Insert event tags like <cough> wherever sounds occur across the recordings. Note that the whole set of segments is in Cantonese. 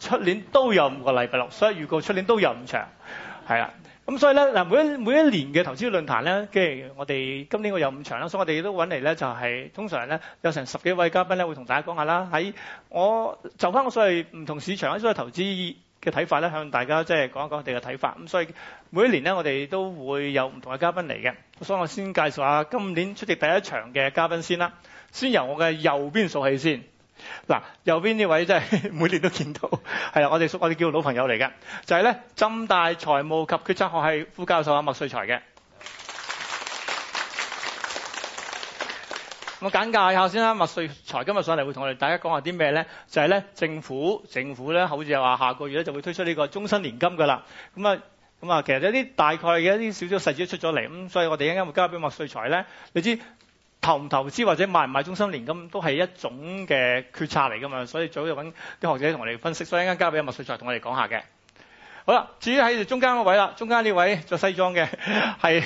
出年都有五個禮拜六，所以預告出年都有五場，係啦。咁所以咧，嗱每一每一年嘅投資論壇咧，即係我哋今年我有五場啦，所以我哋都揾嚟咧就係、是、通常咧有成十幾位嘉賓咧會同大家講下啦。喺我就翻、是、我所謂唔同市場咧所謂投資嘅睇法咧，向大家即係講一講我哋嘅睇法。咁所以每一年咧，我哋都會有唔同嘅嘉賓嚟嘅。所以我先介紹一下今年出席第一場嘅嘉賓先啦。先由我嘅右邊數起先。嗱，右邊呢位真係每年都見到，係啊，我哋熟，我哋叫老朋友嚟嘅，就係咧浸大財務及決策學系副教授啊麥萃才嘅。咁 <laughs> 簡介下先啦，麥萃才今日上嚟會同我哋大家講下啲咩咧？就係、係、咧政府政府咧，好似又話下個月咧就會推出呢個終身年金㗎啦。咁啊咁啊，其實有啲大概嘅一啲少少細節出咗嚟，咁所以我哋一陣間會交俾麥萃才咧。你知？投唔投資或者買唔買終身年金都係一種嘅決策嚟㗎嘛，所以早又揾啲學者同我哋分析，所以一陣間交俾麥萃才同我哋講一下嘅。好啦，至於喺中間嗰位啦，中間呢位著西裝嘅係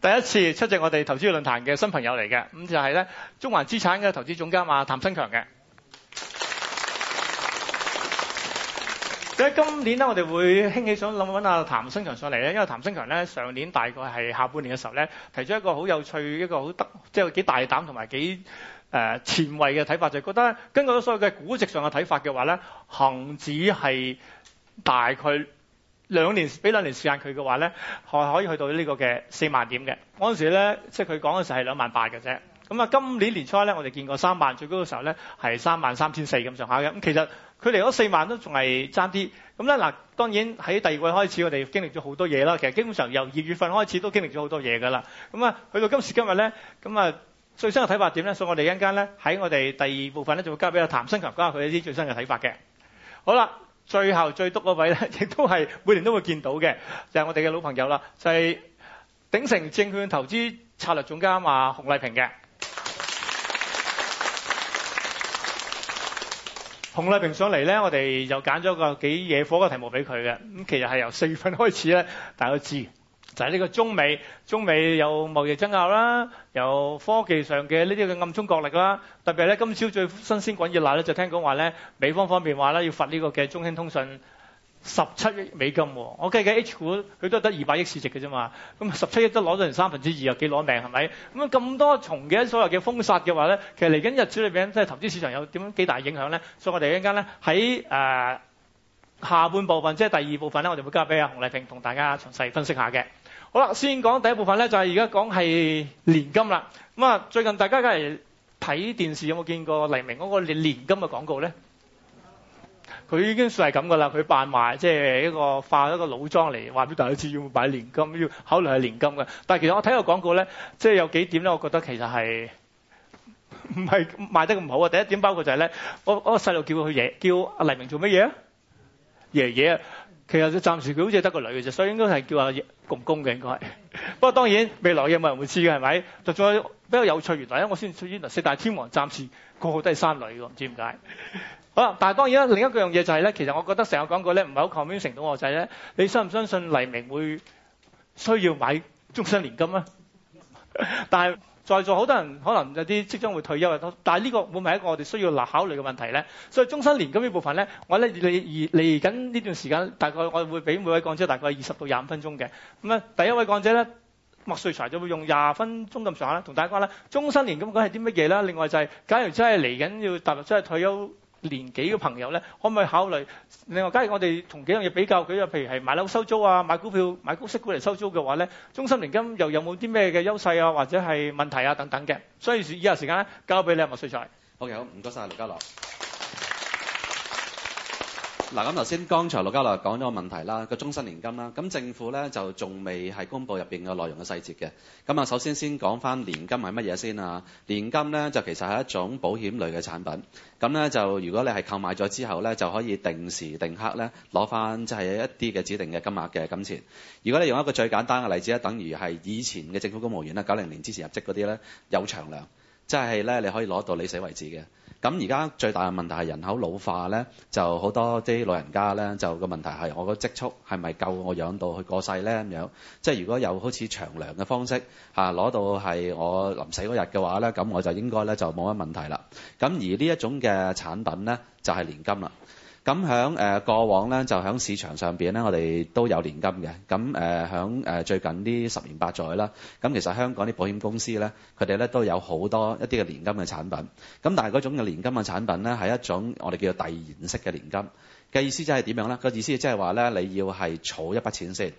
第一次出席我哋投資論壇嘅新朋友嚟嘅，咁就係、是、呢中環資產嘅投資總監啊譚新強嘅。喺今年咧，我哋會興起想諗揾阿譚新強上嚟咧，因為譚新強咧上年大概係下半年嘅時候咧，提出一個好有趣，一個好得即係幾大膽同埋幾誒前衛嘅睇法，就覺得根據所有嘅估值上嘅睇法嘅話咧，恒指係大概兩年俾兩年時間佢嘅話咧，可以去到呢個嘅四萬點嘅嗰陣時咧，即係佢講嘅時係兩萬八嘅啫。咁啊，今年年初咧，我哋見過三萬，最高嘅時候咧係三萬三千四咁上下嘅。咁其實佢離嗰四萬都仲係爭啲。咁咧嗱，當然喺第二季開始，我哋經歷咗好多嘢啦。其實基本上由二月份開始都經歷咗好多嘢㗎啦。咁啊，去到今時今日咧，咁啊最新嘅睇法點咧？所以我哋一陣間咧喺我哋第二部分咧，就會交俾阿譚新強，加入佢一啲最新嘅睇法嘅。好啦，最後最篤嗰位咧，亦都係每年都會見到嘅，就係我哋嘅老朋友啦，就係鼎成證券投資策略總監阿熊麗萍嘅。熊麗萍上嚟咧，我哋又揀咗個幾惹火嘅題目俾佢嘅。咁其實係由四月份開始咧，大家知就係、是、呢個中美，中美有貿易爭拗啦，有科技上嘅呢啲嘅暗中角力啦。特別咧，今朝最新鮮滾熱辣咧，就聽講話咧，美方方面話咧要罰呢個嘅中興通訊。十七億美金喎，我記得 H 股佢都係得二百億市值嘅啫嘛，咁十七億都攞咗人三分之二，又幾攞命係咪？咁咁多重嘅所謂嘅封殺嘅話咧，其實嚟緊日子裏邊即係投資市場有點幾大影響咧，所以我哋一陣間咧喺誒下半部分，即係第二部分咧，我哋會交俾阿熊麗萍同大家詳細分析下嘅。好啦，先講第一部分咧，就係而家講係年金啦。咁啊，最近大家梗係睇電視有冇見過黎明嗰個年年金嘅廣告咧？佢已經算係咁噶啦，佢扮埋，即係一個化一個老裝嚟話俾大家知要擺年金，要考慮係年金嘅。但係其實我睇個廣告咧，即係有幾點咧，我覺得其實係唔係賣得咁好啊？第一點包括就係咧，我我個細路叫佢去爺，叫阿黎明做乜嘢啊？爺爺啊，其實暫時佢好似得個女嘅啫，所以應該係叫阿公公嘅應該係。不過當然未來嘢冇人會知嘅係咪？再再比較有趣，原來咧我先出現嚟四大天王暫，暫時個個都係生女嘅，唔知點解。好，但係當然啦，另一個樣嘢就係、是、咧，其實我覺得成個廣告咧，唔係好 commit 成到我仔咧。就是、你相唔相信黎明會需要買終身年金咧？ <laughs> 但係在座好多人可能有啲即將會退休嘅。但係呢個會唔係一個我哋需要考慮嘅問題咧。所以終身年金呢部分咧，我咧嚟嚟嚟緊呢段時間大概我會俾每位講者大概二十到廿五分鐘嘅。咁啊，第一位講者咧，麥萃才就會用廿分鐘咁上下啦，同大家講啦，終身年金講係啲乜嘢啦？另外就係、是、假如真係嚟緊要踏入真係退休。年紀嘅朋友咧，可唔可以考慮？另外，假如我哋同幾樣嘢比較，佢又譬如係買樓收租啊，買股票買高息股嚟收租嘅話咧，終身年金又有冇啲咩嘅優勢啊，或者係問題啊等等嘅？所以時，以下時間交俾你啊麥萃才。好嘅，好，唔該曬，黎家樂。嗱咁，頭先剛才陸家樂講咗個問題啦，個終身年金啦，咁政府咧就仲未係公佈入面個內容嘅細節嘅。咁啊，首先先講翻年金係乜嘢先啊？年金咧就其實係一種保險類嘅產品。咁咧就如果你係購買咗之後咧，就可以定時定刻咧攞翻即係一啲嘅指定嘅金額嘅金錢。如果你用一個最簡單嘅例子咧，等於係以前嘅政府公務員啦，九零年之前入職嗰啲咧有長糧，即係咧你可以攞到你死為止嘅。咁而家最大嘅問題係人口老化咧，就好多啲老人家咧就個問題係我個積蓄係咪夠我養到佢過世咧咁樣？即係如果有好似長糧嘅方式攞、啊、到係我臨死嗰日嘅話咧，咁我就應該咧就冇乜問題啦。咁而呢一種嘅產品咧就係、是、年金啦。咁喺過往咧，就喺市場上面咧，我哋都有年金嘅。咁誒，喺最近啲十年八載啦。咁其實香港啲保險公司咧，佢哋咧都有好多一啲嘅年金嘅產品。咁但係嗰種嘅年金嘅產品咧，係一種我哋叫做遞延式嘅年金。嘅意思即係點樣咧？個意思即係話咧，你要係儲一筆錢先，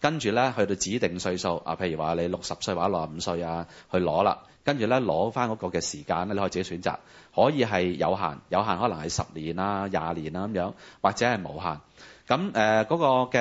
跟住咧去到指定歲數，啊，譬如話你六十歲或者六十五歲啊，去攞啦。跟住咧攞翻嗰個嘅時間咧，你可以自己選擇，可以係有限，有限可能係十年啦、廿年啦咁樣，或者係無限。咁誒嗰個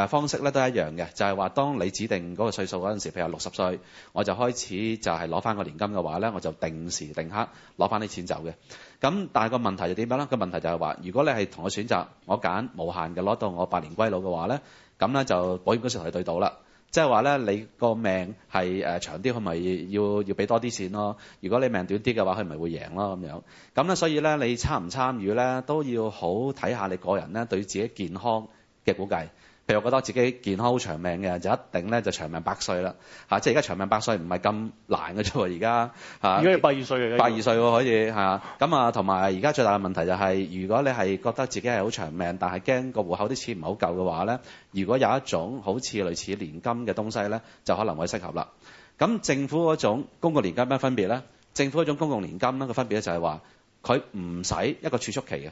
嘅方式咧都一樣嘅，就係話當你指定嗰個歲數嗰陣時，譬如六十歲，我就開始就係攞翻個年金嘅話咧，我就定時定刻攞翻啲錢走嘅。咁但係個問題就點樣咧？個問題就係話，如果你係同我選擇，我揀無限嘅攞到我百年歸老嘅話咧，咁咧就保險公司同你對賭啦。即係話咧，你個命係誒長啲，佢咪要要俾多啲錢咯；如果你命短啲嘅話，佢咪會贏咯咁樣。咁咧，所以咧，你參唔參與咧，都要好睇下你個人咧對自己健康嘅估計。譬如我覺得自己健康好長命嘅，就一定咧就長命百歲啦，嚇、啊！即係而家長命百歲唔係咁難嘅啫喎，而家嚇。應該係百二歲嘅。百二歲可以嚇。咁啊，同埋而家最大嘅問題就係、是，如果你係覺得自己係好長命，但係驚個戶口啲錢唔係好夠嘅話咧，如果有一種好似類似年金嘅東西咧，就可能會適合啦。咁政府嗰種公共年金咩分別咧？政府嗰種公共年金咧，個分別咧就係話佢唔使一個儲蓄期嘅。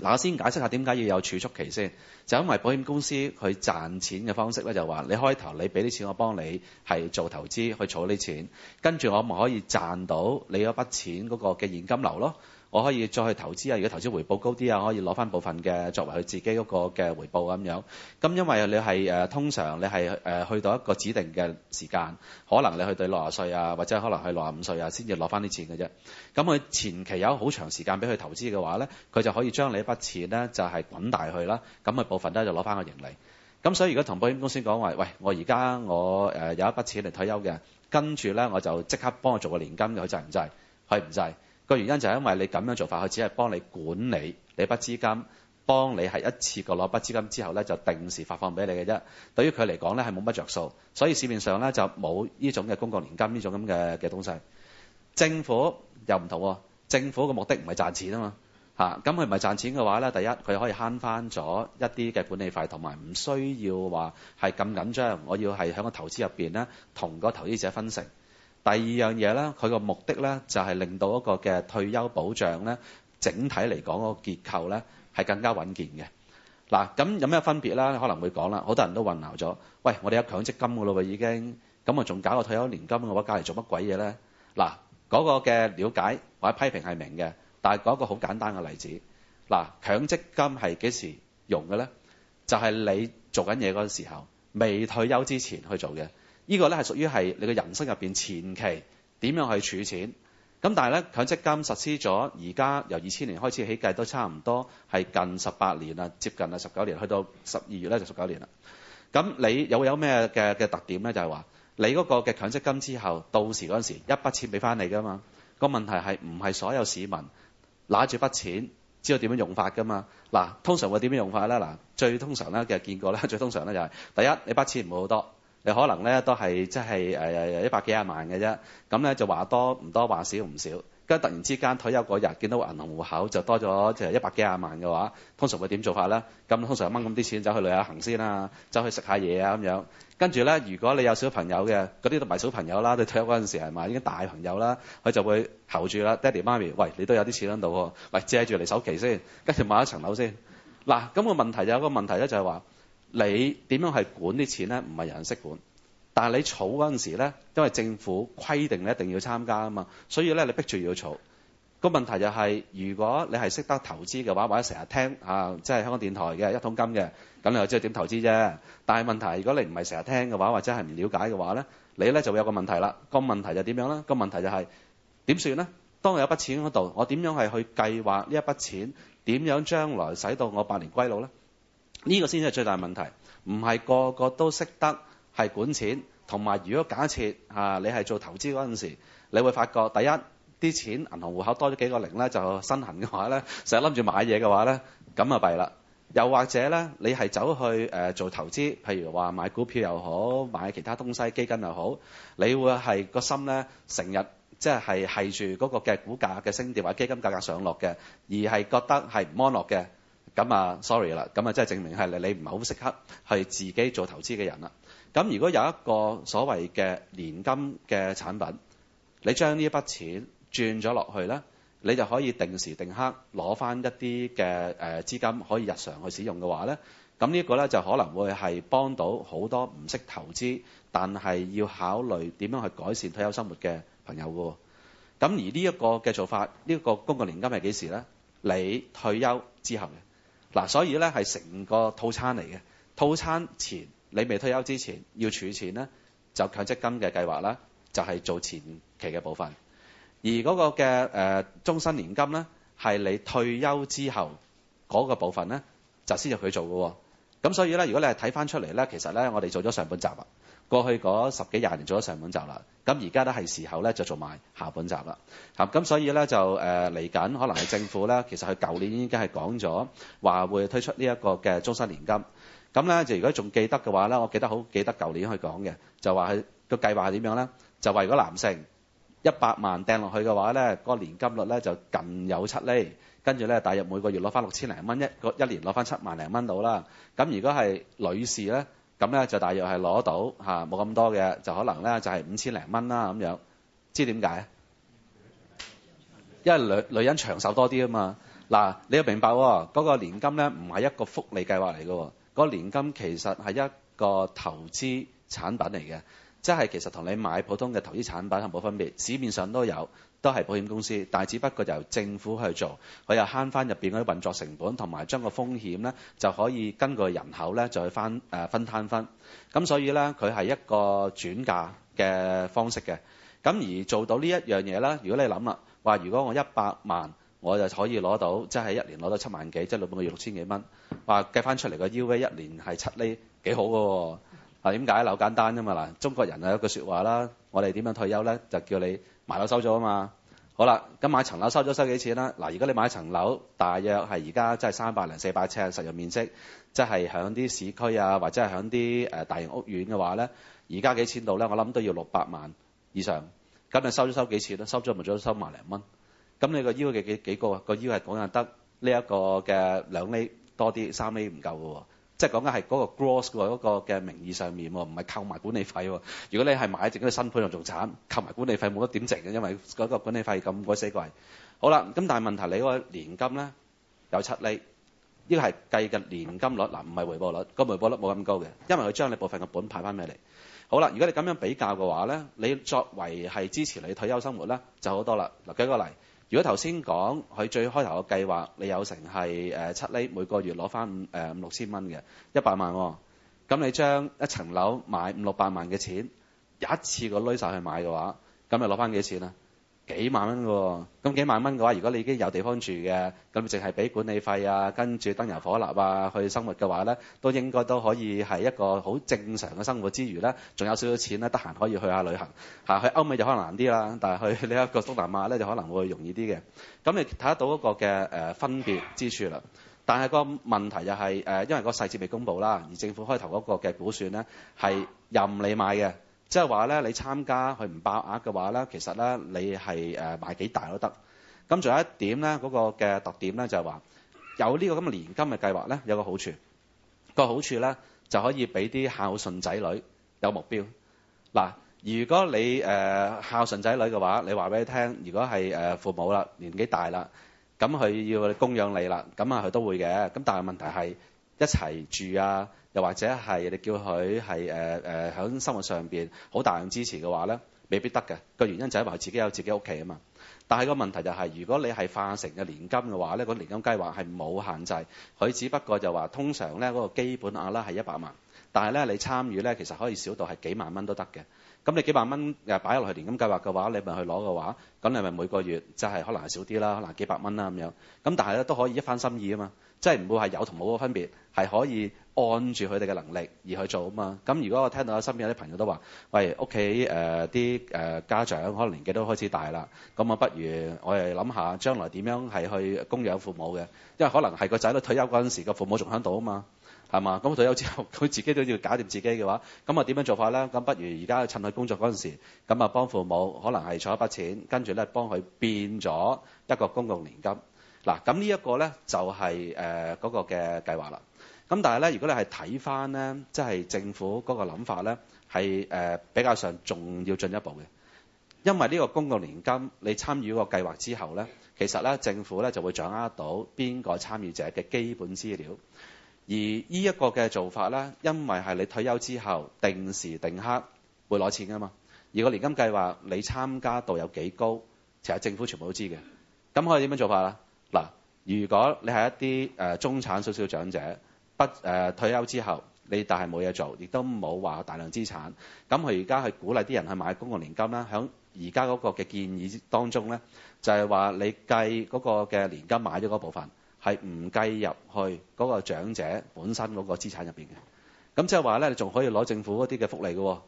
嗱，我先解釋下點解要有儲蓄期先，就因為保險公司佢賺錢嘅方式咧，就話你開頭你俾啲錢我幫你係做投資去儲啲錢，跟住我咪可以賺到你嗰筆錢嗰個嘅現金流咯。我可以再去投資啊！如果投資回報高啲啊，我可以攞翻部分嘅作為佢自己嗰個嘅回報咁樣。咁因為你係、啊、通常你係、啊、去到一個指定嘅時間，可能你去到六十歲啊，或者可能去六十五歲啊，先至攞翻啲錢嘅啫。咁佢前期有好長時間俾佢投資嘅話咧，佢就可以將你一筆錢咧就係、是、滾大去啦。咁佢部分咧就攞翻個盈利。咁所以如果同保險公司講話，喂，我而家我、呃、有一筆錢嚟退休嘅，跟住咧我就即刻幫我做個年金，佢制唔制？佢唔制。個原因就係因為你咁樣做法，佢只係幫你管理你筆資金，幫你係一次過攞筆資金之後咧，就定時發放俾你嘅啫。對於佢嚟講咧，係冇乜着數。所以市面上咧就冇呢種嘅公共年金呢種咁嘅嘅東西。政府又唔同喎、啊，政府嘅目的唔係賺錢嘛啊嘛嚇。咁佢唔係賺錢嘅話咧，第一佢可以慳翻咗一啲嘅管理費，同埋唔需要話係咁緊張，我要係喺個投資入邊咧同個投資者分成。第二樣嘢咧，佢個目的咧就係令到一個嘅退休保障咧，整體嚟講，嗰個結構咧係更加穩健嘅。嗱，咁有咩分別呢？可能會講啦，好多人都混淆咗。喂，我哋有強積金㗎咯喎，已經咁啊，仲搞個退休年金，我話搞嚟做乜鬼嘢咧？嗱，嗰個嘅了解或者批評係明嘅，但係講一個好簡單嘅例子。嗱，強積金係幾時用嘅咧？就係你做緊嘢嗰陣時候，未退休之前去做嘅。這個、呢個咧係屬於係你嘅人生入邊前期點樣去儲錢咁，但係咧強積金實施咗，而家由二千年開始起計都差唔多係近十八年啦，接近啦十九年，去到十二月咧就十九年啦。咁你又有咩嘅嘅特點咧？就係、是、話你嗰個嘅強積金之後到時嗰陣時一筆錢俾翻你㗎嘛。個問題係唔係所有市民揦住筆錢知道點樣用法㗎嘛？嗱，通常會點樣用法咧？嗱，最通常咧嘅見過咧，最通常咧就係、是、第一，你筆錢唔會好多。你可能咧都係即係、呃、一百幾廿萬嘅啫，咁咧就話多唔多話少唔少，跟住突然之間退休嗰日見到銀行戶口就多咗、即係、一百幾廿萬嘅話，通常會點做法咧？咁通常掹咁啲錢走去旅行先啦、啊，走去食下嘢啊咁樣。跟住咧，如果你有小朋友嘅，嗰啲就咪小朋友啦，你退休嗰陣時係咪已經大朋友啦？佢就會睺住啦，爹哋媽咪，喂，你都有啲錢喺度喎，喂借住嚟首期先，跟住買一層樓先。嗱，咁、個問題就有、個問題咧、就係，就係話。你點樣係管啲錢呢？唔係人識管，但係你儲嗰陣時咧，因為政府規定你一定要參加啊嘛，所以呢，你逼住要儲。個問題就係，如果你係識得投資嘅話，或者成日聽啊，即係香港電台嘅一桶金嘅，咁你就知道點投資啫。但係問題，如果你唔係成日聽嘅話，或者係唔了解嘅話呢，你呢就會有個問題啦。個問題就點樣呢？個問題就係點算呢？當我有一筆錢嗰度，我點樣係去計劃呢一筆錢點樣將來使到我百年歸老呢？呢、這個先至係最大的問題，唔係個個都識得係管錢，同埋如果假設嚇、啊、你係做投資嗰陣時候，你會發覺第一啲錢銀行戶口多咗幾個零呢，就身痕嘅話呢，成日諗住買嘢嘅話呢，咁啊弊啦。又或者呢，你係走去誒、呃、做投資，譬如話買股票又好，買其他東西基金又好，你會係、那個心呢，成日即係係住嗰個嘅股價嘅升跌或者基金價格上落嘅，而係覺得係唔安樂嘅。咁啊，sorry 啦，咁啊，即係證明係你你唔係好適合係自己做投資嘅人啦。咁如果有一個所謂嘅年金嘅產品，你將呢一筆錢轉咗落去呢，你就可以定時定刻攞翻一啲嘅誒資金，可以日常去使用嘅話呢。咁呢個呢就可能會係幫到好多唔識投資但係要考慮點樣去改善退休生活嘅朋友噶。咁而呢一個嘅做法，呢、這個公共年金係幾時呢？你退休之後嘅。嗱、啊，所以咧係成個套餐嚟嘅。套餐前你未退休之前要儲錢咧，就強積金嘅計劃啦，就係、是、做前期嘅部分。而嗰個嘅誒、呃、終身年金咧，係你退休之後嗰、那個部分咧，就先入去做嘅、啊。咁所以咧，如果你係睇翻出嚟咧，其實咧我哋做咗上半集啊。過去嗰十幾廿年做咗上本集啦，咁而家都係時候咧就做埋下本集啦。嚇，咁所以咧就誒嚟緊可能係政府咧，其實佢舊年已經係講咗話會推出呢一個嘅終身年金。咁咧就如果仲記得嘅話咧，我記得好記得舊年去講嘅就話佢個計劃係點樣咧？就話如果男性一百萬掟落去嘅話咧，嗰個年金率咧就近有七厘，跟住咧大約每個月攞翻六千零蚊一個，一年攞翻七萬零蚊到啦。咁如果係女士咧？咁咧就大約係攞到吓冇咁多嘅，就可能咧就係五千零蚊啦咁樣。知點解啊？因為女女人長壽多啲啊嘛。嗱，你要明白喎，嗰個年金咧唔係一個福利計劃嚟嘅，嗰年金其實係一個投資產品嚟嘅，即係其實同你買普通嘅投資產品係冇分別，市面上都有。都係保險公司，但係只不過由政府去做，佢又慳翻入邊嗰啲運作成本，同埋將個風險呢就可以根據人口呢再翻誒分攤分。咁所以呢，佢係一個轉嫁嘅方式嘅。咁而做到一呢一樣嘢啦，如果你諗啦，話如果我一百萬，我就可以攞到，即、就、係、是、一年攞到七萬幾，即係攞半個月六千幾蚊。話計翻出嚟個 U V 一年係七厘，幾好嘅喎、哦？嗱，點解？扭簡單啫嘛。嗱，中國人係有句說話啦，我哋點樣退休呢？就叫你。買樓收咗啊嘛，好啦，咁買層樓收咗收幾錢啦？嗱，如果你買一層樓，大約係而家即係三百零四百尺實用面積，即係喺啲市區啊，或者係喺啲誒大型屋苑嘅話咧，而家幾錢度咧？我諗都要六百萬以上，咁你收咗收幾錢啦？收咗咪最多收萬零蚊，咁你個腰嘅幾幾高啊？高啊，這個腰係講緊得呢一個嘅兩厘多啲，三厘唔夠嘅喎。即係講緊係嗰個 gross 嗰個嗰個嘅名義上面喎，唔係扣埋管理費喎。如果你係買淨嗰啲新盤仲慘，扣埋管理費冇得點剩嘅，因為嗰個管理費咁鬼死貴。好啦，咁但係問題你嗰個年金呢，有七厘，呢個係計嘅年金率，嗱，唔係回報率，個回報率冇咁高嘅，因為佢將你部分嘅本派返畀你。好啦，如果你咁樣比較嘅話呢，你作為係支持你退休生活呢，就好多啦。嗱，舉個例。如果頭先講佢最開頭個計劃，你有成係七厘，每個月攞翻五、呃、五六千蚊嘅一百萬、哦，喎，咁你將一層樓買五六百萬嘅錢，有一次過攬曬去買嘅話，咁你攞翻幾錢啊？幾萬蚊嘅喎，咁幾萬蚊嘅話，如果你已經有地方住嘅，咁淨係俾管理費啊，跟住燈油火蠟啊去生活嘅話咧，都應該都可以係一個好正常嘅生活之餘咧，仲有少少錢咧，得閒可以去下旅行嚇，去歐美就可能難啲啦，但係去呢一個東南亞咧就可能會容易啲嘅。咁你睇得到嗰個嘅誒分別之處啦。但係個問題就係誒，因為個細節未公布啦，而政府開頭嗰個嘅估算咧係任你買嘅。即係話咧，你參加佢唔爆額嘅話咧，其實咧你係誒買幾大都得。咁仲有一點咧，嗰個嘅特點咧就係話有呢個咁嘅年金嘅計劃咧，有個好處。個好處咧就可以俾啲孝順仔女有目標。嗱，如果你誒孝順仔女嘅話，你話俾佢聽，如果係誒父母啦，年紀大啦，咁佢要供養你啦，咁啊佢都會嘅。咁但係問題係一齊住啊。又或者係你叫佢係誒喺生活上面好大量支持嘅話呢未必得嘅。個原因就係話自己有自己屋企啊嘛。但係個問題就係、是，如果你係化成嘅年金嘅話呢、呢個年金計劃係冇限制，佢只不過就話通常呢個、嗰個基本額啦係一百萬，但係呢你參與呢，其實可以少到係幾萬蚊都得嘅。咁你幾百蚊擺入落去年金計劃嘅話，你咪去攞嘅話，咁你咪每個月即係可能係少啲啦，可能係幾百蚊啦咁樣。咁但係咧都可以一番心意啊嘛，即係唔會係有同冇個分別，係可以按住佢哋嘅能力而去做啊嘛。咁如果我聽到我身邊有啲朋友都話，喂，屋企啲誒家長可能年紀都開始大啦，咁我不如我係諗下將來點樣係去供養父母嘅，因為可能係個仔女退休嗰時，個父母仲響度啊嘛。係嘛？咁退休之後佢自己都要搞掂自己嘅話，咁啊點樣做法咧？咁不如而家趁佢工作嗰陣時，咁啊幫父母可能係儲一筆錢，跟住咧幫佢變咗一個公共年金嗱。咁呢一個就是呃那個咧就係誒嗰個嘅計劃啦。咁但係咧，如果你係睇翻咧，即、就、係、是、政府嗰個諗法咧，係誒、呃、比較上仲要進一步嘅，因為呢個公共年金你參與個計劃之後咧，其實咧政府咧就會掌握到邊個參與者嘅基本資料。而呢一個嘅做法呢，因為係你退休之後定時定刻會攞錢噶嘛。而個年金計劃你參加度有幾高，其實政府全部都知嘅。咁可以點樣做法啊？嗱，如果你係一啲誒中產少少長者，不誒、呃、退休之後你但係冇嘢做，亦都冇話大量資產，咁佢而家係鼓勵啲人去買公共年金啦。響而家嗰個嘅建議當中呢，就係、是、話你計嗰個嘅年金買咗嗰部分。係唔計入去嗰個長者本身嗰個資產入面嘅，咁即係話咧，你仲可以攞政府嗰啲嘅福利嘅，哦，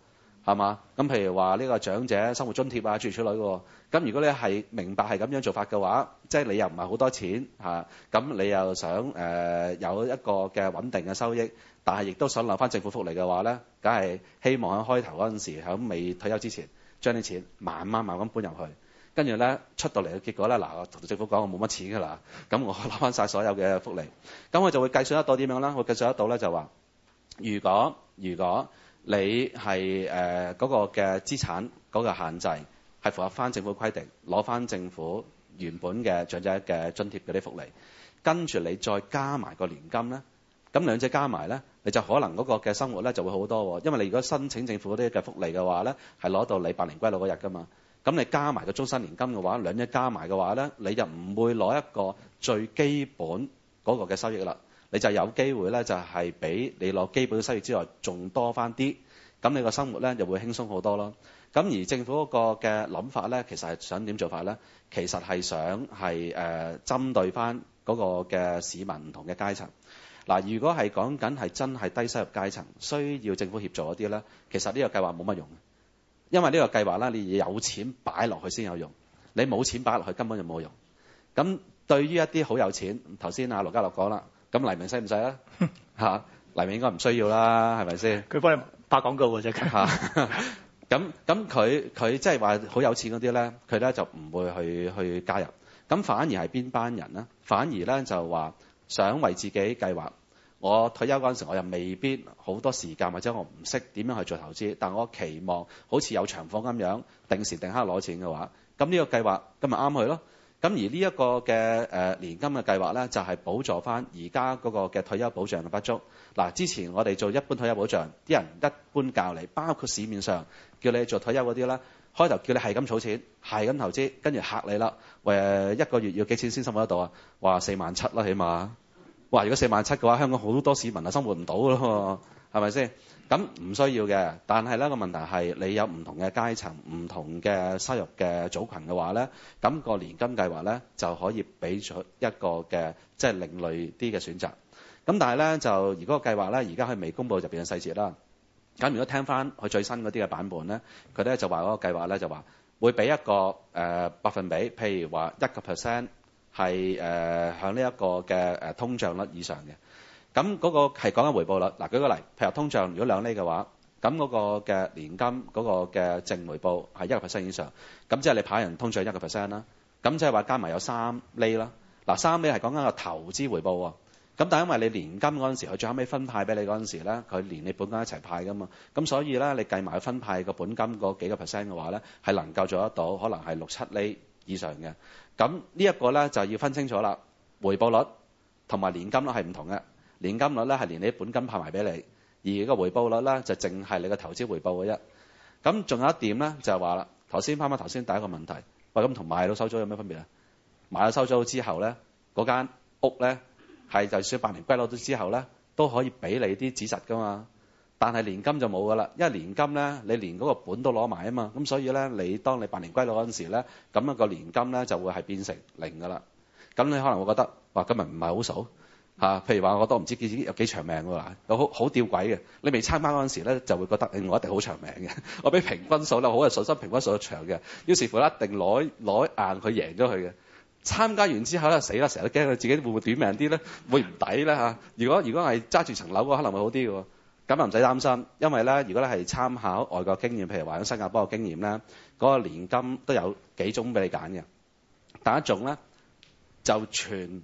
係嘛？咁譬如話呢個長者生活津貼啊、諸如此類嘅，咁如果你係明白係咁樣做法嘅話，即係你又唔係好多錢嚇，咁、啊、你又想、呃、有一個嘅穩定嘅收益，但係亦都想留翻政府福利嘅話咧，梗係希望喺開頭嗰陣時，喺未退休之前，將啲錢慢慢慢咁搬入去。跟住咧出到嚟嘅結果咧，嗱，我同政府講我冇乜錢㗎啦，咁我攞翻曬所有嘅福利，咁我就會計算得到點樣啦？我計算得到咧就話，如果如果你係誒嗰個嘅資產嗰個限制係符合翻政府規定，攞翻政府原本嘅長者嘅津貼嗰啲福利，跟住你再加埋個年金咧，咁兩者加埋咧，你就可能嗰個嘅生活咧就會好多喎，因為你如果申請政府嗰啲嘅福利嘅話咧，係攞到你百年歸老嗰日㗎嘛。咁你加埋個終身年金嘅話，兩者加埋嘅話呢，你就唔會攞一個最基本嗰個嘅收益啦，你就有機會呢，就係、是、比你攞基本嘅收益之外仲多翻啲，咁你個生活呢，就會輕鬆好多咯。咁而政府嗰個嘅諗法呢，其實係想點做法呢？其實係想係呃、針對翻嗰個嘅市民唔同嘅階層。嗱、啊，如果係講緊係真係低收入階層需要政府協助嗰啲呢，其實呢個計劃冇乜用。因為呢個計劃啦，你有錢擺落去先有用，你冇錢擺落去根本就冇用。咁對於一啲好有錢，頭先阿羅家樂講啦，咁黎明使唔使呀？嚇， <laughs> 黎明應該唔需要啦，係咪先？佢幫你拍廣告㗎啫。 <laughs> <laughs> 嚇，咁咁佢佢即係話好有錢嗰啲咧，佢咧就唔會去去加入，咁反而係邊班人咧？反而咧就話想為自己計劃。我退休嗰陣時，我又未必好多時間，或者我唔識點樣去做投資。但我期望好似有長房咁樣，定時定刻攞錢嘅話，咁呢個計劃咁咪啱佢咯。咁而呢一個嘅、呃、年金嘅計劃咧，就係、是、補助翻而家嗰個嘅退休保障嘅不足。嗱、啊，之前我哋做一般退休保障，啲人一般教你，包括市面上叫你做退休嗰啲啦，開頭叫你係咁儲錢，係咁投資，跟住嚇你啦，喂，一個月要幾錢先生活得到啊？話四萬七啦，起碼。.哇，如果四萬七嘅話，香港好多市民啊，生活唔到㗎咯，係咪先？咁唔需要嘅，但係呢個問題係你有唔同嘅階層、唔同嘅收入嘅組群嘅話咧，咁個年金計劃咧就可以俾咗一個嘅即係另類啲嘅選擇。咁但係咧就如果個計劃咧，而家佢未公布入邊嘅細節啦。咁如果聽翻佢最新嗰啲嘅版本咧，佢咧就話嗰個計劃咧就話會俾一個誒、呃、百分比，譬如話一個 percent。係誒、呃、向呢一個嘅誒通脹率以上嘅，咁嗰個係講緊回報率。嗱舉個例，譬如通脹如果兩厘嘅話，咁嗰個嘅年金嗰個嘅淨回報係一個 percent 以上，咁即係你跑贏通脹一個 percent 啦。咁即係話加埋有三厘啦。嗱三厘係講緊個投資回報喎。咁但係因為你年金嗰陣時，佢最後尾分派俾你嗰陣時咧，佢連你本金一齊派噶嘛。咁所以咧，你計埋個分派個本金嗰幾個 percent 嘅話咧，係能夠做得到，可能係六七厘以上嘅。咁呢一個咧就要分清楚啦，回報率同埋年金率係唔同嘅。年金率咧係連你本金派埋俾你，而個回報率咧就淨係你個投資回報嘅啫。咁仲有一點咧就係話啦，頭先翻翻頭先第一個問題，喂，咁同買咗收租有咩分別啊？買咗收租之後咧，嗰間屋咧係就算百年歸老之後咧，都可以俾你啲指實噶嘛。但係年金就冇㗎啦，因為年金咧，你連嗰個本都攞埋啊嘛，咁所以咧，你當你百年歸老嗰陣時咧，咁、那、樣個年金咧就會係變成零㗎啦。咁你可能會覺得話今日唔係好數嚇，譬如話我都唔知自己有幾長命喎，有好好吊詭嘅。你未參加嗰陣時咧就會覺得、哎、我一定好長命嘅，我比平均數咧好有信心，平均數長嘅，於是乎一定攞攞硬佢贏咗佢嘅。參加完之後咧死啦，成日都驚佢自己會唔會短命啲咧？會唔抵咧嚇？如果如果係揸住層樓嘅，可能會好啲喎。咁唔使擔心，因為咧，如果你係參考外國經驗，譬如話喺新加坡嘅經驗咧，嗰個年金都有幾種俾你揀嘅。第一種咧就全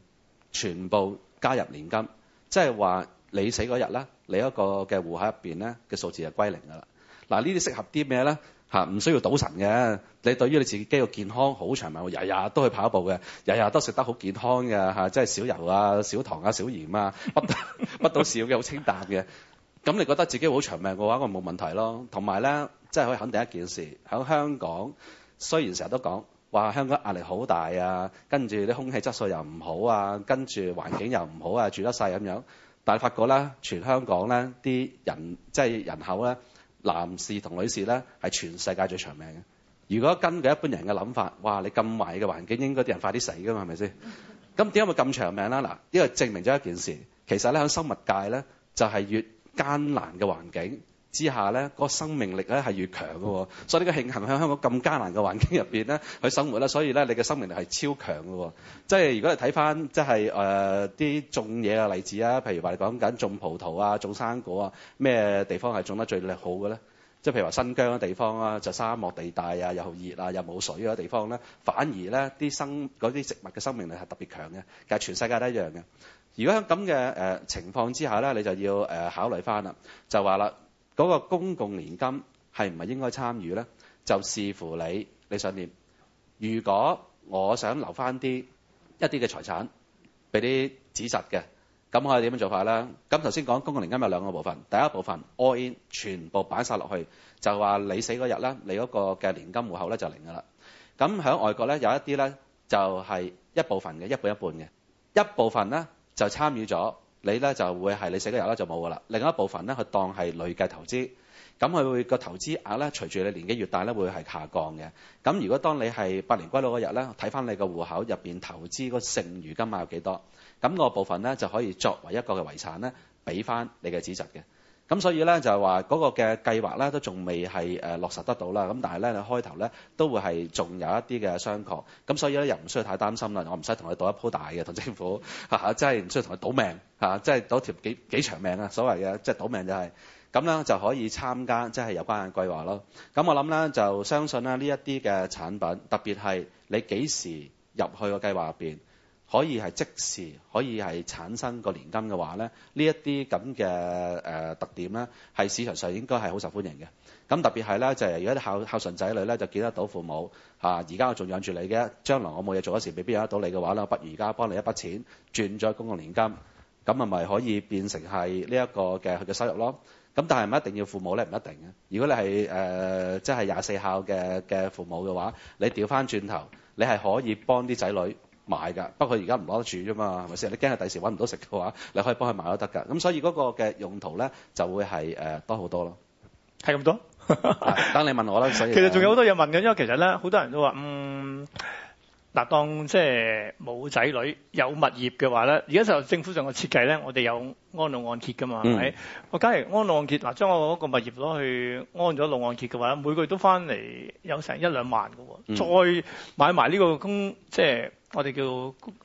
全部加入年金，即係話你死嗰日咧，你一個嘅戶口入面咧嘅數字就歸零㗎啦。嗱，呢啲適合啲咩咧？嚇，唔需要賭神嘅。你對於你自己肌肉健康，好長命，日日都去跑步嘅，日日都食得好健康嘅嚇，即係少油啊、少糖啊、少鹽啊，乜乜都少嘅，好清淡嘅。咁你覺得自己好長命嘅話，我冇問題咯。同埋咧，即係可以肯定一件事，喺香港雖然成日都講話香港壓力好大啊，跟住啲空氣質素又唔好啊，跟住環境又唔好啊，住得細咁樣，但係發覺咧，全香港咧啲人即係人口咧，男士同女士咧係全世界最長命嘅。如果根據一般人嘅諗法，哇！你咁壞嘅環境，應該啲人快啲死㗎嘛，係咪先？咁點解會咁長命啦？嗱，呢個證明咗一件事，其實咧喺生物界咧就係越艱難嘅環境之下咧，嗰生命力咧係越強嘅，所以呢個慶幸喺香港咁艱難嘅環境入面，咧去生活啦，所以咧你嘅生命力係超強嘅，即係如果你睇翻即係誒啲種嘢嘅例子啊，譬如話你講緊種葡萄啊、種生果啊，咩地方係種得最叻好嘅咧？即係譬如話新疆嘅地方啊，就沙漠地帶啊，又熱啊，又冇水嗰啲地方咧，反而咧啲生嗰啲植物嘅生命力係特別強嘅，其實全世界都一樣嘅。如果喺咁嘅誒情況之下呢，你就要誒考慮翻啦，就話啦，嗰個公共年金係唔係應該參與呢？就視乎你你想點。如果我想留翻啲一啲嘅財產俾啲子侄嘅，咁我可以點樣做法呢？咁頭先講公共年金有兩個部分，第一部分 all in 全部擺晒落去，就話你死嗰日呢，你嗰個嘅年金戶口呢就零㗎啦。咁喺外國呢有一啲呢，就係一部分嘅，一半一半嘅一部分呢。就參與咗，你呢就會係你死嗰日呢就冇㗎喇。另一部分呢，佢當係累計投資，咁佢會個投資額呢，隨住你年紀越大呢，會係下降嘅。咁如果當你係百年歸老嗰日呢，睇翻你個戶口入面投資個剩餘金額有幾多，咁，嗰個部分呢，就可以作為一個嘅遺產呢，俾翻你嘅子侄嘅。咁所以咧就係話嗰個嘅計劃咧都仲未係、呃、落實得到啦，咁但係咧你開頭咧都會係仲有一啲嘅商榷。咁所以咧又唔需要太擔心啦，我唔使同佢賭一鋪大嘅同政府，即係唔需要同佢賭命，即係賭條幾幾長命啦、啊，所謂嘅即係賭命就係、是，咁咧就可以參加即係有關嘅計劃咯。咁我諗咧就相信呢一啲嘅產品，特別係你幾時入去個計劃入邊。可以係即時可以係產生個年金嘅話咧，呢一啲咁嘅誒特點咧，喺市場上應該係好受歡迎嘅。咁特別係咧，就係、是、如果啲孝孝順仔女咧，就見得到父母嚇，而、啊、家我仲養住你嘅，將來我冇嘢做嗰時，未必養得到你嘅話咧，不如而家幫你一筆錢轉咗公共年金，咁啊咪可以變成係呢一個嘅佢嘅收入咯。咁但係咪一定要父母咧？唔一定嘅。如果你係誒即係廿四孝嘅嘅父母嘅話，你調翻轉頭，你係可以幫啲仔女買㗎，不過而家唔攞得住啫嘛，係咪先？你驚係第時揾唔到食嘅話，你可以幫佢買都得㗎。咁所以嗰個嘅用途咧，就會係誒、呃、多好多咯。係咁多？ <laughs> 等你問我啦。所以其實仲有好多嘢問嘅，因為其實咧好多人都話，嗯，嗱、啊，當即係冇仔女有物業嘅話咧，而家就政府上個設計咧，我哋有安老按揭㗎嘛，係、嗯、咪？我梗係安老按揭嗱，將我嗰個物業攞去安咗老按揭嘅話，每個月都翻嚟有成一兩萬嘅喎、嗯，再買埋呢個公即係。我哋叫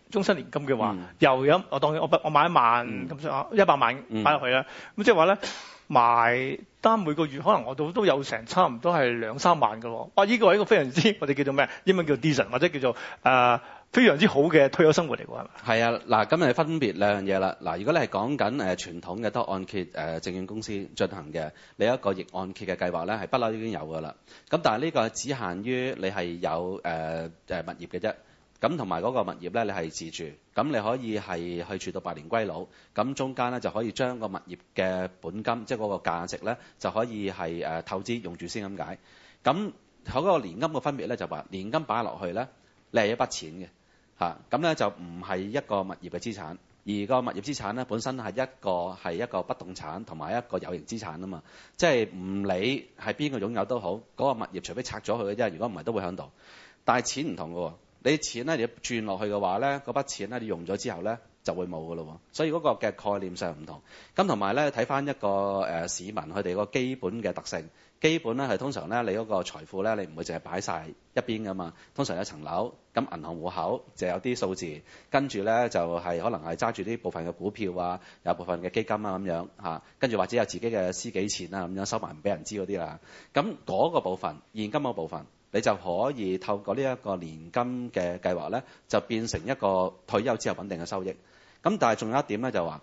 終身年金嘅話，又、嗯、有我當然我我買一萬咁、嗯、一百萬擺落、嗯、去啦。咁即係話咧，埋單每個月可能我都都有成差唔多係兩三萬㗎喎。呢、啊、依、這個係一個非常之我哋叫做咩英文叫 decent 或者叫做誒、呃、非常之好嘅退休生活嚟㗎嘛。係、嗯、啊，嗱，今日分別兩樣嘢啦。嗱，如果你係講緊誒傳統嘅都按揭誒、呃、證券公司進行嘅你一個逆按揭嘅計劃咧，係不嬲已經有㗎啦。咁但係呢個只限於你係有誒、呃呃、物業嘅啫。咁同埋嗰個物業咧，你係自住，咁你可以係去住到百年歸老，咁中間咧就可以將個物業嘅本金，即係嗰個價值咧，就可以係、啊、透支用住先咁解。咁嗰個年金嘅分別咧，就話年金擺落去咧，你係一筆錢嘅嚇，咁咧就唔係一個物業嘅資產，而個物業資產咧本身係一個係一個不動產同埋一個有形資產啊嘛，即係唔理係邊個擁有都好，嗰、嗰個物業除非拆咗佢嘅啫，如果唔係都會喺度。但係錢唔同嘅喎、啊。你錢呢，你轉落去嘅話呢，嗰筆錢呢，你用咗之後呢，就會冇噶咯喎。所以嗰個嘅概念上唔同。咁同埋呢，睇返一個市民佢哋個基本嘅特性，基本呢係通常呢，你嗰個財富呢，你唔會淨係擺晒一邊㗎嘛。通常有一層樓，咁銀行戶口就有啲數字，跟住呢就係可能係揸住啲部分嘅股票啊，有部分嘅基金啊咁樣，跟住或者有自己嘅私己錢啊咁樣收埋唔俾人知嗰啲啦。咁嗰個部分，現金嗰部分。你就可以透過呢一個年金嘅計劃呢，就變成一個退休之後穩定嘅收益。咁但係仲有一點呢，就話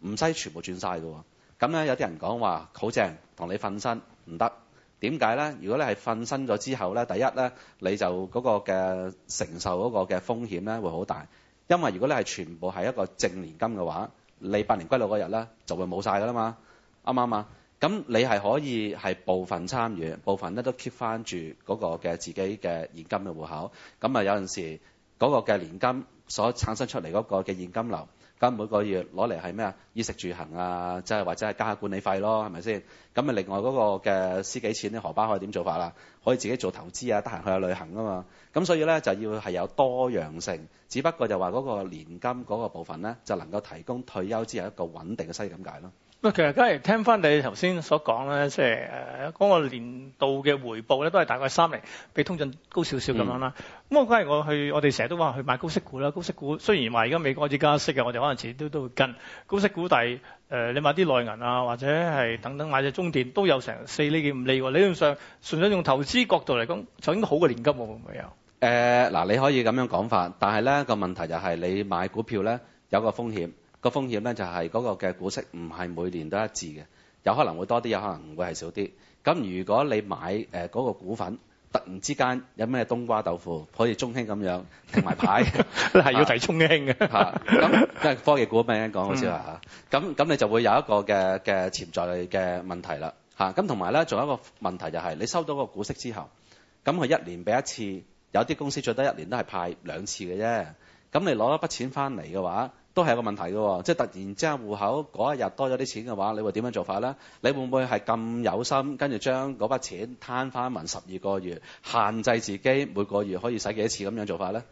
唔使全部轉曬嘅。咁呢有啲人講話好正，同你瞓身唔得。點解呢？如果你係瞓身咗之後呢，第一呢，你就嗰個嘅承受嗰個嘅風險呢會好大。因為如果你係全部係一個正年金嘅話，你百年歸老嗰日呢就會冇晒嘅啦嘛。啱唔啱啊？咁你係可以係部分參與，部分咧都 keep 翻住嗰個嘅自己嘅現金嘅戶口。咁啊有陣時嗰個嘅年金所產生出嚟嗰個嘅現金流，咁每個月攞嚟係咩啊？衣食住行啊，即係或者係加下管理費咯，係咪先？咁啊另外嗰個嘅司幾錢咧，荷包可以點做法啦？可以自己做投資啊，得閒去下旅行啊嘛。咁所以咧就要係有多樣性，只不過就話嗰個年金嗰個部分咧，就能夠提供退休之後一個穩定嘅收入咁解咯。喂，其實梗係聽翻你頭先所講咧，即係誒嗰個年度嘅回報咧，都係大概三釐，比通脹高少少咁樣啦。咁我梗係我去，我哋成日都話去買高息股啦，高息股雖然話而家美國開始加息嘅，我哋可能遲啲都都會跟高息股，但係誒你買啲內銀啊，或者係等等買隻中電都有成四釐幾、五厘喎。理論上純粹用投資角度嚟講，就應該好過年金喎，會唔會有？誒、呃、嗱，你可以咁樣講法，但係咧個問題就係、是、你買股票咧有個風險。風險呢就是、個風險咧就係嗰個嘅股息唔係每年都一致嘅，有可能會多啲，有可能會係少啲。咁如果你買嗰、呃嗰個股份，突然之間有咩冬瓜豆腐，可以中興咁樣停埋牌，係、 <laughs> 啊、要提中興嘅。咁、 <laughs> 啊、科技股咩講好似話咁咁你就會有一個嘅嘅潛在嘅問題啦。咁同埋咧，仲有，有一個問題就係、是、你收到個股息之後，咁佢一年俾一次，有啲公司最多一年都係派兩次嘅啫。咁你攞一筆錢翻嚟嘅話，都係有個問題嘅，即係突然之間戶口嗰一日多咗啲錢嘅話，你會點樣做法咧？你會唔會係咁有心，跟住將嗰筆錢攤翻文十二個月，限制自己每個月可以使幾多次咁樣做法咧？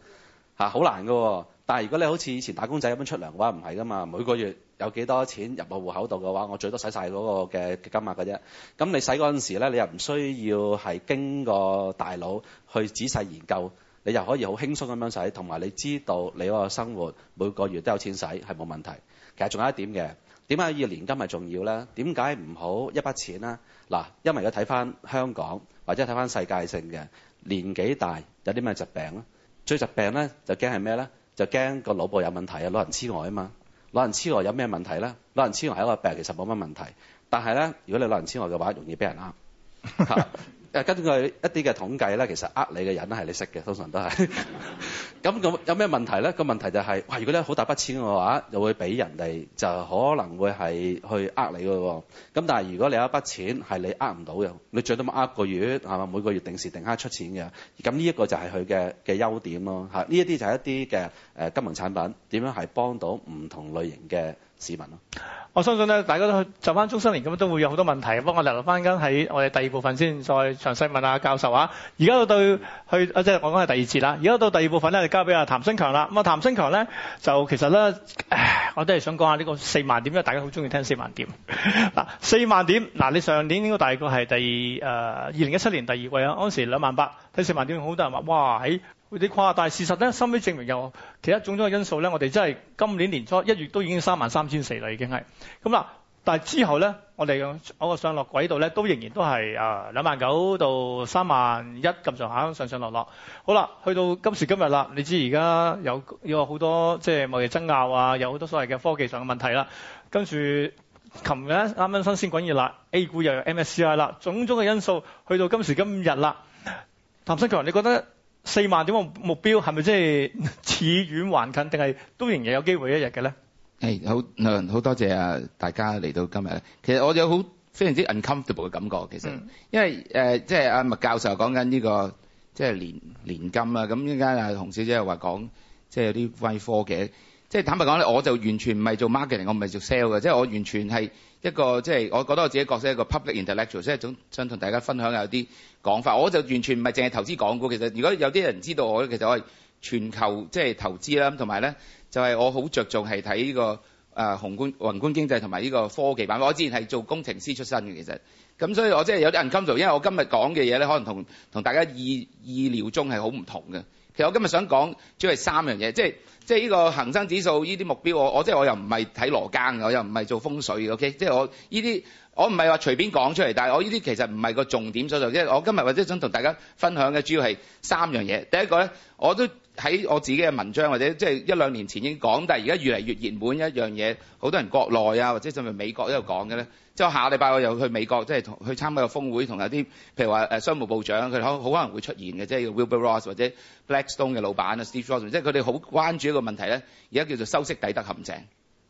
嚇、啊，好難㗎、哦。但係如果你好似以前打工仔咁樣出糧嘅話，唔係噶嘛？每個月有幾多錢入到戶口度嘅話，我最多使晒嗰個嘅金額嘅啫。咁你使嗰陣時咧，你又唔需要係經過大佬去仔細研究。你又可以好輕鬆咁樣使，同埋你知道你嗰個生活每個月都有錢使係冇問題。其實仲有一點嘅，點解要年金係重要咧？點解唔好一筆錢咧？嗱，因為要睇翻香港或者睇翻世界性嘅年紀大有啲咩疾病咧？最疾病咧就驚係咩咧？就驚個腦部有問題啊！老人痴呆啊嘛，老人痴呆有咩問題咧？老人痴呆係一個病，其實冇乜問題。但係咧，如果你老人痴呆嘅話，容易俾人呃。 <laughs> 根據一啲嘅統計咧，其實呃你嘅人係你識嘅，通常都係咁，咁有咩問題咧？個問題就係、是、哇，如果咧好大筆錢嘅話，又會俾人哋就可能會係去呃你嘅喎。咁但係如果你有一筆錢係你呃唔到嘅，你最多咪呃個月嚇，每個月定時定刻出錢嘅。咁呢一個就係佢嘅嘅優點咯，呢一啲就係一啲嘅金融產品點樣係幫到唔同類型嘅。市民咯、啊，我相信咧，大家都去就翻中新年咁，都會有好多問題。幫我留留翻緊喺我哋第二部分先，再詳細問下教授啊。而家到去啊，即、就、係、是、我講係第二節啦。而家到第二部分咧，就交俾阿譚新強啦。咁啊，譚新強咧就其實咧，我都係想講下呢個四萬點，因為大家好中意聽四萬點。嗱， <laughs> 四萬點嗱，你上年應該大概係第誒二零一七年第二季啊，當時兩萬八，睇四萬點，好多人話哇，喺……」佢哋誇大，但事實咧，深尾證明又其他種種嘅因素咧。我哋真係今年年初一月都已經三萬三千四啦，已經係咁啦。但係之後咧，我哋我個上落軌道咧，都仍然都係誒兩萬九到三萬一咁上下上上落落。好啦，去到今時今日啦，你知而家有有好多即係貿易爭拗啊，有好多所謂嘅科技上嘅問題啦。跟住琴日啱啱新鮮滾熱辣 A 股又有 MSCI 啦，種種嘅因素去到今時今日啦。譚新強，你覺得？四萬點個目標係咪真係似遠還近，定係都仍然有機會一日嘅咧？誒、hey，好，好多謝啊大家嚟到今日。其實我有好非常之 uncomfortable 嘅感覺，其實，嗯、因為誒即係阿麥教授講緊呢個即係、就是、年年金啦。咁一陣間阿洪小姐又話講即係有啲威科嘅。即係坦白講咧，我就完全唔係做 marketing，我唔係做 sale 嘅，即係我完全係一個即係我覺得我自己角色一個 public intellectual，即係想想同大家分享有啲講法。我就完全唔係淨係投資港股。其實如果有啲人知道我，其實我係全球即係、就是、投資啦，同埋咧就係、是、我好着重係睇呢個誒、呃、宏觀宏觀經濟同埋呢個科技版，我之前係做工程師出身嘅。其實咁所以我即係有啲人 uncommon 因為我今日講嘅嘢咧，可能同同大家意意料中係好唔同嘅。其實我今日想講主要係三樣嘢，即係即係呢個恒生指數呢啲目標。我我即係我又唔係睇羅庚，我又唔係做風水嘅，OK，即係我呢啲我唔係話隨便講出嚟，但係我呢啲其實唔係個重點所在，即係我今日或者想同大家分享嘅主要係三樣嘢。第一個咧，我都。喺我自己嘅文章或者即係一兩年前已經講，但係而家越嚟越熱門一樣嘢，好多人國內啊或者甚至美國都有講嘅咧。即係我下個禮拜我又去美國即係同去參加個峯會，同有啲譬如話誒商務部長佢好可能會出現嘅，即係 Wilbur Ross 或者 Blackstone 嘅老闆啊 Steve Ross，即係佢哋好關注一個問題咧，而家叫做修昔底德陷阱。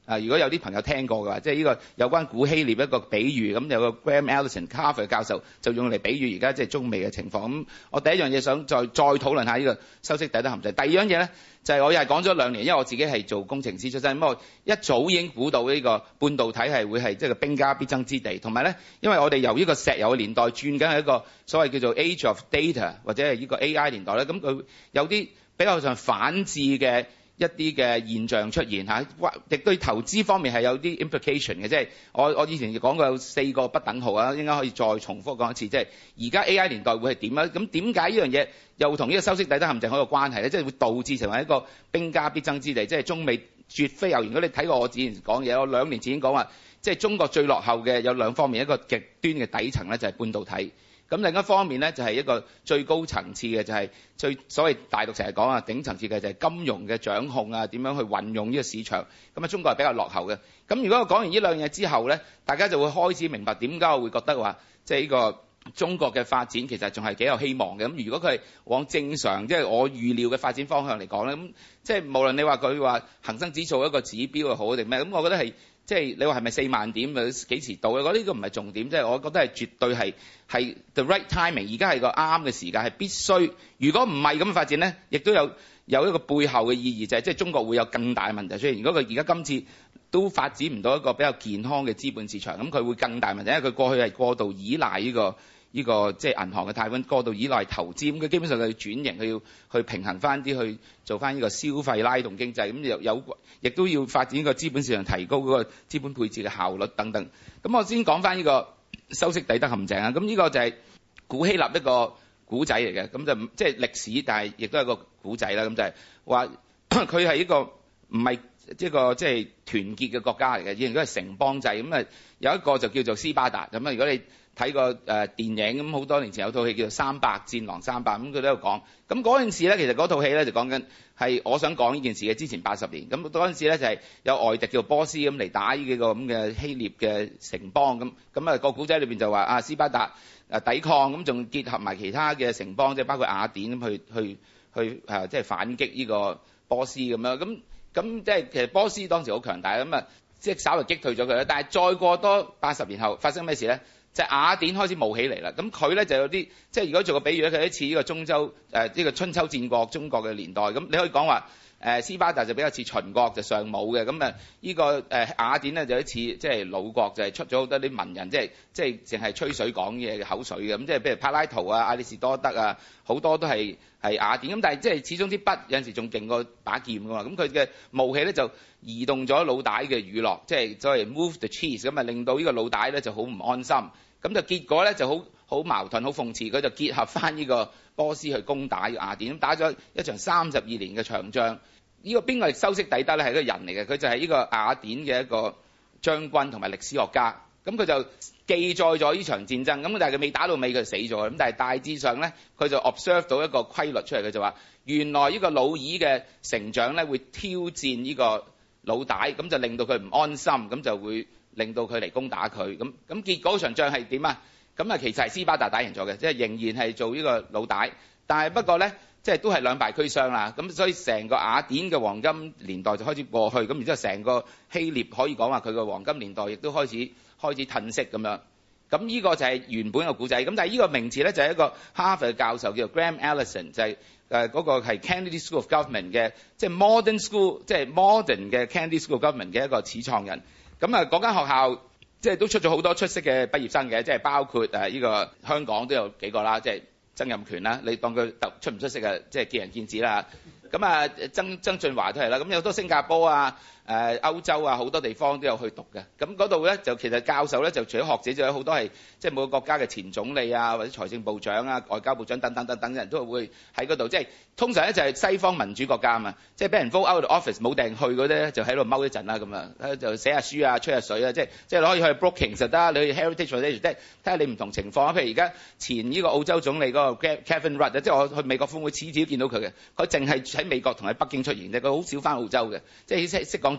啊，如果有啲朋友聽過嘅話，即係呢個有關古希臘一個比喻，咁有個 Graham Allison、Carver 教授就用嚟比喻而家即係中美嘅情況。咁我第一樣嘢想再再討論下呢個收息底得含水。第二樣嘢咧，就係、是、我又係講咗兩年，因為我自己係做工程師出身，咁我一早已經估到呢個半導體係會係即係個兵家必爭之地。同埋咧，因為我哋由呢個石油年代轉緊喺一個所謂叫做 Age of Data 或者係呢個 AI 年代咧，咁佢有啲比較上反智嘅。一啲嘅現象出現嚇，亦對投資方面係有啲 implication 嘅，即係我我以前講過有四個不等號啊，應該可以再重複講一次，即係而家 A.I. 年代會係點咧？咁點解呢樣嘢又同呢個收息底得陷阱好有關係咧？即係會導致成為一個兵家必爭之地，即係中美絕非尤，如果你睇過我之前講嘢，我兩年前已經講話，即係中國最落後嘅有兩方面，一個極端嘅底層咧就係半導體。咁另一方面呢，就係、是、一個最高層次嘅，就係、是、最所謂大陸成日講啊，頂層次嘅，就係金融嘅掌控啊，點樣去運用呢個市場。咁啊，中國係比較落後嘅。咁如果我講完呢兩嘢之後呢，大家就會開始明白點解我會覺得話，即係呢個中國嘅發展其實仲係幾有希望嘅。咁如果佢係往正常，即、就、係、是、我預料嘅發展方向嚟講呢，咁即係無論你話佢話恒生指數一個指標又好定咩，咁我覺得係。即係你話係咪四萬點幾時到啊？我覺得呢個唔係重點，即係我覺得係絕對係係 the right timing，而家係個啱嘅時間，係必須。如果唔係咁嘅發展呢，亦都有有一個背後嘅意義，就係即係中國會有更大問題，所以如果佢而家今次都發展唔到一個比較健康嘅資本市場，咁佢會更大問題，因為佢過去係過度依賴呢個。呢個即係銀行嘅貸款，過度依賴投資，咁佢基本上佢要轉型，佢要去平衡翻啲，去做翻呢個消費拉動經濟，咁又有亦都要發展呢個資本市場，提高個資本配置嘅效率等等。咁我先講翻呢個修昔底德陷阱啊。咁呢個就係古希臘一個古仔嚟嘅，咁就即係歷史，但係亦都係個古仔啦。咁就係話佢係一個唔係即係個即係團結嘅國家嚟嘅，以前都係城邦制，咁啊有一個就叫做斯巴達咁啊。如果你睇過誒電影咁，好多年前有套戲叫做《三百戰狼三百》咁，佢都有講咁，嗰陣時咧。其實嗰套戲咧就講緊係我想講呢件事嘅之前八十年咁，嗰陣時咧就係有外敵叫波斯咁嚟打呢幾個咁嘅希臘嘅城邦咁，咁啊個古仔裏面就話啊斯巴達抵抗咁，仲結合埋其他嘅城邦，即係包括雅典咁去去去啊，即係反擊呢個波斯咁樣咁咁，即係其實波斯當時好強大咁啊，即係稍微擊退咗佢啦。但係再過多八十年後發生咩事咧？就是、雅典開始冒起嚟啦，咁佢咧就有啲，即係如果做個比喻咧，佢好似呢個中周呃呢個春秋戰國中國嘅年代，咁你可以講話。誒斯巴達就比較似秦國，就尚武嘅，咁啊依個誒雅典咧就好似即係魯國就係、是、出咗好多啲文人，即係即係淨係吹水講嘢嘅口水嘅，咁即係譬如柏拉圖啊、亞里士多德啊，好多都係係雅典，咁但係即係始終啲筆有陣時仲勁過把劍噶嘛，咁佢嘅武器咧就移動咗老大嘅娛樂，即係所謂 move the cheese，咁啊令到呢個老大咧就好唔安心，咁就結果咧就好好矛盾好諷刺，佢就結合翻、這、呢個。波斯去攻打雅典，打咗一場三十二年嘅長仗。這個、呢個邊個係修昔底德呢？係一個人嚟嘅，佢就係呢個雅典嘅一個將軍同埋歷史學家。咁佢就記載咗呢場戰爭。咁但係佢未打到尾，佢死咗。咁但係大致上呢，佢就 observe 到一個規律出嚟，佢就話：原來呢個老二嘅成長呢會挑戰呢個老大，咁就令到佢唔安心，咁就會令到佢嚟攻打佢。咁咁結果嗰場仗係點啊？咁啊，其實係斯巴達打贏咗嘅，即係仍然係做呢個老大，但係不過呢，即係都係兩敗俱傷啦。咁所以成個雅典嘅黃金年代就開始過去，咁然之後成個希臘可以講話佢個黃金年代亦都開始開始褪色咁樣。咁呢個就係原本嘅故仔，咁但係呢個名字呢就係一個哈佛嘅教授，叫做 Graham Allison，就係誒嗰個係 Kennedy School of Government 嘅，即係 Modern School，即係 Modern 嘅 Kennedy School Government 嘅一個始創人。咁啊，嗰間學校。即係都出咗好多出色嘅畢業生嘅，即係包括誒呢個香港都有幾個啦，即係曾蔭權啦，你當佢特出唔出色啊，即係見仁見智啦。咁 <laughs> 啊，曾曾俊華都係啦，咁有好多新加坡啊。誒歐洲啊，好多地方都有去讀嘅，咁嗰度咧就其實教授咧就除咗學者之外，好多係即係每個國家嘅前總理啊，或者財政部長啊、外交部長等等等等嘅人都會喺嗰度，即係通常咧就係西方民主國家啊嘛，即係俾人 vote out of office 冇定去嗰啲咧，就喺度踎一陣啦咁啊，就寫下書啊、吹下水啊，即係即係可以去 Brookings 就得，你去 Heritage，即係睇下你唔同情況啊。譬如而家前呢個澳洲總理嗰個 Kevin Rudd 啊，即係我去美國峯會次次都見到佢嘅，佢淨係喺美國同喺北京出現啫，佢好少翻澳洲嘅，即係識識講。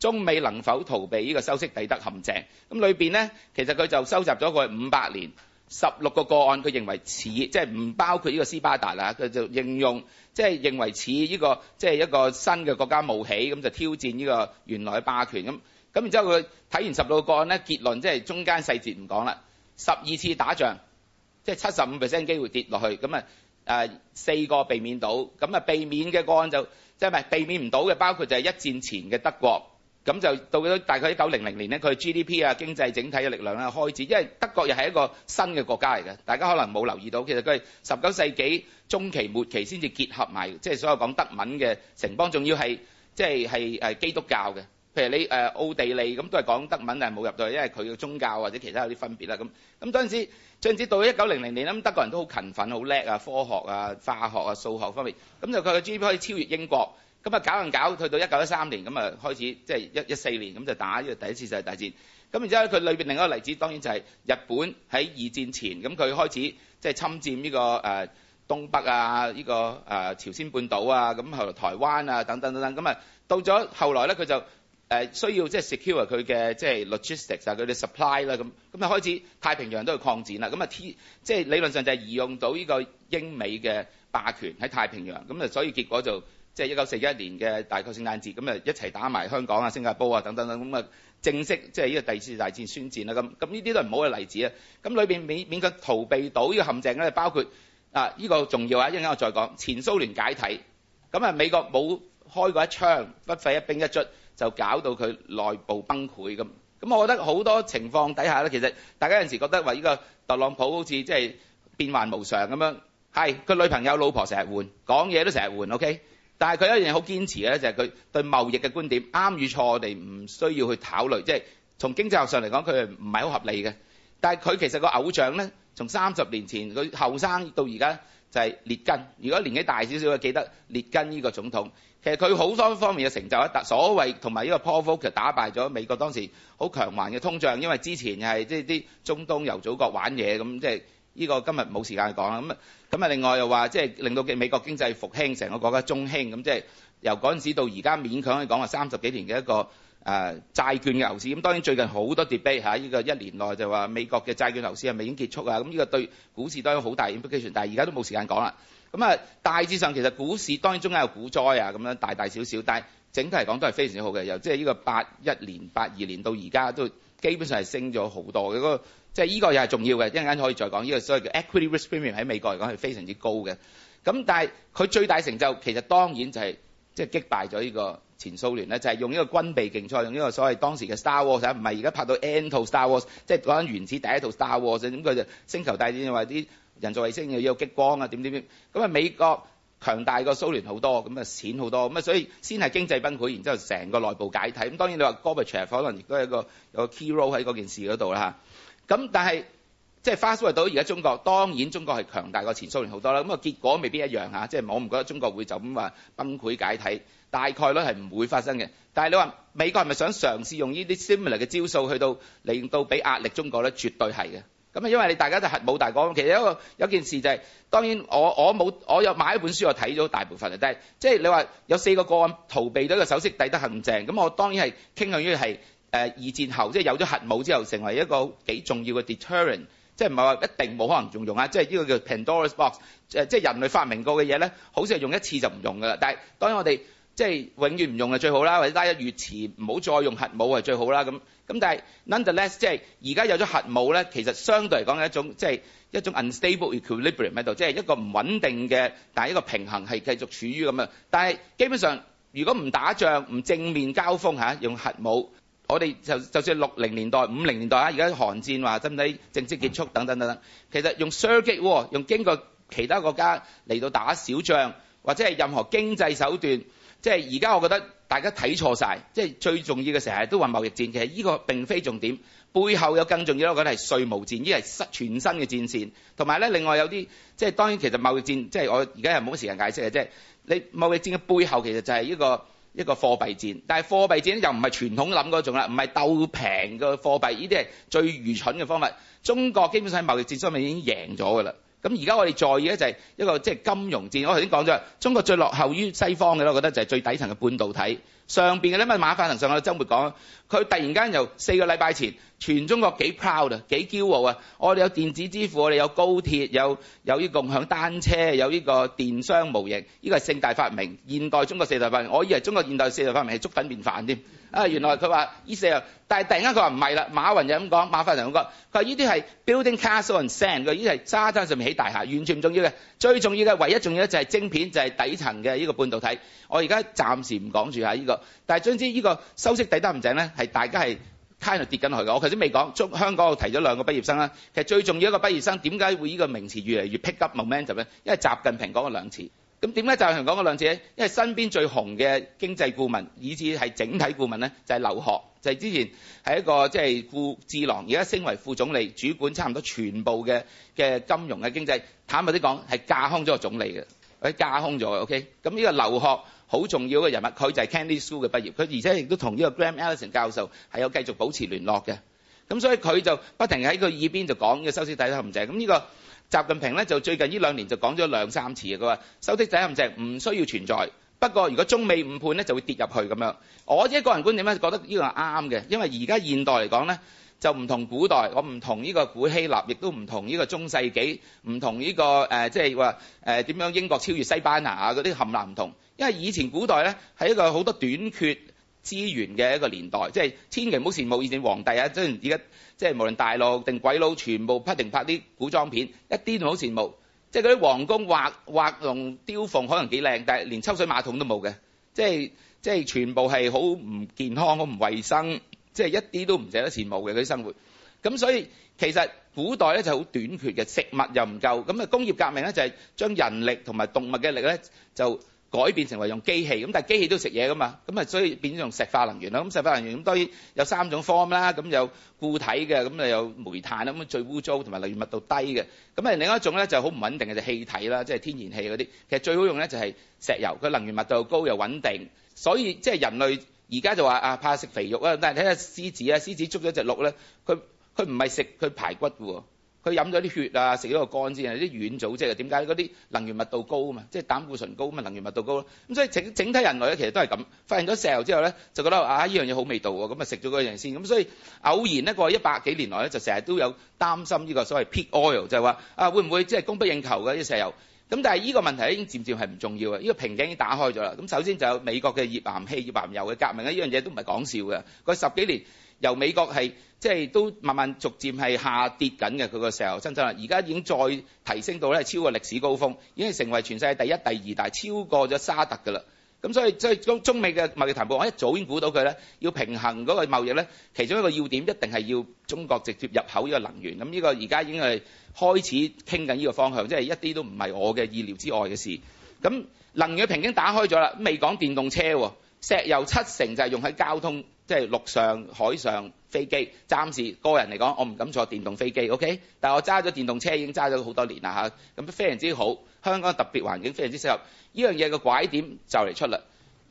中美能否逃避呢個修昔底德陷阱，咁裏面呢，其實佢就收集咗佢五百年十六個個案，佢認為似即係唔包括呢個斯巴達啦。佢就應用即係認為似呢、這個即係、就是、一個新嘅國家冒起咁就挑戰呢個原來霸權咁咁。然之後佢睇完十六個個案呢，結論即係、就是、中間細節唔講啦，十二次打仗即係七十五 percent 機會跌落去咁啊，四個避免到咁啊，避免嘅個案就即係唔避免唔到嘅，包括就係一戰前嘅德國。咁就到咗大概一九零零年咧，佢嘅 GDP 啊經濟整體嘅力量咧開始，因為德國又係一個新嘅國家嚟嘅，大家可能冇留意到，其實佢係十九世紀中期末期先至結合埋，即係所有講德文嘅城邦，仲要係即係係誒基督教嘅。譬如你誒奧地利咁都係講德文，但係冇入到去，因為佢嘅宗教或者其他有啲分別啦。咁咁嗰陣時，嗰陣時到一九零零年咧，德國人都好勤奮，好叻啊，科學啊、化學啊、數學方面，咁就佢嘅 GDP 可以超越英國。咁啊搞硬搞，去到一九一三年，咁啊開始即係一一四年，咁就打呢個第一次世界大戰。咁然之後佢裏面另一個例子，當然就係日本喺二戰前，咁佢開始即係侵佔呢、這個誒、呃、東北啊，呢、這個誒、呃、朝鮮半島啊，咁後來台灣啊等等等等。咁啊到咗後來咧，佢就、呃、需要即係 secure 佢嘅即係 logistics 啊，佢哋 supply 啦咁，咁啊開始太平洋都要擴展啦。咁啊即係理論上就係移用到呢個英美嘅霸權喺太平洋。咁啊所以結果就即係一九四一年嘅大概聖誕節咁啊，一齊打埋香港啊、新加坡啊等等等咁啊，就正式即係呢個第二次大戰宣戰啦。咁咁呢啲都係唔好嘅例子啊。咁裏邊免免佢逃避到呢個陷阱咧，包括啊呢個重要啊，一陣間我再講前蘇聯解體咁啊，那美國冇開過一槍，不費一兵一卒就搞到佢內部崩潰咁。咁我覺得好多情況底下咧，其實大家有陣時覺得話呢個特朗普好似即係變幻無常咁樣係佢女朋友、老婆成日換，講嘢都成日換，OK？但係佢有一樣嘢好堅持嘅咧，就係佢對貿易嘅觀點啱與錯，我哋唔需要去考慮。即係從經濟學上嚟講，佢係唔係好合理嘅。但係佢其實個偶像咧，從三十年前佢後生到而家就係列根。如果年紀大少少嘅記得列根呢個總統，其實佢好多方面嘅成就一打，所謂同埋呢個 provoke 其實打敗咗美國當時好強橫嘅通脹，因為之前係即係啲中東由祖國玩嘢咁，即係。呢、這個今日冇時間講啦，咁啊咁啊，另外又話即係令到美國經濟復興，成個國家中興，咁即係由嗰陣時到而家勉強去講話三十幾年嘅一個誒債、呃、券嘅牛市，咁當然最近好多 debate，嚇，呢個一年內就話美國嘅債券牛市係咪已經結束啊？咁、這、呢個對股市當然都有好大 impact，但係而家都冇時間講啦。咁啊，大致上其實股市當然中間有股災啊，咁樣大大小小，但係整體嚟講都係非常之好嘅，由即係呢個八一年、八二年到而家都基本上係升咗好多嘅嗰即係呢個又係重要嘅，一陣間可以再講。呢、這個所謂叫 equity risk premium 喺美國嚟講係非常之高嘅。咁但係佢最大成就其實當然就係即係擊敗咗呢個前蘇聯咧，就係、是、用呢個軍備競賽，用呢個所謂當時嘅 Star Wars，唔係而家拍到 N 套 Star Wars，即係講緊原始第一套 Star Wars。咁佢就星球大戰或者啲人造衛星又要激光啊，點點點咁啊。美國強大過蘇聯好多，咁啊錢好多，咁啊所以先係經濟崩潰，然之後成個內部解體。咁當然你話 Gorbachev 可能亦都係一個有一個 key role 喺嗰件事嗰度啦。咁但係即係花蘇域到而家中國，當然中國係強大過前蘇聯好多啦。咁啊結果未必一樣嚇，即係我唔覺得中國會就咁話崩潰解體，大概率係唔會發生嘅。但係你話美國係咪想嘗試用呢啲 similar 嘅招數去到令到俾壓力中國咧？絕對係嘅。咁啊，因為你大家就係冇大講。其實有一有件事就係，當然我我冇我有買一本書，我睇咗大部分嚟，但係即係你話有四個個案逃避咗個修昔底德陷阱，咁我當然係傾向於係。誒二戰後即係有咗核武之後，成為一個幾重要嘅 deterrent，即係唔係話一定冇可能仲用啊？即係呢個叫 Pandora's box，即係人類發明過嘅嘢咧，好似係用一次就唔用㗎啦。但係當然我哋即係永遠唔用嘅最好啦，或者拉一月前唔好再用核武係最好啦。咁咁但係，nonetheless 即係而家有咗核武咧，其實相對嚟講係一種即係、就是、一種 unstable equilibrium 喺度，即係一個唔穩定嘅，但係一個平衡係繼續處於咁樣。但係基本上，如果唔打仗、唔正面交鋒嚇、啊，用核武。我哋就就算六零年代、五零年代啊，而家寒戰話真唔正式結束等等等等，其實用雙擊喎，用經過其他國家嚟到打小仗，或者係任何經濟手段，即係而家我覺得大家睇錯晒，即係最重要嘅成日都話貿易戰，其實呢個並非重點，背後有更重要，我覺得係稅務戰，呢係全新嘅戰線，同埋咧另外有啲即係當然其實貿易戰，即係我而家係冇乜時間解釋嘅，即係你貿易戰嘅背後其實就係呢個。一個貨幣戰，但係貨幣戰咧就唔係傳統諗嗰種啦，唔係鬥平嘅貨幣。呢啲係最愚蠢嘅方法。中國基本上喺貿易戰上面已經贏咗噶啦。咁而家我哋在意咧就係一個即係金融戰。我頭先講咗，中國最落後於西方嘅啦，我覺得就係最底層嘅半導體。上邊嘅啲咪馬化騰上個周末講，佢突然間由四個禮拜前，全中國幾 proud 啊，幾驕傲啊！我哋有電子支付，我哋有高鐵，有有依共享單車，有呢個電商模型，呢個係四大發明。現代中國四大發明，我以為中國現代四大發明係粥粉麵飯添。啊，原來佢話依四樣，但係突然間佢話唔係啦。馬雲就咁講，馬化騰咁講，佢話呢啲係 building castle and sand 嘅，呢啲係沙灘上面起大廈，完全唔重要嘅。最重要嘅，唯一重要咧就係晶片，就係底層嘅呢個半導體。我而家暫時唔講住下呢個。但係總之，呢個收息抵得唔正咧，係大家係 kind of 跌緊去嘅。我頭先未講，中香港我提咗兩個畢業生啦。其實最重要一個畢業生點解會呢個名詞越嚟越 pick up momentum 咧？因為習近平講過兩次。咁點解習近平講過兩次咧？因為身邊最紅嘅經濟顧問，以至係整體顧問咧，就係、是、劉鶴，就係、是、之前係一個即係副智囊，而家升為副總理，主管差唔多全部嘅嘅金融嘅經濟。坦白啲講，係架空咗個總理嘅，架空咗嘅。OK，咁呢個劉鶴。好重要嘅人物，佢就係 Kennedy School 嘅畢業，佢而且亦都同呢個 Graham Allison 教授係有繼續保持聯絡嘅。咁所以佢就不停喺佢耳邊就講呢個修昔底德陷阱。咁呢個習近平咧就最近呢兩年就講咗兩三次嘅，佢話修昔底德陷阱，唔需要存在。不過如果中美誤判咧，就會跌入去咁樣。我即係個人觀點咧，覺得呢個係啱嘅，因為而家現代嚟講咧就唔同古代，我唔同呢個古希臘，亦都唔同呢個中世紀，唔同呢、呢個、呃、即係話點樣英國超越西班牙啊嗰啲冚唪唥唔同。因為以前古代咧係一個好多短缺資源嘅一個年代，即係千祈唔好羨慕以前皇帝啊！即係而家即係無論大陸定鬼佬，全部不停拍啲古裝片，一啲都唔好羨慕。即係嗰啲皇宮畫畫龍雕鳳，可能幾靚，但係連抽水馬桶都冇嘅，即係即係全部係好唔健康、好唔衞生，即係一啲都唔捨得羨慕嘅嗰啲生活。咁所以其實古代咧就好短缺嘅食物又唔夠，咁啊工業革命咧就係將人力同埋動物嘅力咧就，改變成為用機器，咁但係機器都食嘢噶嘛，咁啊所以變咗用石化能源啦。咁石化能源咁當然有三種 form 啦，咁有固體嘅，咁又有煤炭啦，咁最污糟同埋能源密度低嘅。咁啊另一種咧就好唔穩定嘅就氣體啦，即係天然氣嗰啲。其實最好用咧就係石油，佢能源密度又高又穩定。所以即係人類而家就話啊怕食肥肉啊，但係睇下獅子啊，獅子捉咗隻鹿咧，佢佢唔係食佢排骨㗎喎。佢飲咗啲血啊，食咗個肝先啊，啲軟組織啊，點解嗰啲能源密度高啊嘛？即係膽固醇高啊嘛，能源密度高。咁所以整整體人類咧，其實都係咁，發現咗石油之後咧，就覺得啊，呢樣嘢好味道，咁啊食咗嗰樣先。咁所以偶然呢個一百幾年來咧，就成日都有擔心呢個所謂 peak oil，就係話啊，會唔會即係供不應求嘅啲石油？咁但係呢個問題已經漸漸係唔重要嘅，呢、這個瓶頸已經打開咗啦。咁首先就有美國嘅頁岩氣頁岩油嘅革命咧，呢樣嘢都唔係講笑嘅。嗰十幾年。由美國係即係都慢慢逐漸係下跌緊，嘅佢個石油生產啦，而家已經再提升到咧，超過歷史高峰，已經成為全世界第一、第二大，超過咗沙特噶啦。咁所，所以中美嘅貿易談判，我一早已經估到佢咧，要平衡嗰個貿易咧，其中一個要點一定係要中國直接入口呢個能源。咁呢個而家已經係開始傾緊呢個方向，即係一啲都唔係我嘅意料之外嘅事。咁能源嘅瓶頸打開咗啦，未講電動車，石油七成就係用喺交通。即係陸上、海上飛機，暫時個人嚟講，我唔敢坐電動飛機，OK？但係我揸咗電動車已經揸咗好多年啦嚇，咁都非常之好，香港特別環境非常之適合。呢樣嘢嘅拐點就嚟出啦，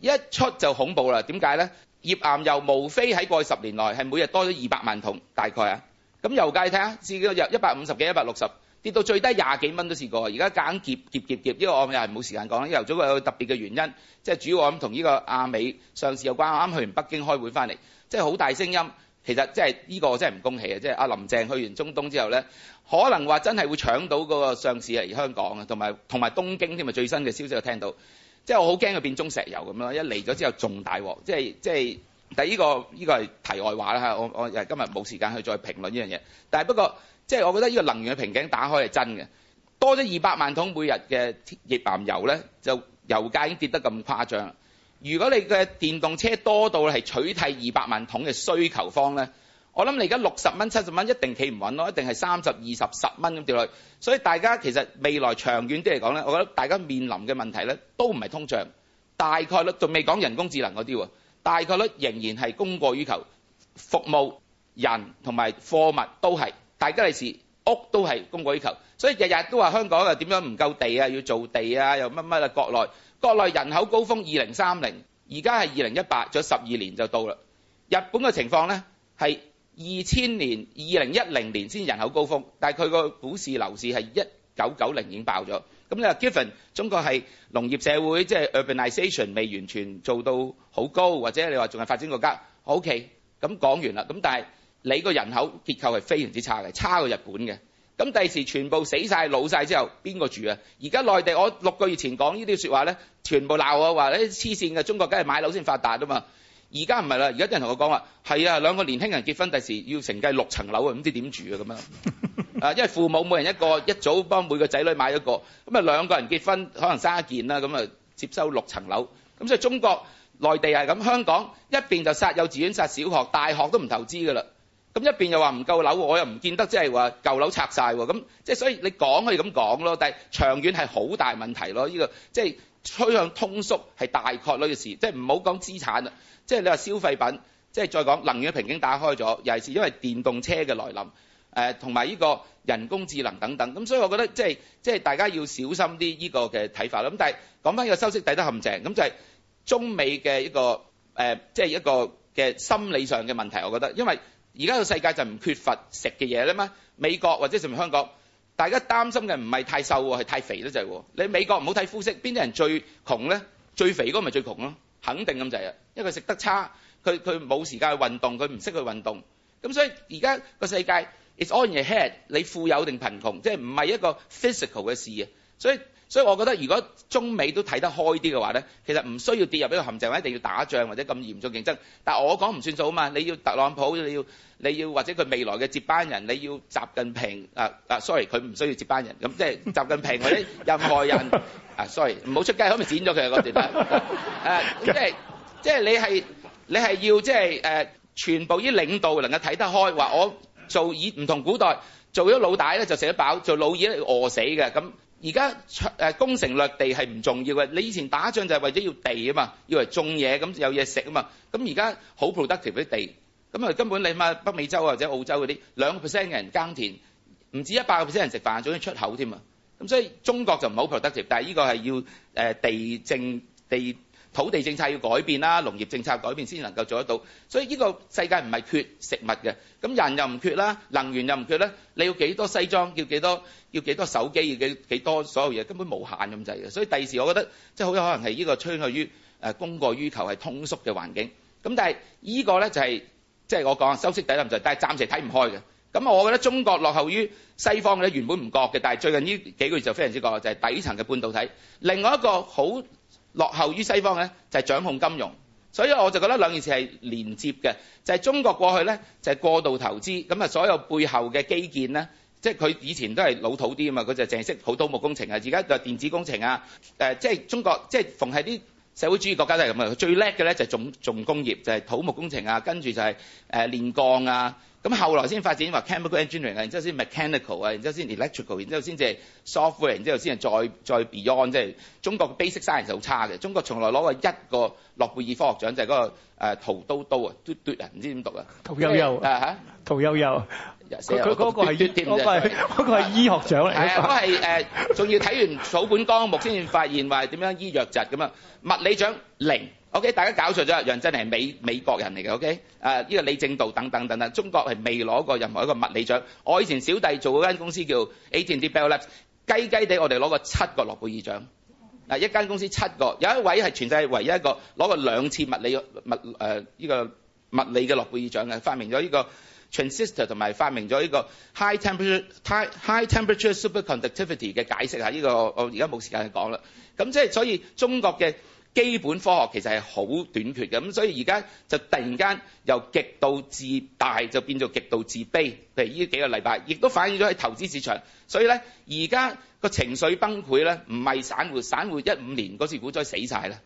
一出就恐怖啦。點解呢？頁岩油無非喺過去十年內係每日多咗二百萬桶大概啊，咁油價你睇下，自己又一百五十幾、一百六十。跌到最低廿幾蚊都試過，而家揀劫劫劫劫，跌，呢、這個我又係冇時間講。因為早個有特別嘅原因，即係主要我諗同呢個亞美上市有關。我啱去完北京開會翻嚟，即係好大聲音。其實即係呢個真係唔恭喜啊！即係阿林鄭去完中東之後咧，可能話真係會搶到嗰個上市嚟香港啊，同埋同埋東京添啊！最新嘅消息我聽到，即係我好驚佢變中石油咁樣。一嚟咗之後仲大鑊，即係即係。但呢、這個呢、這個係題外話啦。我我今日冇時間去再評論呢樣嘢，但係不過。即係我覺得呢個能源嘅瓶頸打開係真嘅，多咗二百萬桶每日嘅頁岩油呢，就油價已經跌得咁誇張了。如果你嘅電動車多到係取替二百萬桶嘅需求方呢，我諗你而家六十蚊、七十蚊一定企唔穩咯，一定係三十、二十、十蚊咁掉落去。所以大家其實未來長遠啲嚟講呢，我覺得大家面臨嘅問題呢都唔係通脹，大概率仲未講人工智能嗰啲，大概率仍然係供過於求，服務人同埋貨物都係。大家利是屋都係供過於求，所以日日都話香港又點樣唔夠地啊，要做地啊，又乜乜啦。國內國內人口高峰二零三零，而家係二零一八，仲有十二年就到啦。日本嘅情況呢係二千年二零一零年先人口高峰，但係佢個股市樓市係一九九零已經爆咗。咁你話 given，中國係農業社會，即係 urbanisation 未完全做到好高，或者你話仲係發展國家，OK。咁講完啦，咁但係。你個人口結構係非常之差嘅，差過日本嘅。咁第時全部死晒、老晒之後，邊個住啊？而家內地我六個月前講呢啲說話呢，全部鬧我話你黐線嘅中國梗係買樓先發達啊嘛。而家唔係啦，而家啲人同我講話係啊，兩個年輕人結婚第時要承繼六層樓啊，唔知點住啊咁樣啊。啊，因為父母每人一個，一早幫每個仔女買一個，咁啊兩個人結婚可能生一件啦，咁啊接收六層樓。咁所以中國內地係咁，香港一邊就殺幼稚園、殺小學、大學都唔投資㗎啦。咁一邊又話唔夠樓，我又唔見得，即係話舊樓拆晒喎。咁即係所以你講可以咁講咯，但係長遠係好大問題咯。呢、這個即係趨向通縮係大概率嘅事，即係唔好講資產啦，即係、就是、你話消費品，即、就、係、是、再講能源瓶頸打開咗，尤其係因為電動車嘅來臨，誒同埋呢個人工智能等等。咁所以我覺得即係即係大家要小心啲呢個嘅睇法啦。咁但係講翻呢個收息抵得陷阱，咁就係中美嘅一個即係、呃就是、一個嘅心理上嘅問題，我覺得，因為。而家個世界就唔缺乏食嘅嘢啦嘛，美國或者甚至香港，大家擔心嘅唔係太瘦喎，係太肥咧就係、是、喎。你美國唔好睇膚色，邊啲人最窮咧？最肥嗰咪最窮咯，肯定咁就係啦。因為佢食得差，佢佢冇時間去運動，佢唔識去運動。咁所以而家個世界 it's on your head，你富有定貧窮，即係唔係一個 physical 嘅事啊，所以。所以我覺得，如果中美都睇得開啲嘅話咧，其實唔需要跌入呢個陷阱，或者一定要打仗或者咁嚴重競爭。但係我講唔算數啊嘛，你要特朗普，你要你要或者佢未來嘅接班人，你要習近平啊啊，sorry，佢唔需要接班人，咁即係習近平或者任何人啊，sorry，唔好出街，可唔可以剪咗佢啊嗰段啊？啊，即係即係你係你係要即係誒，全部啲領導能夠睇得開，話我做以唔同古代做咗老大咧就食得飽，做老二咧要餓死嘅咁。而家誒攻城略地係唔重要嘅，你以前打仗就係為咗要地啊嘛，要嚟種嘢咁有嘢食啊嘛，咁而家好 productive 啲地，咁啊根本你睇下北美洲或者澳洲嗰啲兩個 percent 嘅人耕田，唔止一百個 percent 人食飯，總要出口添啊，咁所以中國就唔好 productive，但係呢個係要誒地政地。土地政策要改變啦，農業政策改變先能夠做得到。所以呢個世界唔係缺食物嘅，咁人又唔缺啦，能源又唔缺啦。你要幾多西裝，要幾多，要幾多手機，要幾多所有嘢，根本無限咁滯嘅。所以第時我覺得即係好有可能係呢個趨向於誒供、呃、過於求係通縮嘅環境。咁但係呢個咧就係、是、即係我講收息底滯就，但係暫時睇唔開嘅。咁我覺得中國落後於西方嘅咧原本唔覺嘅，但係最近呢幾個月就非常之覺就係、是、底層嘅半導體。另外一個好。落後於西方呢，就係、是、掌控金融，所以我就覺得兩件事係連接嘅，就係、是、中國過去咧就係、是、過度投資，咁啊所有背後嘅基建咧，即係佢以前都係老土啲啊嘛，佢就淨識做土木工程啊，而家就是電子工程啊，誒即係中國即係、就是、逢係啲社會主義國家都係咁啊，最叻嘅咧就係重重工業，就係、是、土木工程啊，跟住就係誒煉鋼啊。咁後來先發展話 chemical engineering 啊，然之後先 mechanical 啊，然之後先 electrical，然之後先至 software，然之後先係再再 beyond 即係中國嘅 basic science 好差嘅。中國從來攞過一個諾貝爾科學獎就係嗰個誒屠刀刀啊，奪奪啊，唔知點讀啊？屠呦呦啊嚇？屠呦呦。佢嗰個係奪㗎。嗰個係嗰個係醫學獎嚟。係啊，嗰係誒，仲要睇完草本綱目先至發現話點樣醫瘧疾咁啊？物理獎零。O.K. 大家搞錯咗楊振寧係美美國人嚟嘅。O.K. 啊，呢個李政道等等等等，中國係未攞過任何一個物理獎。我以前小弟做嗰間公司叫 AT&T Bell Labs，雞雞哋我哋攞過七個諾貝爾獎。嗱， <laughs> 一間公司七個，有一位係全世界唯一一個攞過兩次物理物呢、呃呢個物理嘅諾貝爾獎嘅，發明咗呢個 transistor 同埋發明咗呢個 high temperature high temperature superconductivity 嘅解釋呢、呢個我而家冇時間去講啦。咁即係所以中國嘅。基本科學其實係好短缺嘅，咁所以而家就突然間由極度自大就變做極度自卑。譬如依幾個禮拜，亦都反映咗喺投資市場。所以咧，而家個情緒崩潰咧，唔係散戶，散戶一五年嗰次股災死曬啦。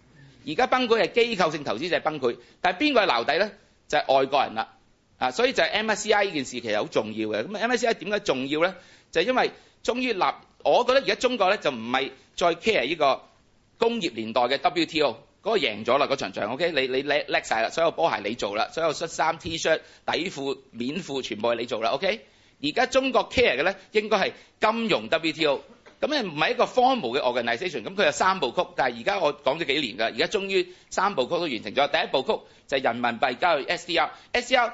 而家崩潰係機構性投資者就係崩潰，但係邊個係留底咧？就係外國人啦。啊，所以就係 MSCI 依件事其實好重要嘅。咁 MSCI 點解重要咧？就係因為終於立，我覺得而家中國咧就唔係再 care 依個。工業年代嘅 WTO 嗰個贏咗啦，嗰場仗。OK，你你叻叻曬啦，所有波鞋你做啦，所有恤衫、T-shirt、底褲、棉褲全部係你做啦。OK，而家中國 care 嘅咧應該係金融 WTO，咁誒唔係一個 formal 嘅 organization。咁佢有三部曲，但係而家我講咗幾年㗎，而家終於三部曲都完成咗。第一部曲就係人民幣加入 SDR，SDR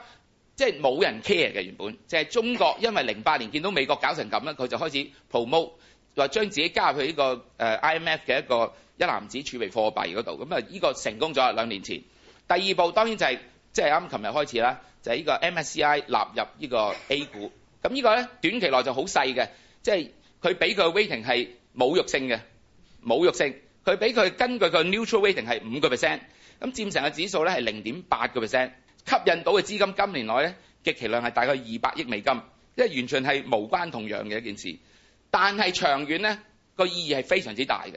即係冇人 care 嘅原本，就係中國因為零八年見到美國搞成咁咧，佢就開始 promote 話將自己加入去呢個誒 IMF 嘅一個。一籃子儲備貨幣嗰度咁啊。呢個成功咗兩年前。第二步當然就係即係啱，琴日開始啦，就係呢個 MSCI 納入呢個 A 股咁。呢個咧短期內就好細嘅，即係佢俾佢嘅 weighting 係侮辱性嘅，侮辱性。佢俾佢根據佢 neutral weighting 係五個 percent，咁佔成嘅指數咧係零點八個 percent，吸引到嘅資金今年內咧極其量係大概二百億美金，即係完全係無關痛癢嘅一件事。但係長遠咧個意義係非常之大嘅。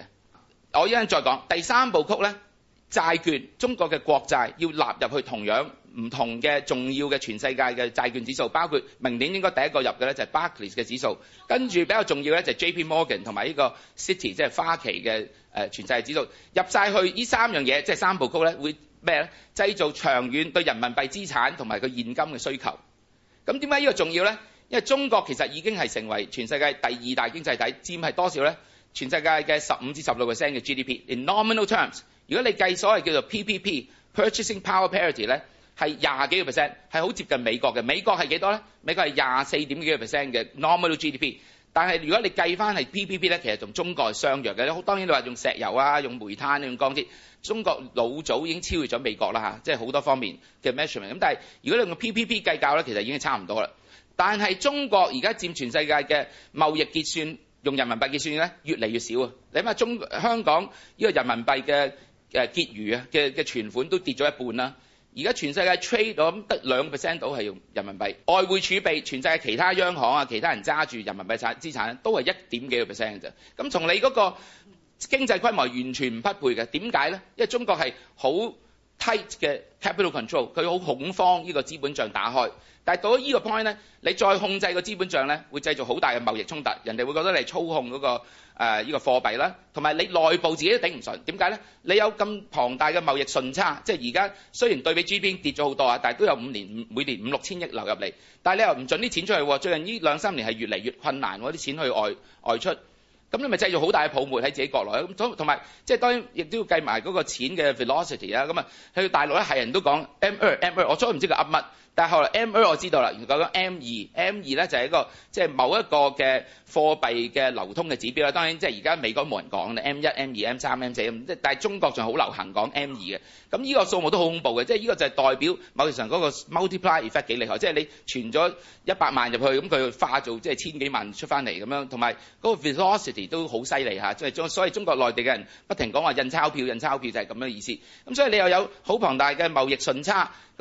我一陣再講第三部曲呢，債券中國嘅國債要納入去同樣唔同嘅重要嘅全世界嘅債券指數，包括明年應該第一個入嘅呢就係 Barclays 嘅指數，跟住比較重要呢就係 JP Morgan 同埋呢個 City，即係花旗嘅、呃、全世界指數入晒去呢三樣嘢，即係三部曲呢會咩呢製造長遠對人民幣資產同埋個現金嘅需求。咁點解呢個重要呢？因為中國其實已經係成為全世界第二大經濟體，佔係多少呢？全世界嘅十五至十六 percent 嘅 GDP，in nominal terms，如果你計所謂叫做 PPP（purchasing power parity） 咧，係廿幾個 percent，係好接近美國嘅。美國係幾多咧？美國係廿四點幾個 percent 嘅 nominal GDP，但係如果你計翻係 PPP 咧，其實同中國係相若嘅。當然你話用石油啊、用煤炭、用鋼鐵，中國老早已經超越咗美國啦吓，即係好多方面嘅 measurement。咁但係如果你用個 PPP 計較咧，其實已經差唔多啦。但係中國而家佔全世界嘅貿易結算。用人民幣結算咧，越嚟越少啊！你睇下中香港呢、這個人民幣嘅、呃、結餘啊，嘅嘅存款都跌咗一半啦。而家全世界 trade 到咁得兩 percent 到係用人民幣，外匯儲備全世界其他央行啊，其他人揸住人民幣產資產都係一點幾個 percent 嘅啫。咁從你嗰個經濟規模完全唔匹配嘅，點解咧？因為中國係好 tight 嘅 capital control，佢好恐慌呢個資本帳打開。但到咗呢個 point 呢，你再控制個資本帳呢，會製造好大嘅貿易衝突。人哋會覺得你操控嗰、嗰個呢、呃呢個貨幣啦，同埋你內部自己都頂唔順。點解呢？你有咁龐大嘅貿易順差，即係而家雖然對比 GDP 跌咗好多啊，但都有五年每年五六千億流入嚟，但你又唔准啲錢出去。最近呢兩三年係越嚟越困難，啲錢去外外出。咁你咪製造好大嘅泡沫喺自己國內，咁同同埋即係當然亦都要計埋嗰個錢嘅 velocity 啊，咁啊喺大陸咧係人都講 M2 M2，我真唔知㗎乜乜。但係後來 M 一我知道啦，如果講 M 二，M 二咧就係一個即係某一個嘅貨幣嘅流通嘅指標啦。當然即係而家美國冇人講啦，M 一、M 二、M 三、M 四，咁，即但係中國仲好流行講 M 二嘅。咁呢個數目都好恐怖嘅，即係呢個就係代表某程度上嗰個 multiply effect 幾厲害，即係你存咗一百萬入去，咁佢化做即係千幾萬出翻嚟咁樣，同埋嗰個 velocity 都好犀利嚇，即係所以中國內地嘅人不停講話印鈔票、印鈔票就係咁樣嘅意思。咁所以你又有好龐大嘅貿易順差。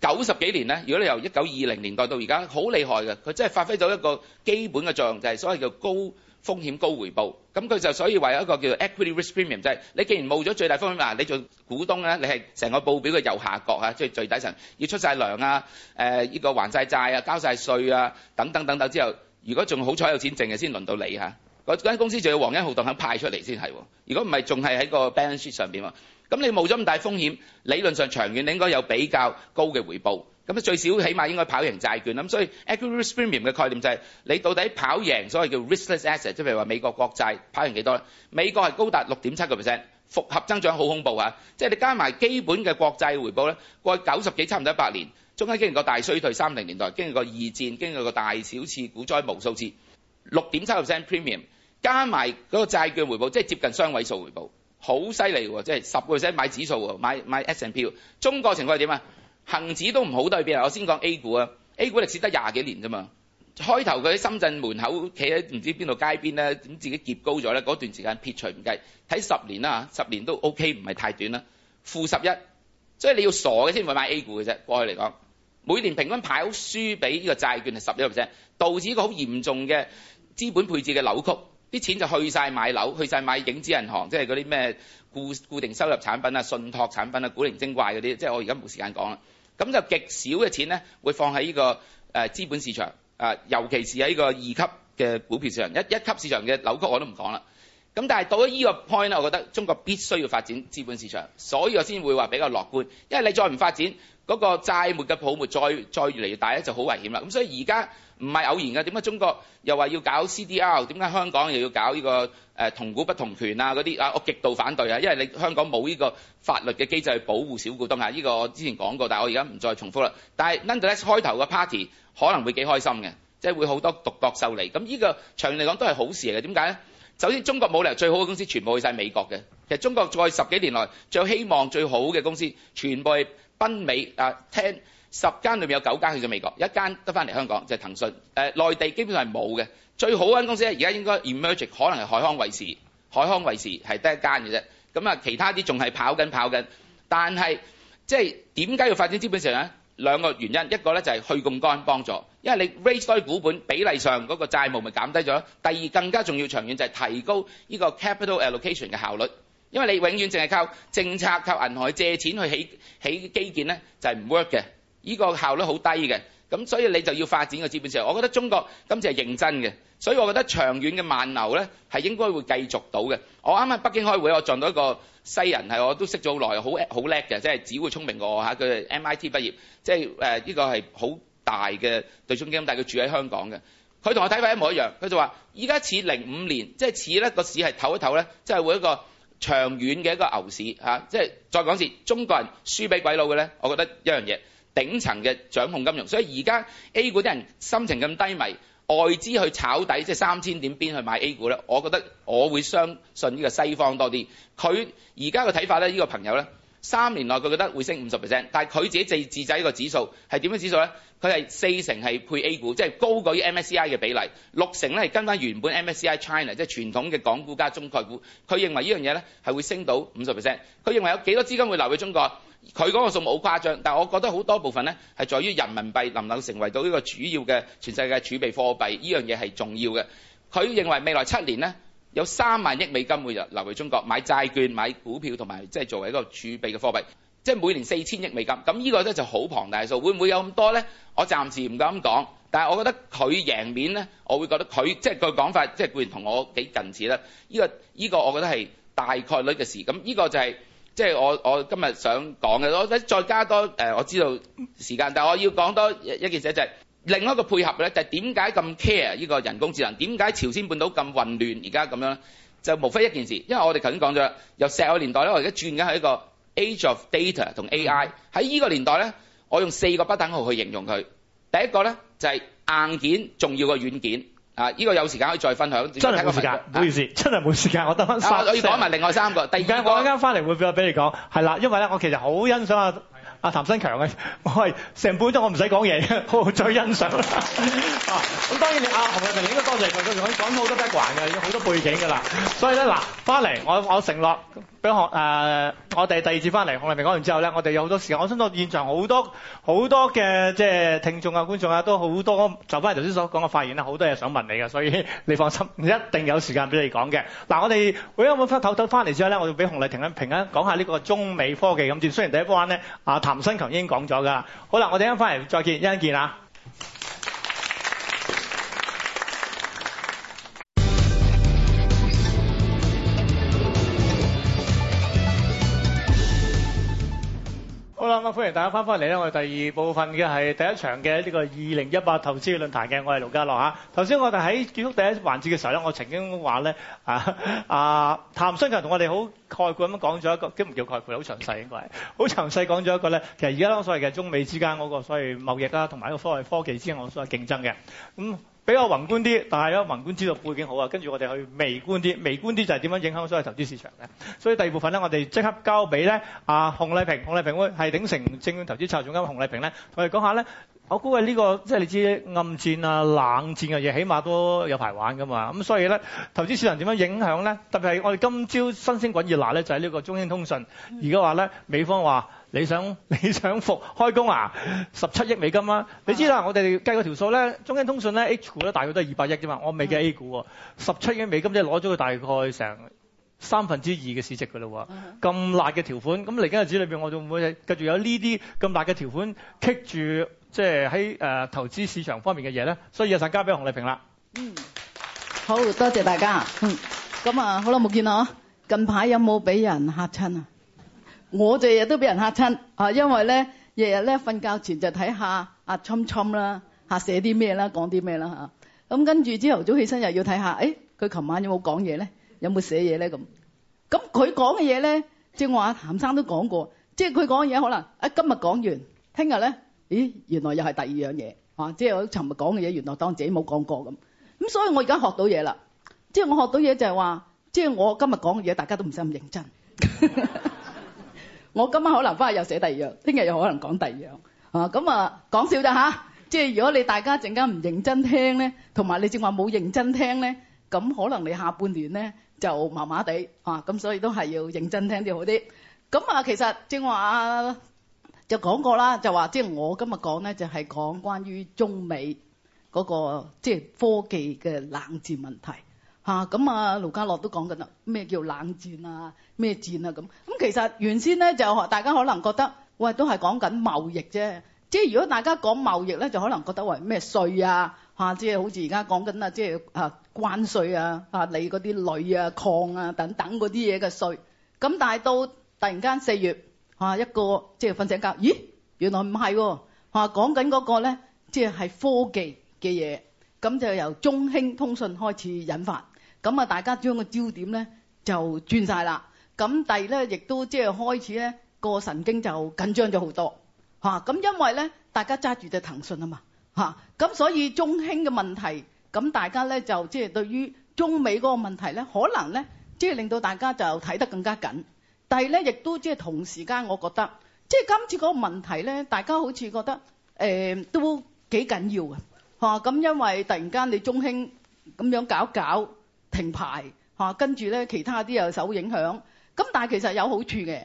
九十幾年咧，如果你由一九二零年代到而家，好厲害嘅，佢真係發揮咗一個基本嘅作用，就係、是、所謂叫高風險高回報。咁佢就所以話有一個叫 equity risk premium，就係你既然冒咗最大風險啊，你做股東咧，你係成個報表嘅右下角嚇，即係最底層要出晒糧啊，誒、呃、呢個還晒債啊，交晒稅啊，等等等等之後，如果仲好彩有錢剩嘅，先輪到你嚇。嗰、啊、間公司仲要皇恩浩蕩，肯派出嚟先係，如果唔係仲係喺個 balance sheet 上邊。咁你冇咗咁大風險，理論上長遠你應該有比較高嘅回報。咁你最少起碼應該跑贏債券。咁所以 equity premium 嘅概念就係、是、你到底跑贏所謂叫 riskless asset，即係譬如話美國國債跑贏幾多咧？美國係高達六點七個 percent，複合增長好恐怖啊！即係你加埋基本嘅國債回報咧，過去九十幾差唔多一百年，中間經歷過大衰退、三零年代，經歷過二戰，經歷過大小次股災無數次，六點七個 percent premium 加埋嗰個債券回報，即係接近雙位數回報。好犀利，即係十個 percent 先買指數，買買 S&P。中國情況係點啊？恒指都唔好得去邊啊！我先講 A 股啊，A 股歷史得廿幾年啫嘛，開頭佢喺深圳門口企喺唔知邊度街邊咧，咁自己劫高咗咧，嗰段時間撇除唔計，睇十年啦，十年都 O K，唔係太短啦，負十一，所以你要傻嘅先會買 A 股嘅啫。過去嚟講，每年平均跑輸俾呢個債券係十一個 percent，導致一個好嚴重嘅資本配置嘅扭曲。啲錢就去晒買樓，去晒買影子銀行，即係嗰啲咩固固定收入產品啊、信託產品啊、古靈精怪嗰啲，即係我而家冇時間講啦。咁就極少嘅錢呢會放喺呢、這個誒呃、資本市場啊、呃，尤其是喺呢個二級嘅股票市場，一一級市場嘅扭曲我都唔講啦。咁但係到咗依個 point 咧，我覺得中國必須要發展資本市場，所以我先會話比較樂觀，因為你再唔發展嗰、那個債務嘅泡沫再，再再越嚟越大咧，就好危險啦。咁所以而家。唔係偶然嘅，點解中國又話要搞 CDR？點解香港又要搞呢個誒同股不同權啊？嗰啲啊，我極度反對啊！因為你香港冇呢個法律嘅機制去保護小股東啊！呢個我之前講過，但係我而家唔再重複啦。但係 under next 開頭嘅 party 可能會幾開心嘅，即係會好多獨角獸嚟。咁呢個長遠嚟講都係好事嚟嘅。點解呢？首先中國冇理由最好嘅公司全部去曬美國嘅。其實中國再十幾年來最有希望最好嘅公司全部係奔美啊聽。十間裏面有九間去咗美國，一間得翻嚟香港，就係騰訊。誒、呃，內地基本上係冇嘅。最好嗰間公司咧，而家應該 emerge 可能係海康維視，海康維視係得一間嘅啫。咁啊，其他啲仲係跑緊跑緊，但係即係點解要發展資本市場？基本上咧兩個原因，一個咧就係去槓桿幫助，因為你 raise 多股本比例上嗰個債務咪減低咗。第二更加重要長遠就係提高呢個 capital allocation 嘅效率，因為你永遠淨係靠政策靠銀行借錢去起起基建咧，就係、是、唔 work 嘅。呢、這個效率好低嘅，咁所以你就要發展嘅資本市場，我覺得中國今次係認真嘅，所以我覺得長遠嘅慢牛呢係應該會繼續到嘅。我啱啱北京開會，我撞到一個西人係，我都識咗好耐，好好叻嘅，即係只會聰明過我嚇。佢 M I T 畢業，即係呢依個係好大嘅對沖基金，但係佢住喺香港嘅。佢同我睇法一模一樣，佢就話依家似零五年，即係似呢個市係唞一唞呢，即係會一個長遠嘅一個牛市嚇、啊。即係再講一次，中國人輸俾鬼佬嘅呢，我覺得一樣嘢。頂層嘅掌控金融，所以而家 A 股啲人心情咁低迷，外資去炒底，即係三千點邊去買 A 股咧？我覺得我會相信呢個西方多啲。佢而家嘅睇法咧，呢個朋友咧，三年內佢覺得會升五十 percent，但係佢自己製自製呢個指數係點樣指數咧？佢係四成係配 A 股，即係高過 MSCI 嘅比例，六成咧跟翻原本 MSCI China，即係傳統嘅港股加中概股。佢認為呢樣嘢咧係會升到五十 percent。佢認為有幾多資金會留畀中國？佢嗰個數目好誇張，但係我覺得好多部分呢係在於人民幣能唔能成為到呢個主要嘅全世界嘅儲備貨幣呢樣嘢係重要嘅。佢認為未來七年呢，有三萬億美金會流入回中國買債券、買股票同埋即係作為一個儲備嘅貨幣，即係每年四千億美金。咁呢個呢就好龐大數，會唔會有咁多呢？我暫時唔敢講，但係我覺得佢贏面呢，我會覺得佢即係個講法即係、即係、固然同我幾近似啦。呢、呢個呢、呢個我覺得係大概率嘅事。咁呢個就係、係。即係我我今日想講嘅，再加多誒、呃。我知道時間，但我要講多一件嘢，就係、是、另外一個配合咧，就係點解咁 care 呢個人工智能？點解朝鮮半島咁混亂而家咁樣咧？就無非一件事，因為我哋頭先講咗由石油年代咧，我而家轉緊係一個 age of data 同 AI，喺呢個年代咧，我用四個不等號去形容佢，第一個咧就係、是、硬件重要過軟件。啊！依，這個有時間可以再分享，真係冇時間，唔好意思，真係冇時間。我等翻三、啊我。我要講埋另外三個。突然間我一陣間翻嚟會俾我俾你講。係啦，因為咧，我其實好欣賞賞、啊。啊，譚新強嘅，我係成半都我唔使講嘢，好最欣賞 <laughs> 啊，咁、嗯、當然你阿熊麗萍你應該多謝佢，佢仲可以講好多 background 嘅，有好多背景㗎啦。所以咧嗱，翻嚟我我承諾俾何誒，我哋第二次翻嚟，熊麗萍講完之後咧，我哋有好多時間。我相信現場好多好多嘅即係聽眾啊、觀眾啊，都好多就翻頭先所講嘅發言啦，好多嘢想問你嘅，所以你放心，一定有時間俾你講嘅。嗱，我哋會有冇翻偷偷翻嚟之後咧，我要俾熊麗萍評一講下呢個中美科技咁轉、嗯。雖然第一關咧，阿、啊譚新強已經講咗噶啦，好啦，我哋一陣間翻嚟再見，一會見啊！咁啊，歡迎大家翻返嚟咧！我哋第二部分嘅係第一場嘅呢個二零一八投資論壇嘅，我係盧嘉樂嚇。頭先我哋喺結束第一環節嘅時候咧，我曾經話咧啊啊，譚生就同我哋好概括咁樣講咗一個，都唔叫概括，好詳細應該係好詳細講咗一個咧。其實而家所謂嘅中美之間嗰個所謂貿易啦，同埋一個所謂科技之間我所謂競爭嘅咁。嗯比較宏觀啲，但係咧宏觀知道背景好啊，跟住我哋去微觀啲，微觀啲就係點樣影響所謂投資市場咧。所以第二部分咧，我哋即刻交俾咧啊熊麗萍，熊麗萍會係鼎成證券投資策略總監熊麗萍咧，同你講下咧。我估係呢個即係你知暗戰啊、冷戰啊嘢，起碼都有排玩噶嘛。咁所以咧，投資市場點樣影響咧？特別係我哋今朝新鮮滾熱辣咧，就係、是、呢個中興通訊。而家話咧，美方話。你想你想復開工啊？十七億美金啊！啊你知啦，我哋計個條數咧，中興通訊咧 H 股咧大概都係二百億啫嘛。我未計 A 股喎，十七億美金即係攞咗佢大概成三分之二嘅市值㗎喇喎。咁、啊、辣嘅條款，咁嚟緊日子裏面，我仲會繼續有呢啲咁辣嘅條款棘住，即係喺投資市場方面嘅嘢咧。所以有陣交俾熊麗萍啦。嗯，好多謝大家。嗯，咁啊，好耐冇見啦，近排有冇俾人嚇親啊？我日日都俾人嚇親啊！因為咧，日日咧瞓覺前就睇下阿侵侵啦，嚇寫啲咩啦，講啲咩啦嚇。咁跟住朝頭早起身又要睇下，誒佢琴晚有冇講嘢咧？有冇寫嘢咧？咁咁佢講嘅嘢咧，正話阿譚生都講過，即係佢講嘅嘢可能啊今日講完，聽日咧，咦原來又係第二樣嘢啊！即係我尋日講嘅嘢，原來當自己冇講過咁。咁所以我而家學到嘢啦，即係我學到嘢就係話，即係我今日講嘅嘢，大家都唔使咁認真。我今晚可能翻去又寫第二樣，聽日又可能講第二樣，啊咁啊講笑咋嚇？即係如果你大家陣間唔認真聽咧，同埋你正話冇認真聽咧，咁可能你下半年咧就麻麻地啊，咁所以都係要認真聽啲好啲。咁啊，其實正話就講過啦，就話即係我今日講咧就係講關於中美嗰個即係科技嘅冷戰問題。啊！咁啊，盧家樂都講緊啦，咩叫冷戰啊？咩戰啊？咁咁其實原先咧就大家可能覺得喂都係講緊貿易啫，即係如果大家講貿易咧，就可能覺得喂咩稅啊嚇，即係好似而家講緊啊，即係啊關稅啊嚇，你嗰啲鋁啊、礦啊等等嗰啲嘢嘅稅。咁但係到突然間四月嚇一個即係瞓醒覺，咦原來唔係喎嚇，講緊嗰個咧即係係科技嘅嘢，咁就由中興通訊開始引發。咁啊，大家將個焦點咧就轉曬啦。咁第二咧，亦都即係開始咧個神經就緊張咗好多嚇。咁因為咧，大家揸住隻騰訊啊嘛嚇。咁所以中興嘅問題，咁大家咧就即係對於中美嗰個問題咧，可能咧即係令到大家就睇得更加緊。但係咧，亦都即係同時間，我覺得即係今次嗰個問題咧，大家好似覺得誒都幾緊要嘅嚇。咁因為突然間你中興咁樣搞搞。停牌吓，跟住咧其他啲又受影響。咁但係其實有好處嘅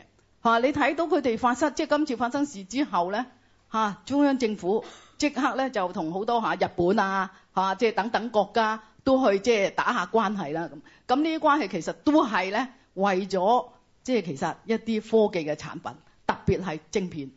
吓、啊。你睇到佢哋發生即係今次發生事之後咧吓、啊，中央政府即刻咧就同好多吓、啊、日本啊吓、啊、即係等等國家都去即係打下關係啦咁。咁呢啲關係其實都係咧為咗即係其實一啲科技嘅產品，特別係晶片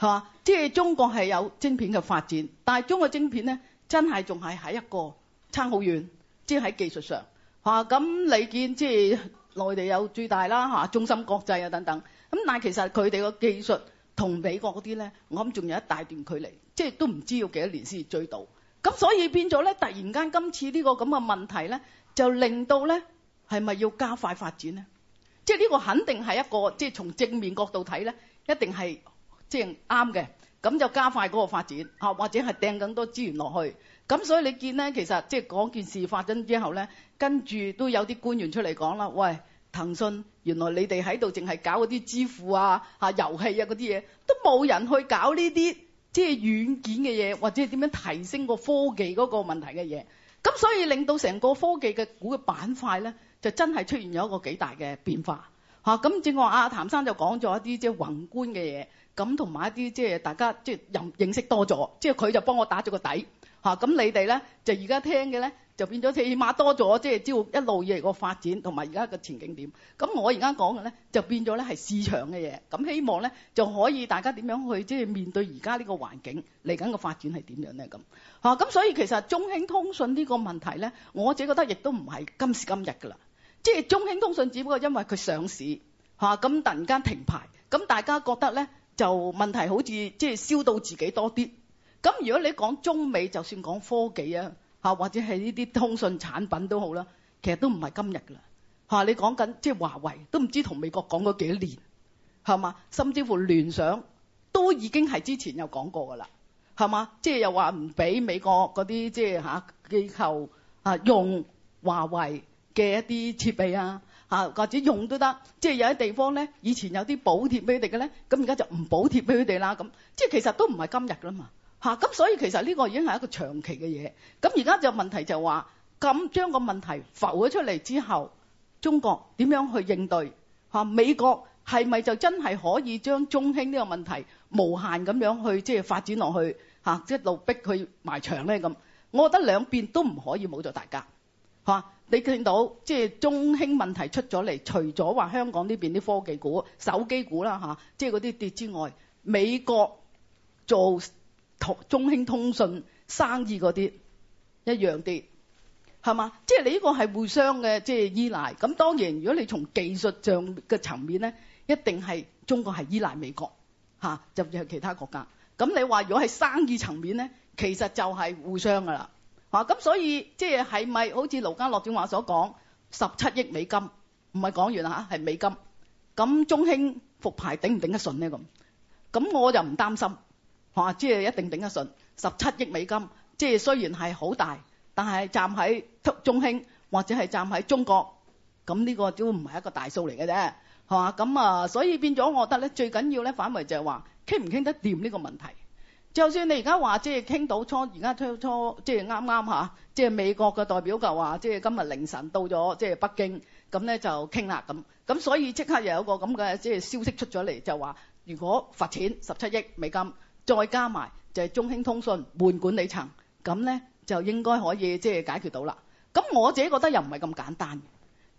嚇、啊。即係中國係有晶片嘅發展，但係中國晶片咧真係仲係喺一個差好遠，即係喺技術上。嚇咁你見即係內地有最大啦嚇，中芯國際啊等等。咁但係其實佢哋個技術同美國嗰啲咧，我諗仲有一大段距離，即係都唔知要幾多年先至追到。咁所以變咗咧，突然間今次呢個咁嘅問題咧，就令到咧係咪要加快發展咧？即係呢個肯定係一個即係從正面角度睇咧，一定係即係啱嘅。咁就加快嗰個發展嚇，或者係掟更多資源落去。咁所以你見咧，其實即係講件事發生之後咧，跟住都有啲官員出嚟講啦。喂，騰訊原來你哋喺度淨係搞嗰啲支付啊、嚇遊戲啊嗰啲嘢，都冇人去搞呢啲即係軟件嘅嘢，或者點樣提升個科技嗰個問題嘅嘢。咁所以令到成個科技嘅股嘅板塊咧，就真係出現咗一個幾大嘅變化嚇。咁、啊、正話阿譚生就講咗一啲即係宏觀嘅嘢，咁同埋一啲即係大家即係認認識多咗，即係佢就幫我打咗個底。咁你哋咧就而家聽嘅咧就變咗，起碼多咗即係知道一路以嚟個發展同埋而家嘅前景點。咁我而家講嘅咧就變咗咧係市場嘅嘢。咁希望咧就可以大家點樣去即係、就是、面對而家呢個環境嚟緊個發展係點樣咧咁。咁所以其實中興通訊呢個問題咧，我自己覺得亦都唔係今時今日噶啦。即、就、係、是、中興通訊只不過因為佢上市咁突然間停牌，咁大家覺得咧就問題好似即係燒到自己多啲。咁如果你講中美，就算講科技啊，嚇或者係呢啲通訊產品都好啦，其實都唔係今日噶啦嚇。你講緊即係華為都唔知同美國講咗幾多年係嘛，甚至乎聯想都已經係之前有講過噶啦係嘛，即係又話唔俾美國嗰啲即係嚇機構啊用華為嘅一啲設備啊嚇，或者用都得，即係有啲地方咧以前有啲補貼俾佢哋嘅咧，咁而家就唔補貼俾佢哋啦咁，即係其實都唔係今日噶嘛。嚇！咁所以其實呢個已經係一個長期嘅嘢。咁而家就問題就話咁將個問題浮咗出嚟之後，中國點樣去應對嚇？美國係咪就真係可以將中興呢個問題無限咁樣去即係發展落去嚇？一路逼佢埋牆咧咁？我覺得兩邊都唔可以冇咗大家嚇。你見到即係中興問題出咗嚟，除咗話香港呢邊啲科技股、手機股啦嚇，即係嗰啲跌之外，美國做。中興通訊生意嗰啲一樣啲，係嘛？即係你呢個係互相嘅即係依賴。咁當然，如果你從技術上嘅層面咧，一定係中國係依賴美國嚇，就係其他國家。咁你話如果係生意層面咧，其實就係互相㗎啦。嚇，咁所以即係係咪好似盧家樂正話所講十七億美金？唔係講完啦嚇，係美金。咁中興復牌頂唔頂得順咧咁？咁我就唔擔心。話、啊！即係一定頂得順十七億美金，即係雖然係好大，但係站喺中興或者係站喺中國咁，呢個都唔係一個大數嚟嘅啫，係嘛咁啊？所以變咗，我覺得咧最緊要咧反為就係話傾唔傾得掂呢個問題。就算你而家話即係傾到初而家初初即係啱啱吓，即係美國嘅代表就話即係今日凌晨到咗即係北京，咁咧就傾啦咁咁，所以刻即刻又有個咁嘅即係消息出咗嚟，就話如果罰錢十七億美金。再加埋就係中興通訊換管理層，咁咧就應該可以即係解決到啦。咁我自己覺得又唔係咁簡單，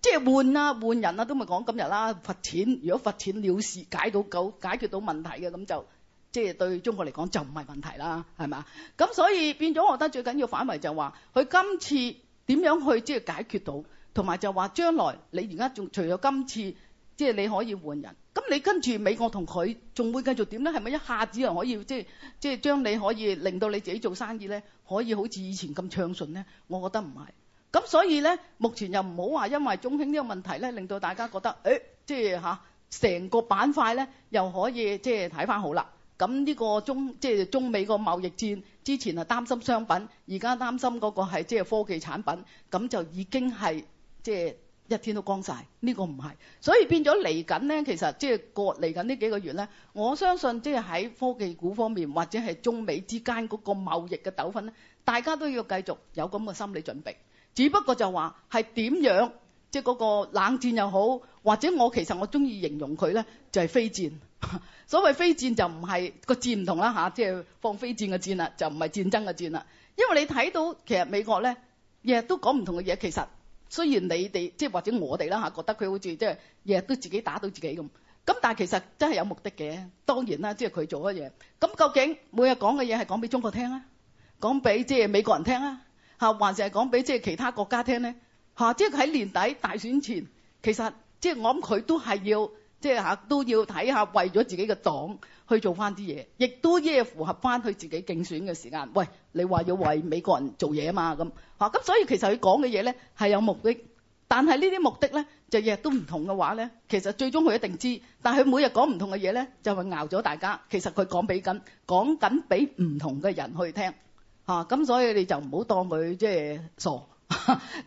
即係換啊換人啊都咪講今日啦罰錢。如果罰錢了事解到夠解決到問題嘅咁就即係對中國嚟講就唔係問題啦，係咪？咁所以變咗我覺得最緊要反為就係話佢今次點樣去即係解決到，同埋就話將來你而家仲除咗今次即係你可以換人。咁你跟住美國同佢仲會繼續點咧？係咪一下子又可以即係即係將你可以令到你自己做生意咧？可以好似以前咁暢順咧？我覺得唔係。咁所以咧，目前又唔好話因為中興呢個問題咧，令到大家覺得誒，即係嚇成個板塊咧，又可以即係睇翻好啦。咁呢個中即係中美個貿易戰之前係擔心商品，而家擔心嗰個係即係科技產品，咁就已經係即係。一天都光晒，呢個唔係，所以變咗嚟緊咧，其實即係過嚟緊呢幾個月咧，我相信即係喺科技股方面，或者係中美之間嗰個貿易嘅糾紛咧，大家都要繼續有咁嘅心理準備。只不過就話係點樣，即係嗰個冷戰又好，或者我其實我中意形容佢咧，就係飛戰。所謂飛戰就唔係個戰唔同啦嚇，即係放飛箭嘅箭啦，就唔係戰爭嘅戰啦。因為你睇到其實美國咧，日日都講唔同嘅嘢，其實。雖然你哋即係或者我哋啦嚇，覺得佢好似即係日日都自己打到自己咁，咁但係其實真係有目的嘅。當然啦，即係佢做嘅嘢。咁究竟每日講嘅嘢係講俾中國聽啊，講俾即係美國人聽啊，嚇，還是係講俾即係其他國家聽咧？嚇，即係佢喺年底大選前，其實即係我諗佢都係要。即係嚇都要睇下，為咗自己嘅黨去做翻啲嘢，亦都要符合翻佢自己競選嘅時間。喂，你話要為美國人做嘢啊嘛咁嚇，咁所以其實佢講嘅嘢咧係有目的，但係呢啲目的咧就日日都唔同嘅話咧，其實最終佢一定知。但係每日講唔同嘅嘢咧，就會熬咗大家。其實佢講俾緊講緊俾唔同嘅人去聽嚇，咁所以你就唔好當佢即係傻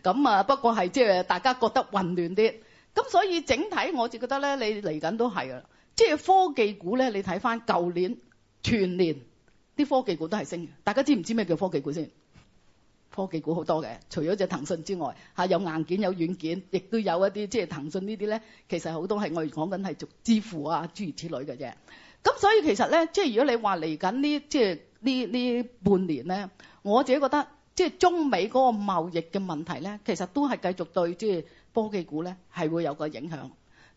咁啊。不過係即係大家覺得混亂啲。咁所以整體，我就覺得咧，你嚟緊都係嘅。即係科技股咧，你睇翻舊年全年啲科技股都係升嘅。大家知唔知咩叫科技股先？科技股好多嘅，除咗隻騰訊之外，嚇有硬件，有軟件，亦都有一啲即係騰訊呢啲咧，其實好多係我哋講緊係做支付啊諸如此類嘅啫。咁所以其實咧，即係如果你話嚟緊呢即係呢呢半年咧，我自己覺得即係中美嗰個貿易嘅問題咧，其實都係繼續對住。科技股咧係會有個影響，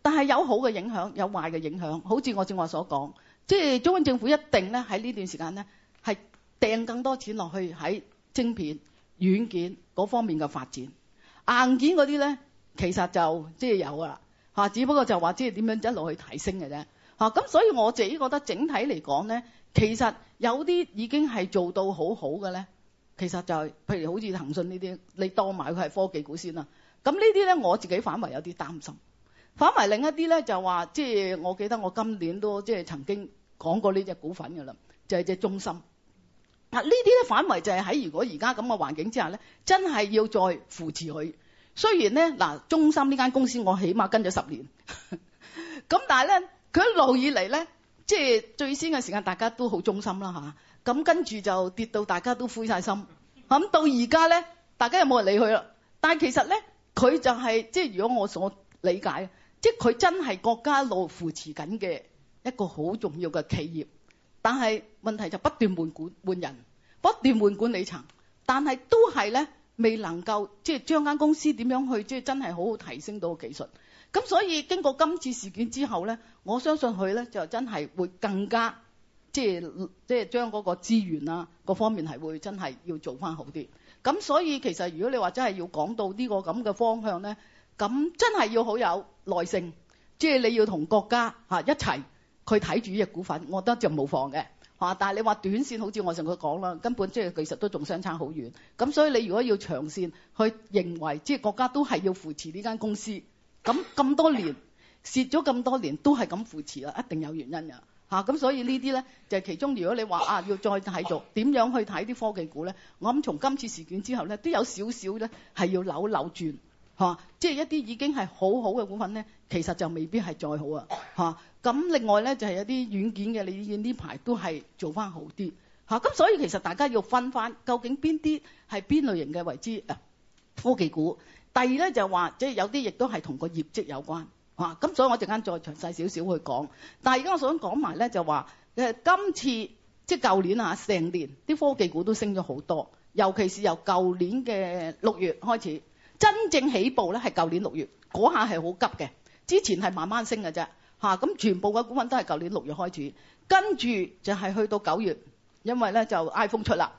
但係有好嘅影響，有壞嘅影響。好似我正話所講，即係中央政府一定咧喺呢段時間咧係掟更多錢落去喺晶片、軟件嗰方面嘅發展，硬件嗰啲咧其實就即係有㗎啦嚇，只不過就話即係點樣一路去提升嘅啫嚇。咁所以我自己覺得整體嚟講咧，其實有啲已經係做到好好嘅咧，其實就係譬如好似騰訊呢啲，你當買佢係科技股先啦。咁呢啲咧，我自己反為有啲擔心。反為另一啲咧，就話即係我記得我今年都即係曾經講過呢隻股份㗎啦，就係、是、隻中芯。嗱呢啲咧反為就係喺如果而家咁嘅環境之下咧，真係要再扶持佢。雖然咧嗱，中芯呢間公司我起碼跟咗十年，咁 <laughs> 但係咧佢一路以嚟咧，即、就、係、是、最先嘅時間大家都好忠心啦嚇。咁跟住就跌到大家都灰晒心。咁到而家咧，大家有冇人理佢啦？但係其實咧。佢就係、是、即係如果我所理解，即係佢真係國家攞扶持緊嘅一個好重要嘅企業，但係問題就不斷換管換人，不斷換管理層，但係都係咧未能夠即係將間公司點樣去即係真係好好提升到個技術。咁所以經過今次事件之後咧，我相信佢咧就真係會更加。即係即係將嗰個資源啊，各方面係會真係要做翻好啲。咁所以其實如果你話真係要講到呢個咁嘅方向咧，咁真係要好有耐性。即係你要同國家嚇一齊，去睇住呢隻股份，我覺得就冇妨嘅。嚇，但係你話短線好似我上次講啦，根本即係技術都仲相差好遠。咁所以你如果要長線，去認為即係國家都係要扶持呢間公司，咁咁多年蝕咗咁多年都係咁扶持啦，一定有原因㗎。嚇、啊、咁所以這些呢啲咧就係、是、其中，如果你話啊要再繼續點樣去睇啲科技股咧，我諗從今次事件之後咧，都有少少咧係要扭扭轉嚇、啊，即係一啲已經係好好嘅股份咧，其實就未必係再好啊嚇。咁另外咧就係、是、有啲軟件嘅，你見呢排都係做翻好啲嚇。咁、啊、所以其實大家要分翻究竟邊啲係邊類型嘅為之、啊、科技股。第二咧就係、是、話，即係有啲亦都係同個業績有關。哇、啊！咁所以我陣間再詳細少少去講，但係而家我想講埋咧就話誒，今次即係舊年啊，成年啲科技股都升咗好多，尤其是由舊年嘅六月開始，真正起步咧係舊年六月嗰下係好急嘅，之前係慢慢升嘅啫嚇。咁、啊、全部嘅股份都係舊年六月開始，跟住就係去到九月，因為咧就 iPhone 出啦，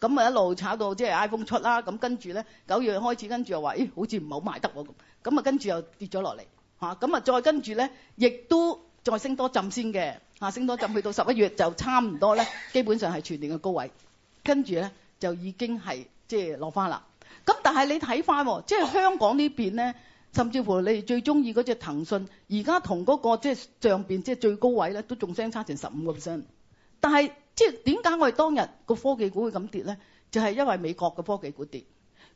咁啊一路炒到即係 iPhone 出啦。咁跟住咧九月開始，跟住又話咦、哎，好似唔係好賣得喎咁，咁啊跟住又跌咗落嚟。咁啊，再跟住咧，亦都再升多浸先嘅，啊，升多浸去到十一月就差唔多咧，基本上係全年嘅高位。跟住咧就已經係即係落翻啦。咁但係你睇翻即係香港呢邊咧，甚至乎你最中意嗰隻騰訊，而家同嗰、那個即係、就是、上面即係、就是、最高位咧，都仲相差成十五個 percent。但係即係點解我哋當日個科技股會咁跌咧？就係、是、因為美國嘅科技股跌，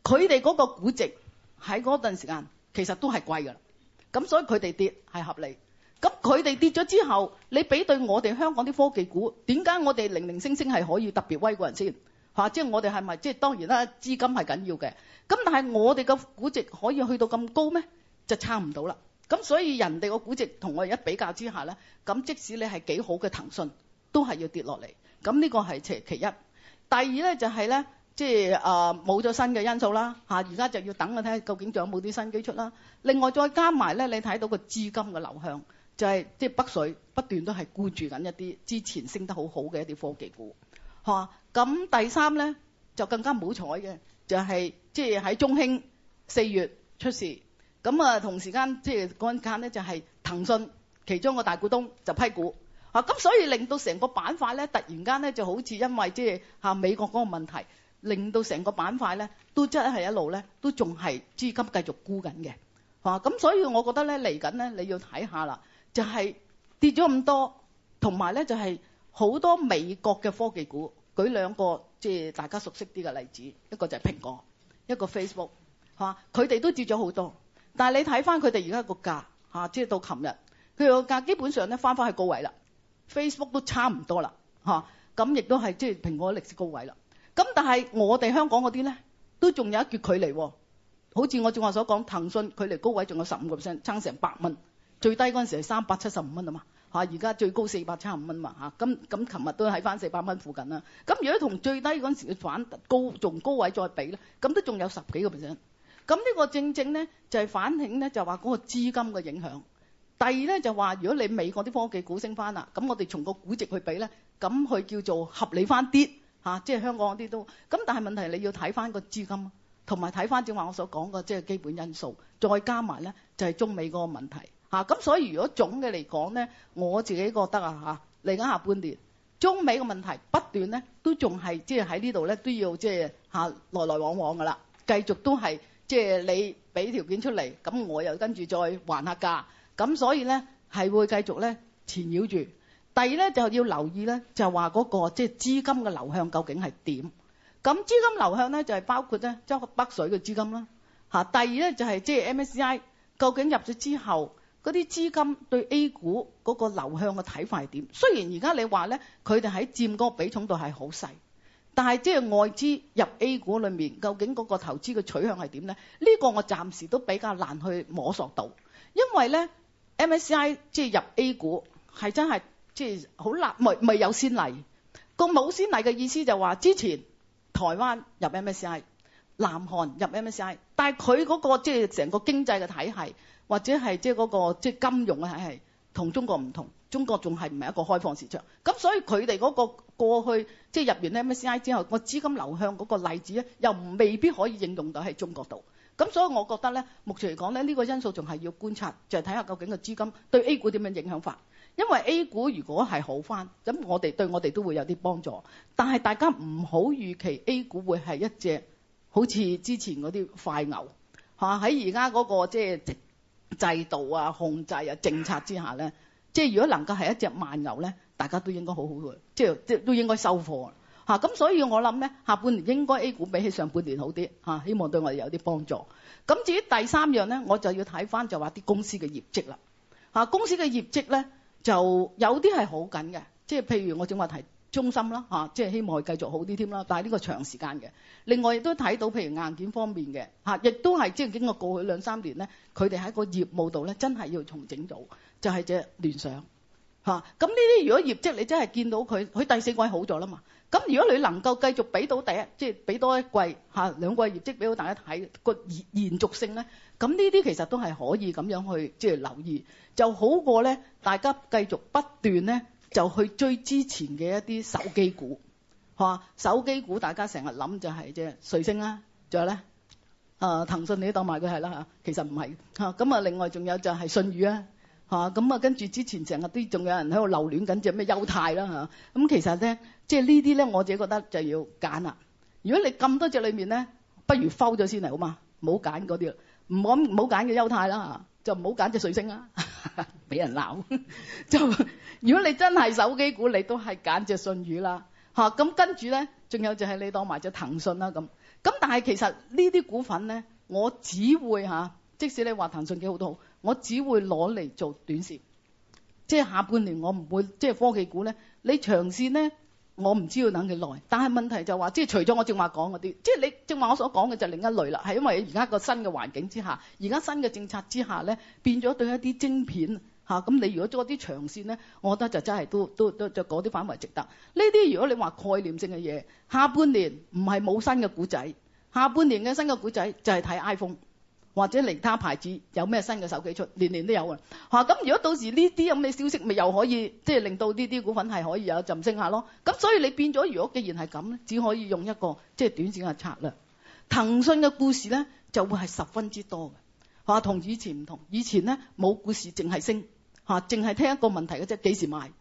佢哋嗰個估值喺嗰陣時間其實都係貴㗎啦。咁所以佢哋跌係合理。咁佢哋跌咗之後，你比對我哋香港啲科技股，點解我哋零零星星係可以特別威過人先嚇？即、啊、係、就是、我哋係咪即係當然啦？資金係緊要嘅。咁但係我哋個估值可以去到咁高咩？就差唔到啦。咁所以人哋個估值同我哋一比較之下咧，咁即使你係幾好嘅騰訊，都係要跌落嚟。咁呢個係其其一。第二咧就係、是、咧。即係啊，冇咗新嘅因素啦嚇，而家就要等佢，睇下究竟仲有冇啲新機出啦。另外再加埋咧，你睇到個資金嘅流向，就係即係北水不斷都係沽住緊一啲之前升得好好嘅一啲科技股嚇。咁第三咧就更加冇彩嘅，就係即係喺中興四月出事，咁啊同時間即係嗰陣間咧就係騰訊其中個大股東就批股嚇，咁所以令到成個板塊咧突然間咧就好似因為即係嚇美國嗰個問題。令到成個板塊咧都真係一路咧都仲係資金繼續沽緊嘅嚇，咁所以我覺得咧嚟緊咧你要睇下啦，就係跌咗咁多，同埋咧就係好多美國嘅科技股，舉兩個即係大家熟悉啲嘅例子，一個就係蘋果，一個 Facebook 嚇，佢哋都跌咗好多，但係你睇翻佢哋而家個價嚇，即係到琴日佢個價基本上咧翻返去高位啦，Facebook 都差唔多啦嚇，咁亦都係即係蘋果歷史高位啦。咁但係我哋香港嗰啲咧，都仲有一截距離，哦。好似我正話所講，騰訊距離高位仲有十五個 percent，差成百蚊。最低嗰陣時係三百七十五蚊啊嘛，嚇！而家最高四百七十五蚊嘛，嚇！咁咁琴日都喺翻四百蚊附近啦。咁如果同最低嗰陣時嘅反高，仲高位再比咧，咁都仲有十幾個 percent。咁呢個正正咧，就係、是、反響咧，就話嗰個資金嘅影響。第二咧就話，如果你美國啲科技股升翻啦，咁我哋從個估值去比咧，咁佢叫做合理翻啲。嚇，即係香港嗰啲都，咁但係問題你要睇翻個資金，同埋睇翻正話我所講嘅即係基本因素，再加埋咧就係中美嗰個問題。嚇，咁所以如果總嘅嚟講咧，我自己覺得啊嚇，嚟緊下半年中美嘅問題不斷咧，都仲係即係喺呢度咧都要即係嚇來來往往噶啦，繼續都係即係你俾條件出嚟，咁我又跟住再還下價，咁所以咧係會繼續咧纏繞住。第二咧就要留意咧，就話、是、嗰、那個即係資金嘅流向究竟係點。咁資金流向咧就係、是、包括咧將北水嘅資金啦，第二咧就係、是、即係 MSCI 究竟入咗之後，嗰啲資金對 A 股嗰個流向嘅睇法係點？雖然而家你話咧，佢哋喺佔嗰個比重度係好細，但係即係外資入 A 股裏面，究竟嗰個投資嘅取向係點咧？呢、這個我暫時都比較難去摸索到，因為咧 MSCI 即係入 A 股係真係。即係好難未，未有先例。個冇先例嘅意思就係話，之前台灣入 MSCI，南韓入 MSCI，但係佢嗰個即係成個經濟嘅體系，或者係即係嗰個即係、就是、金融嘅體系，同中國唔同。中國仲係唔係一個開放市場？咁所以佢哋嗰個過去即係、就是、入完 MSCI 之後，個資金流向嗰個例子咧，又未必可以應用到喺中國度。咁所以我覺得咧，目前嚟講咧，呢、呢個因素仲係要觀察，就係睇下究竟個資金對 A 股點樣影響法。因為 A 股如果係好翻，咁我哋對我哋都會有啲幫助。但係大家唔好預期 A 股會係一隻好似之前嗰啲快牛嚇。喺而家嗰個即係制度啊、控制啊、政策之下咧，即係如果能夠係一隻慢牛咧，大家都應該好好去，即係即係都應該收貨嚇。咁、啊、所以我諗咧，下半年應該 A 股比起上半年好啲、啊、希望對我哋有啲幫助。咁、啊、至於第三樣咧，我就要睇翻就話啲公司嘅業績啦、啊、公司嘅業績咧。就有啲係好緊嘅，即係譬如我正話提中心啦吓，即係希望佢繼續好啲添啦。但係呢個長時間嘅，另外亦都睇到譬如硬件方面嘅吓，亦都係即係經過過去兩三年咧，佢哋喺個業務度咧真係要重整到，就係、是、隻聯想吓。咁呢啲如果業績你真係見到佢，佢第四季好咗啦嘛。咁如果你能夠繼續俾到第一，即係俾多一季嚇兩季業績俾到大家睇個延延續性咧，咁呢啲其實都係可以咁樣去即係留意，就好過咧大家繼續不斷咧就去追之前嘅一啲手機股嚇，手機股大家成日諗就係即係瑞聲啦，仲有咧啊騰訊你當埋佢係啦嚇，其實唔係嚇，咁啊另外仲有就係舜宇啊。嚇咁啊！跟住之前成日都仲有人喺度留戀緊隻咩優泰啦嚇。咁其實咧，即係呢啲咧，我自己覺得就要揀啦。如果你咁多隻裏面咧，不如摟咗先嚟好嘛，冇揀嗰啲啦，唔好唔好揀嘅優泰啦嚇，就唔好揀隻瑞聲啦，俾、啊、人鬧。 <laughs> 就如果你真係手機股，你都係揀隻舜宇啦嚇。咁跟住咧，仲有就係你當埋隻騰訊啦咁。咁、啊啊、但係其實呢啲股份咧，我只會嚇、啊，即使你話騰訊幾好都好。我只會攞嚟做短線，即係下半年我唔會即係科技股咧。你長線咧，我唔知要等幾耐。但係問題就話、是，即係除咗我正話講嗰啲，即係你正話我所講嘅就是另一類啦。係因為而家個新嘅環境之下，而家新嘅政策之下咧，變咗對一啲晶片嚇咁。啊、那你如果做一啲長線咧，我覺得就真係都都都就嗰啲反為值得。呢啲如果你話概念性嘅嘢，下半年唔係冇新嘅古仔，下半年嘅新嘅古仔就係睇 iPhone。或者其他牌子有咩新嘅手機出，年年都有啊。嚇、啊。咁如果到時呢啲咁嘅消息，咪又可以即係、就是、令到呢啲股份係可以有陣升下咯。咁、啊、所以你變咗，如果既然係咁咧，只可以用一個即係、就是、短線嘅策略。騰訊嘅故事咧就會係十分之多嘅嚇，同、啊、以前唔同。以前咧冇故事只是升，淨係升嚇，淨係聽一個問題嘅啫，幾時賣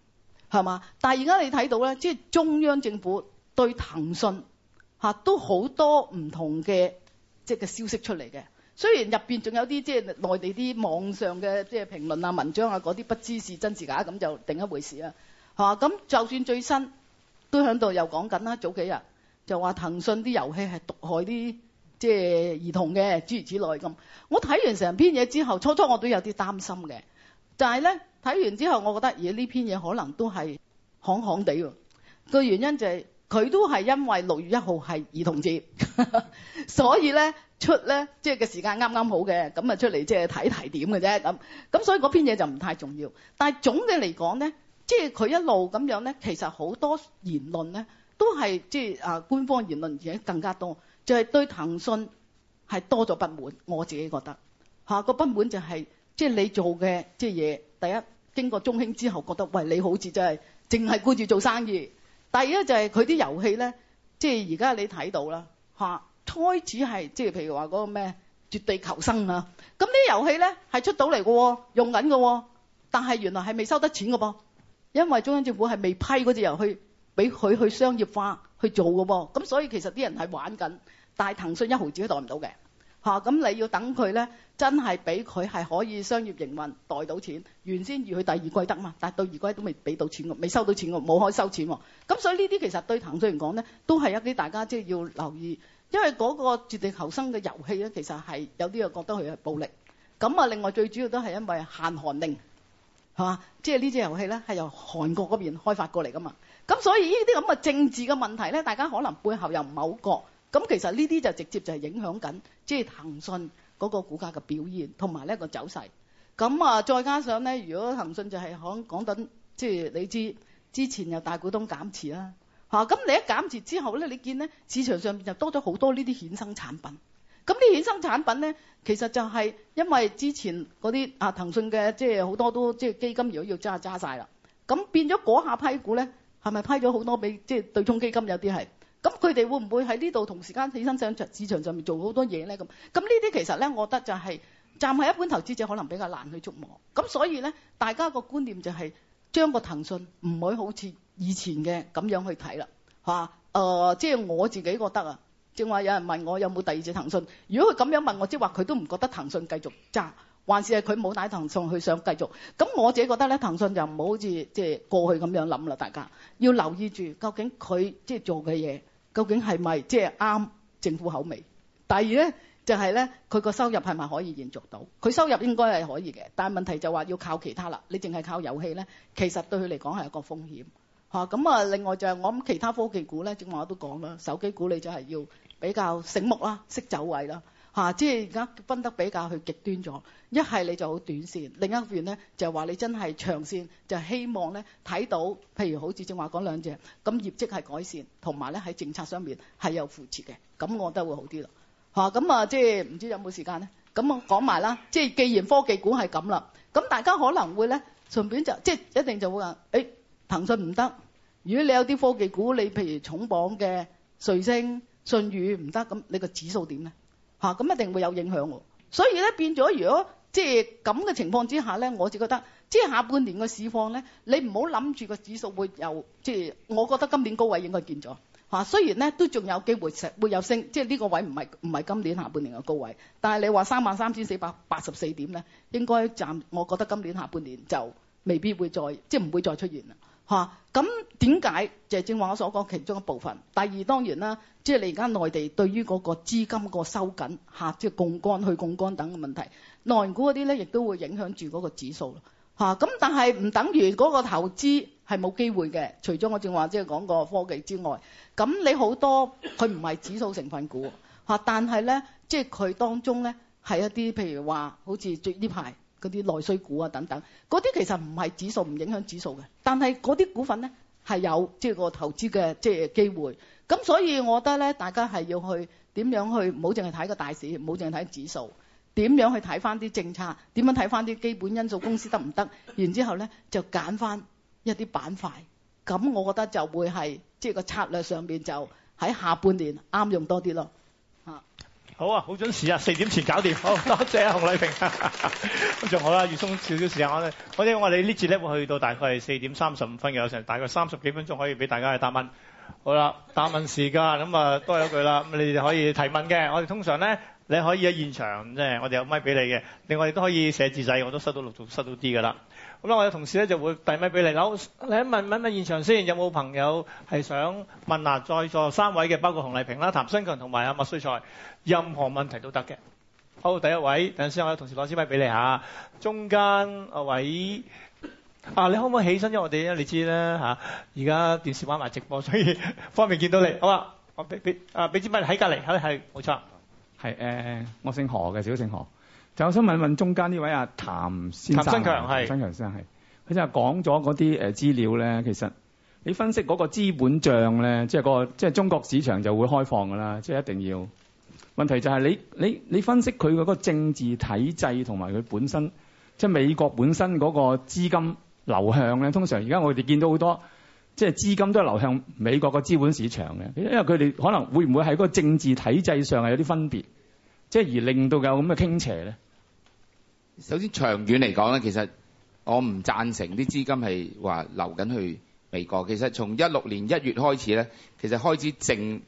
係嘛？但係而家你睇到咧，即、就、係、是、中央政府對騰訊嚇、啊、都好多唔同嘅即係嘅消息出嚟嘅。雖然入面仲有啲即係內地啲網上嘅即係評論啊、文章啊嗰啲不知是真是假，咁就定一回事啦。吓，咁就算最新都喺度又講緊啦，早幾日就話騰訊啲遊戲係毒害啲即係兒童嘅，諸如此類咁。我睇完成篇嘢之後，初初我都有啲擔心嘅，但係咧睇完之後，我覺得嘢呢篇嘢可能都係戇戇地個原因就係、是、佢都係因為六月一號係兒童節， <laughs> 所以咧。出咧，即係嘅時間啱啱好嘅，咁啊出嚟即係睇睇點嘅啫咁。咁所以嗰篇嘢就唔太重要。但係總嘅嚟講咧，即係佢一路咁樣咧，其實好多言論咧都係即係啊官方言論而且更加多，就係對騰訊係多咗不滿。我自己覺得嚇個不滿就係即係你做嘅即係嘢，第一經過中興之後覺得喂，你好似真係淨係顧住做生意。第二咧就係佢啲遊戲咧，即係而家你睇到啦嚇。開始係即係譬如話嗰個咩絕地求生啊，咁呢啲遊戲咧係出到嚟嘅，用緊嘅、哦，但係原來係未收得錢嘅噃、哦，因為中央政府係未批嗰隻遊戲去俾佢去商業化去做嘅噃、哦，咁所以其實啲人係玩緊，但係騰訊一毫子都代唔到嘅吓，咁、啊、你要等佢咧真係俾佢係可以商業營運代到錢，原先預去第二季得嘛，但係到二季都未俾到錢的，未收到錢嘅，冇可以收錢的。咁所以呢啲其實對騰訊嚟講咧都係一啲大家即係要留意。因為嗰個絕地求生嘅遊戲咧，其實係有啲又覺得佢係暴力，咁啊另外最主要都係因為限韓令，係嘛？即係呢隻遊戲咧係由韓國嗰邊開發過嚟噶嘛，咁所以呢啲咁嘅政治嘅問題咧，大家可能背後又唔係好覺，咁其實呢啲就直接就係影響緊即係騰訊嗰個股價嘅表現同埋呢個走勢，咁啊再加上咧，如果騰訊就係響講緊即係你知之前有大股東減持啦。咁、啊、你一減持之後咧，你見咧市場上面就多咗好多呢啲衍生產品。咁呢衍生產品咧，其實就係因為之前嗰啲啊騰訊嘅即係好多都即係基金要，如果要揸揸晒啦，咁變咗嗰下批股咧，係咪批咗好多俾即係對沖基金有啲係？咁佢哋會唔會喺呢度同時間起身上場市場上面做好多嘢咧？咁咁呢啲其實咧，我覺得就係、是、站喺一般投資者可能比較難去捉摸。咁所以咧，大家個觀念就係、是。將個騰訊唔會好似以前嘅咁樣去睇啦，嚇誒、呃，即係我自己覺得啊，正話有人問我有冇第二隻騰訊，如果佢咁樣問我，即係話佢都唔覺得騰訊繼續揸，還是係佢冇帶騰訊去想繼續，咁我自己覺得咧，騰訊就唔好好似即係過去咁樣諗啦，大家要留意住究竟佢即係做嘅嘢，究竟係咪即係啱政府口味？第二咧。就係咧，佢個收入係咪可以延續到？佢收入應該係可以嘅，但係問題就話要靠其他啦。你淨係靠遊戲咧，其實對佢嚟講係一個風險嚇。咁啊，另外就係我諗其他科技股咧，正話我都講啦，手機股你就係要比較醒目啦，識走位啦嚇。即係而家分得比較去極端咗，一係你就好短線，另一邊咧就係話你真係長線，就希望咧睇到譬如好似正話講兩隻咁業績係改善，同埋咧喺政策上面係有扶持嘅，咁我覺得會好啲咯。嚇，咁啊，即係唔知有冇時間咧？咁我講埋啦，即係既然科技股係咁啦，咁大家可能會咧，順便就即係一定就會話，誒、欸、騰訊唔得。如果你有啲科技股，你譬如重磅嘅瑞聲、舜宇唔得，咁你個指數點咧？吓、啊，咁一定會有影響喎。所以咧變咗，如果即係咁嘅情況之下咧，我就覺得即係下半年個市況咧，你唔好諗住個指數會有，即係，我覺得今年高位應該見咗。啊、雖然咧都仲有機會，會有升，即係呢個位唔係唔係今年下半年嘅高位，但係你話三萬三千四百八十四點咧，應該暫我覺得今年下半年就未必會再，即係唔會再出現啦。咁點解？就係正話我所講其中一部分。第二當然啦，即係你而家內地對於嗰個資金個收緊，即係槓桿去槓桿等嘅問題，內外股嗰啲咧亦都會影響住嗰個指數。嚇，咁，但係唔等於嗰個投資係冇機會嘅。除咗我正話即係講過科技之外，咁你好多佢唔係指數成分股，嚇。但係咧，即係佢當中咧係一啲譬如話好似最呢排嗰啲內需股啊等等，嗰啲其實唔係指數，唔影響指數嘅。但係嗰啲股份咧係有即係個投資嘅即係機會。咁所以我覺得咧，大家係要去點樣去唔好淨係睇個大市，唔好淨係睇指數。點樣去睇翻啲政策？點樣睇翻啲基本因素？公司得唔得？然之後咧就揀翻一啲板塊。咁我覺得就會係即係個策略上邊就喺下半年啱用多啲咯。嚇！好啊，好準時啊，四點前搞掂。好多謝啊，熊麗萍。咁仲好啦，餘鬆少少時間，我哋我哋我哋呢次咧會去到大概係四點三十五分嘅，有成大概三十幾分鐘可以俾大家去答問。好啦，答問時間咁啊，多一句啦，咁你哋可以提問嘅。我哋通常咧。你可以喺現場，即係我哋有咪俾你嘅。另外我都可以寫字仔，我都收到陸續，收到啲嘅啦。咁啦，我有同事咧就會遞咪俾你。樓，你問問問現場先，有冇朋友係想問下在座三位嘅，包括熊麗萍啦、譚新強同埋阿麥萃才，任何問題都得嘅。好，第一位，等陣先，我有同事攞支咪俾你嚇。中間阿位啊，你可唔可以起身，因為我哋你知啦嚇，而家電視玩埋直播，所以方便見到你。好給給啊，我俾俾啊，俾支咪喺隔離，係係冇錯。係誒、呃，我姓何嘅，小姓何。就我想問問中間呢位阿、啊、譚先生，譚新強係新強先生係佢就講咗嗰啲誒資料咧。其實你分析嗰個資本帳咧，即係嗰個即係、就是、中國市場就會開放㗎啦，即、就、係、是、一定要問題就係你你你分析佢嗰個政治體制同埋佢本身即係、就是、美國本身嗰個資金流向咧，通常而家我哋見到好多。即係資金都係流向美國個資本市場嘅，因為佢哋可能會唔會喺嗰個政治體制上係有啲分別，即係而令到有咁嘅傾斜咧。首先長遠嚟講咧，其實我唔贊成啲資金係話流緊去美國。其實從一六年一月開始咧，其實開始淨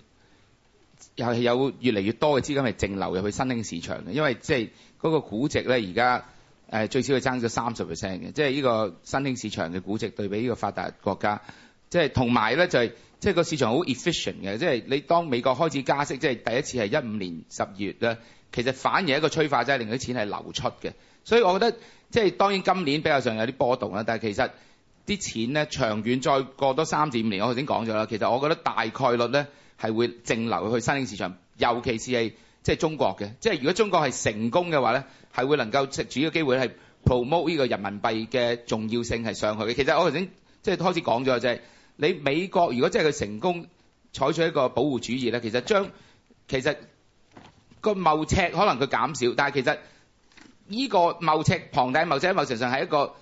又係有越嚟越多嘅資金係淨流入去新興市場嘅，因為即係嗰個估值咧，而家誒最少係爭咗三十 percent 嘅，即係呢個新興市場嘅估值對比呢個發達國家。即係同埋咧，就係即係個市場好 efficient 嘅，即係你當美國開始加息，即係第一次係一五年十二月咧，其實反而一個催化劑，係令啲錢係流出嘅。所以我覺得即係當然今年比較上有啲波動啦，但係其實啲錢咧長遠再過多三至五年，我頭先講咗啦，其實我覺得大概率咧係會淨流去新興市場，尤其是係即係中國嘅。即係如果中國係成功嘅話咧，係會能夠食住個機會係 promote 呢個人民幣嘅重要性係上去嘅。其實我頭先即係開始講咗你美國如果真係佢成功採取一個保護主義咧，其實將其實個貿赤可能佢減少，但係其實呢個貿赤龐大貿赤喺貿貿上係一個、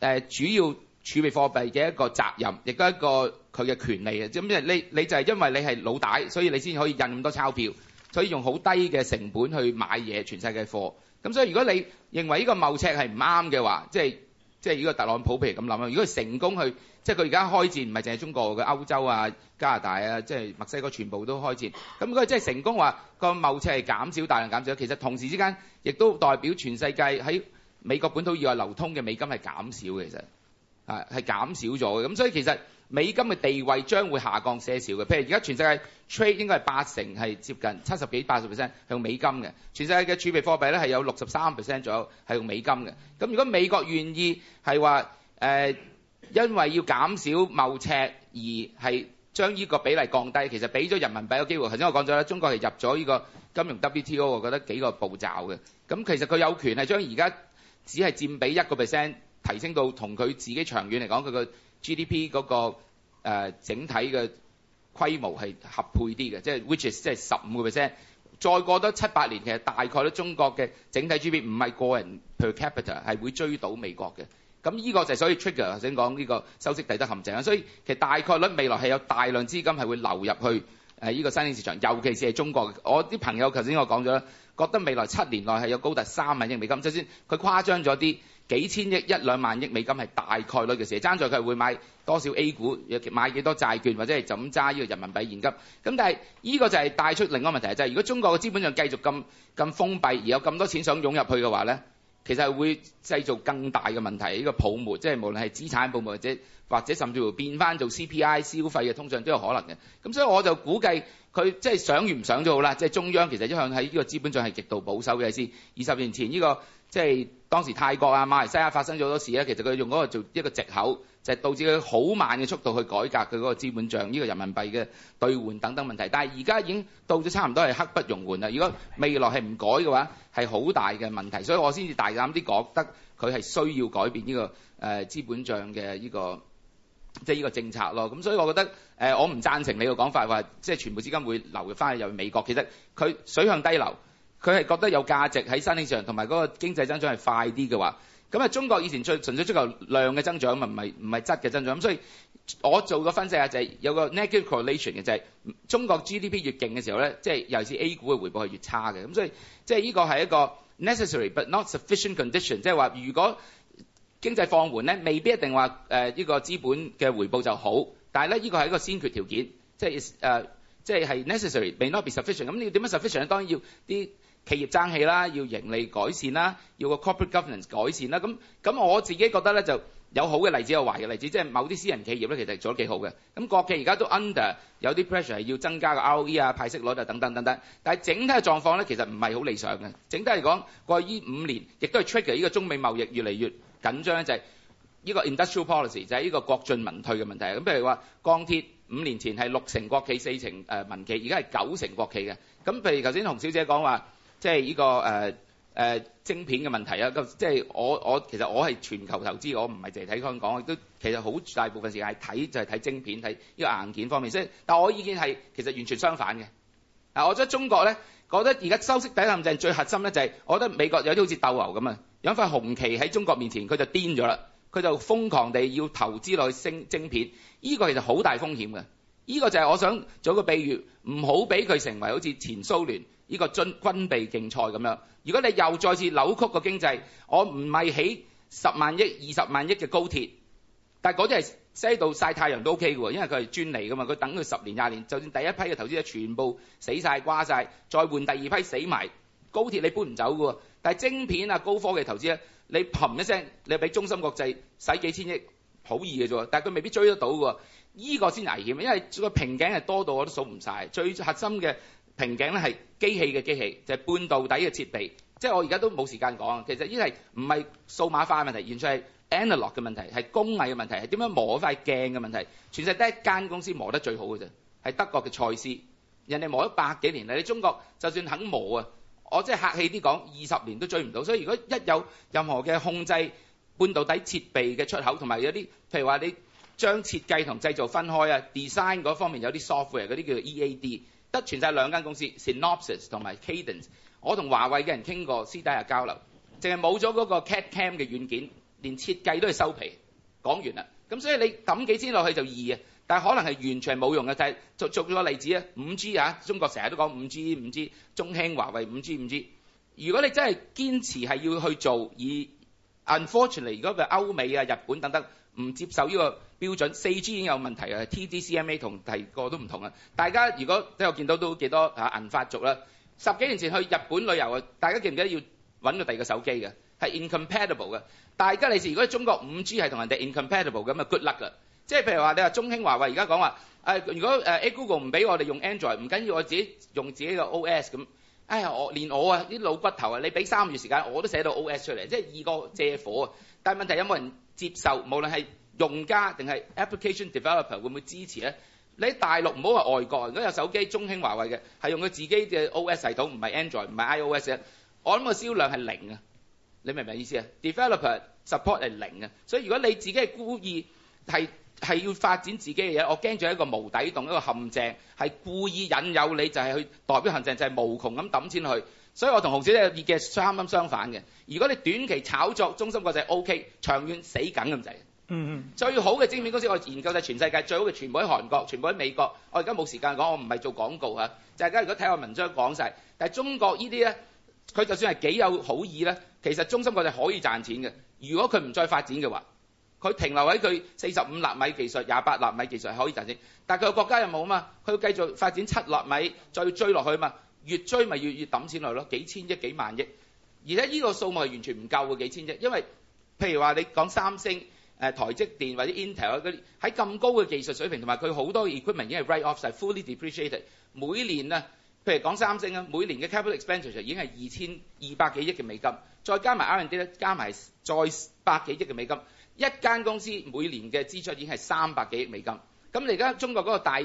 呃、主要儲備貨幣嘅一個責任，亦都係一個佢嘅權利嘅。即係你你就係因為你係老大，所以你先可以印咁多鈔票，所以用好低嘅成本去買嘢，全世界貨。咁所以如果你認為呢個貿赤係唔啱嘅話，即係。即係如果特朗普譬如咁諗，如果佢成功去，即係佢而家開戰，唔係淨係中國嘅歐洲啊、加拿大啊，即係墨西哥全部都開戰，咁佢即係成功話個貿赤係減少，大量減少，其實同時之間亦都代表全世界喺美國本土以外流通嘅美金係減少嘅，其實係減少咗嘅，咁所以其實。美金嘅地位將會下降些少嘅，譬如而家全世界 trade 應該係八成係接近七十幾八十 percent 係用美金嘅，全世界嘅儲備貨幣咧係有六十三 percent 左右係用美金嘅。咁如果美國願意係話誒，因為要減少貿赤而係將呢個比例降低，其實俾咗人民幣嘅機會。頭先我講咗啦，中國係入咗呢個金融 WTO，我覺得幾個步驟嘅。咁其實佢有權係將而家只係佔比一個 percent 提升到同佢自己長遠嚟講佢嘅。它的 GDP 嗰、那個、呃、整體嘅規模係合配啲嘅，即係 which is 即係十五個 percent。再過多七八年，其實大概率中國嘅整體 GDP 唔係個人 per capita 係會追到美國嘅。咁呢個就係所以 trigger 頭先講呢個修昔底德陷阱啦。所以其實大概率未來係有大量資金係會流入去呢、呃這個新興市場，尤其是係中國。我啲朋友頭先我講咗啦，覺得未來七年內係有高達三萬億美金，就算佢誇張咗啲。幾千億一兩萬億美金係大概率嘅事，爭在佢會買多少 A 股，買幾多債券，或者係就咁揸呢個人民幣現金。咁但係呢個就係帶出另外問題，就係、是、如果中國嘅資本帳繼續咁咁封閉，而有咁多錢想湧入去嘅話呢，其實係會製造更大嘅問題，呢、這個泡沫，即、就、係、是、無論係資產泡沫或者或者甚至乎變翻做 CPI 消費嘅通脹都有可能嘅。咁所以我就估計佢即係想完唔想都好啦，即、就、係、是、中央其實一向喺呢個資本帳係極度保守嘅先。二十年前呢、這個。即係當時泰國啊、馬來西亞發生咗好多事咧，其實佢用嗰個做一個藉口，就係、導致佢好慢嘅速度去改革佢嗰個資本帳，呢、這個人民幣嘅兌換等等問題。但係而家已經到咗差唔多係刻不容緩啦。如果未來係唔改嘅話，係好大嘅問題。所以我先至大膽啲覺得佢係需要改變呢、這個資、呃、本帳嘅呢個即係呢個政策咯。咁所以我覺得、呃、我唔贊成你嘅講法，話即係全部資金會流翻去入美國。其實佢水向低流。佢係覺得有價值喺生理上，同埋嗰個經濟增長係快啲嘅話，咁啊中國以前最純粹追求量嘅增長，唔係唔係質嘅增長。咁所以我做個分析啊，就係有個 negative correlation 嘅，就係中國 GDP 越勁嘅時候咧，即係尤其是 A 股嘅回報係越差嘅。咁所以即係呢個係一個 necessary but not sufficient condition，即係話如果經濟放緩咧，未必一定話誒呢個資本嘅回報就好。但係咧呢個係一個先決條件，即係誒即係 necessary but not be sufficient。咁你要點樣 sufficient 咧？當然要啲企業爭氣啦，要盈利改善啦，要個 corporate governance 改善啦。咁咁我自己覺得咧，就有好嘅例子有壞嘅例子，即係某啲私人企業咧，其實做得幾好嘅。咁國企而家都 under 有啲 pressure 係要增加個 ROE 啊、派息率啊等等等等。但係整體嘅狀況咧，其實唔係好理想嘅。整體嚟講，過去呢五年亦都係 trigger 呢個中美貿易越嚟越緊張咧，就係呢個 industrial policy 就係呢個國進民退嘅問題。咁譬如話鋼鐵，五年前係六成國企，四成誒民企，而家係九成國企嘅。咁譬如頭先洪小姐講話。即係呢、這個誒誒、呃呃、晶片嘅問題啊！咁即係我我其實我係全球投資，我唔係淨係睇香港，都其實好大部分時間睇就係、是、睇晶片，睇呢個硬件方面。所以，但我意見係其實完全相反嘅。我覺得中國咧，覺得而家修昔底德陷阱最核心咧就係、是，我覺得美國有啲好似鬥牛咁啊，有一塊紅旗喺中國面前，佢就癲咗啦，佢就瘋狂地要投資落去升晶，晶片。呢、這個其實好大風險嘅。呢個就係我想做個比喻，唔好俾佢成為好似前蘇聯呢個軍軍備競賽咁樣。如果你又再次扭曲個經濟，我唔係起十萬億、二十萬億嘅高鐵，但係嗰啲係西度曬太陽都 OK 嘅喎，因為佢係專利嘅嘛。佢等佢十年廿年，就算第一批嘅投資者全部死曬瓜曬，再換第二批死埋高鐵你搬唔走嘅喎。但係晶片啊高科技投資者，你憑一聲你俾中芯國際使幾千億好易嘅啫，但係佢未必追得到嘅喎。呢個先危險，因為個瓶頸係多到我都數唔晒。最核心嘅瓶頸咧係機器嘅機器，就係半導體嘅設備。即係我而家都冇時間講。其實呢係唔係數碼化嘅問題，完全係 analogue 嘅問題，係工藝嘅問題，係點樣磨嗰塊鏡嘅問題。全世界得一間公司磨得最好嘅啫，係德國嘅蔡司。人哋磨咗百幾年啦，你中國就算肯磨啊，我真係客氣啲講，二十年都追唔到。所以如果一有任何嘅控制半導體設備嘅出口，同埋有啲譬如話你。將設計同製造分開啊！Design 嗰方面有啲 software，嗰啲叫做 EAD，得全晒兩間公司 Synopsis 同埋 Cadence 我。我同華為嘅人傾過私底下交流，淨係冇咗嗰個 CAD CAM 嘅軟件，連設計都係收皮。講完啦，咁所以你抌幾千落去就易啊，但係可能係完全冇用嘅。就做，做個例子啊，五 G 啊，中國成日都講五 G 五 G，中興華為五 G 五 G。如果你真係堅持係要去做，而 unfortunately 如果嘅歐美啊、日本等等唔接受呢、這個。標準四 G 已經有問題嘅，TDCMA 和同第二個都唔同啊！大家如果都有我見到都幾多啊銀發族啦，十幾年前去日本旅遊啊，大家記唔記得要揾個第二個手機嘅，係 incompatible 嘅。大家你試，如果是中國五 G 係同人哋 incompatible 咁啊，good luck 啦！即係譬如話你話中興華為而家講話，誒、呃、如果誒 A、呃、Google 唔俾我哋用 Android，唔緊要緊我自己用自己個 OS 咁。呀、哎，我連我啊啲老骨頭啊，你俾三個月時間我都寫到 OS 出嚟，即係二個借火啊！但係問題沒有冇人接受？無論係用家定係 application developer，會唔會支持咧？你喺大陸唔好話外國，如果有手機中興華為嘅，係用佢自己嘅 OS 系統，唔係 Android，唔係 iOS 嘅，我諗個銷量係零啊！你明唔明意思啊？developer support 係零啊！所以如果你自己係故意係係要發展自己嘅嘢，我驚住一個無底洞，一個陷阱係故意引誘你，就係去代表陷阱就係無窮咁揼錢去。所以我同熊小姐嘅意見啱啱相反嘅。如果你短期炒作中芯國際 OK，長遠死梗咁滯。嗯嗯，最好嘅晶片公司，我研究就係全世界最好嘅，全部喺韓國，全部喺美國。我而家冇時間講，我唔係做廣告嚇，大家如果睇我文章講晒，但係中國呢啲咧，佢就算係幾有好意咧，其實中芯佢哋可以賺錢嘅。如果佢唔再發展嘅話，佢停留喺佢四十五納米技術、廿八納米技術係可以賺錢的，但係佢個國家又冇嘛，佢要繼續發展七納米，再要追落去嘛，越追咪越要揼錢落咯，幾千億幾萬億。而且呢個數目係完全唔夠嘅幾千億，因為譬如話你講三星。誒，台積電或者 Intel 啲，喺咁高嘅技術水平，同埋佢好多 equipment 已經係 write off 晒，fully depreciated 每。每年啊，譬如講三星啊，每年嘅 capital expenditure 已經係二千二百幾億嘅美金，再加埋 R&D 加埋再百幾億嘅美金，一間公司每年嘅支出已經係三百幾億美金。咁你而家中國嗰個大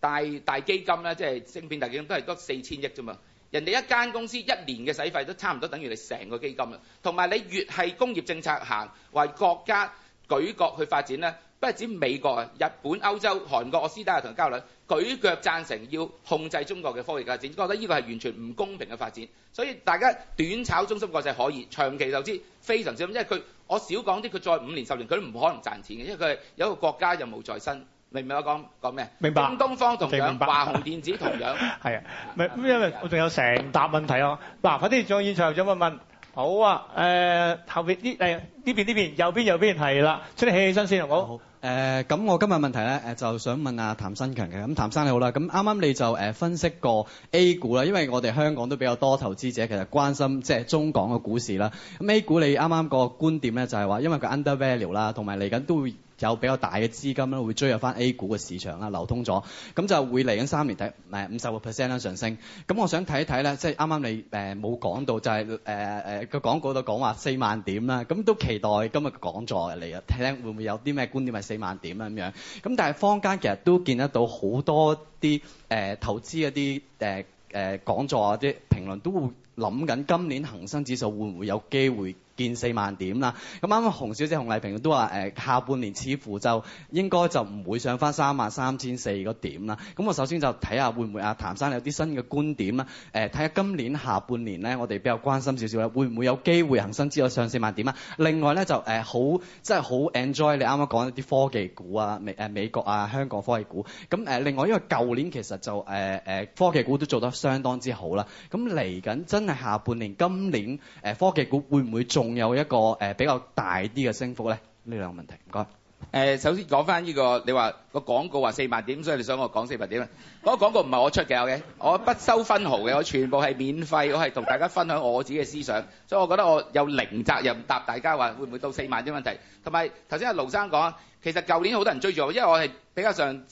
大大基金咧，即係芯片大基金都係得四千億啫嘛。人哋一間公司一年嘅使費都差唔多等於你成個基金啦。同埋你越係工業政策行，為國家。舉國去發展呢，不止美國、日本、歐洲、韓國，我私底下同人交流，舉腳贊成要控制中國嘅科技發展，我覺得呢個係完全唔公平嘅發展。所以大家短炒中心國際可以，長期就知道非常之因為佢我少講啲，佢再五年十年佢都唔可能賺錢嘅，因為佢係有一個國家任務在身，明唔明我講講咩？明白。京東方同樣，華虹電子同樣。係啊。咪因為我仲有成沓問題啊！嗱，啊，快啲在現場有想問問。好啊，誒、呃、後邊呢，誒，呢邊，呢邊，右邊，右邊係啦，請你起起身先好。誒咁、呃、我今日問題咧就想問下譚新強嘅，咁、嗯、譚生你好啦，咁啱啱你就分析過 A 股啦，因為我哋香港都比較多投資者其實關心即係、就是、中港嘅股市啦。咁 A 股你啱啱個觀點咧就係、是、話，因為佢 undervalue 啦，同埋嚟緊都會。有比較大嘅資金咧，會追入翻 A 股嘅市場啦，流通咗，咁就會嚟緊三年底，唔五十個 percent 啦上升。咁我想睇一睇咧，即係啱啱你冇講、呃、到，就係誒誒個廣告度講話四萬點啦，咁都期待今日嘅講座嚟啊，聽會唔會有啲咩觀點係四萬點啊咁樣？咁但係坊間其實都見得到好多啲誒、呃、投資一啲誒、呃呃、講座或啲評論都會諗緊今年恆生指數會唔會有機會？見四萬點啦，咁啱啱熊小姐熊麗萍都話誒、呃、下半年似乎就應該就唔會上返三萬三千四個點啦。咁我首先就睇下會唔會啊，譚生有啲新嘅觀點啊。誒睇下今年下半年咧，我哋比較關心少少啦，會唔會有機會行新高上四萬點啊？另外咧就誒好即係好 enjoy 你啱啱講一啲科技股啊，美誒、呃、美國啊香港科技股。咁誒、呃、另外因為舊年其實就誒誒、呃、科技股都做得相當之好啦，咁嚟緊真係下半年今年誒、呃、科技股會唔會仲？仲有一個誒比較大啲嘅升幅咧，呢兩個問題唔該。誒，首先講翻呢個，你話個廣告話四萬點，所以你想我講四萬點咧？嗰個廣告唔係我出嘅，我嘅，我不收分毫嘅，我全部係免費，我係同大家分享我自己嘅思想，所以我覺得我有零責任答大家話會唔會到四萬點問題。同埋頭先阿盧生講，其實舊年好多人追住我，因為我係比較上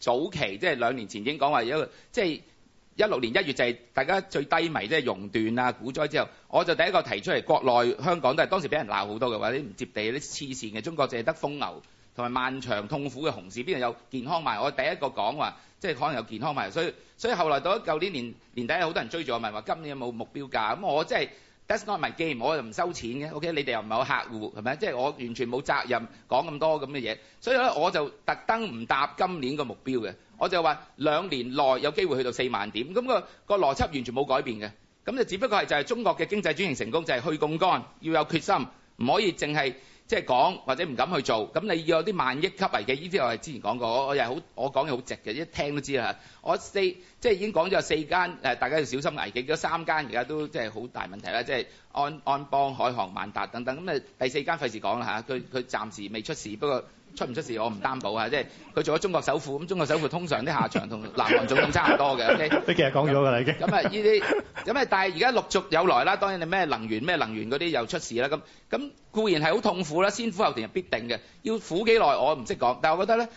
早期，即係兩年前已經講話有，即係。一六年一月就係大家最低迷，即係熔斷啊，股災之後，我就第一個提出嚟，國內香港都係當時俾人鬧好多嘅，或者唔接地啲黐線嘅中國淨係得風牛同埋漫長痛苦嘅熊市，邊度有健康賣？我第一個講話，即係可能有健康賣，所以所以後來到咗舊年年年底，好多人追住我問話，今年有冇目標價？咁我即係。That's not my game，我又唔收錢嘅，OK？你哋又唔係我客戶，係咪？即係我完全冇責任講咁多咁嘅嘢，所以呢我就特登唔答今年個目標嘅，我就話兩年內有機會去到四萬點，咁個個邏輯完全冇改變嘅，咁就只不過係就係中國嘅經濟轉型成功就係去槓桿，要有決心，唔可以淨係。即係講或者唔敢去做，咁你要有啲萬億級危機。呢啲我係之前講過，我我又好，我講嘢好直嘅，一聽都知啦。我四即係已經講咗有四間，大家要小心危機，咗三間而家都即係好大問題啦，即係安安邦、海航、萬達等等。咁誒第四間費事講啦吓，佢佢暫時未出事，不過。出唔出事我唔擔保啊！即係佢做咗中國首富，咁中國首富通常啲下場同南韓總統差唔多嘅。O.K. 佢其實講咗㗎啦，已經咁啊！依啲咁啊，但係而家陸續有來啦。當然你咩能源咩能源嗰啲又出事啦。咁咁固然係好痛苦啦，先苦後甜係必定嘅，要苦幾耐我唔識講。但係我覺得咧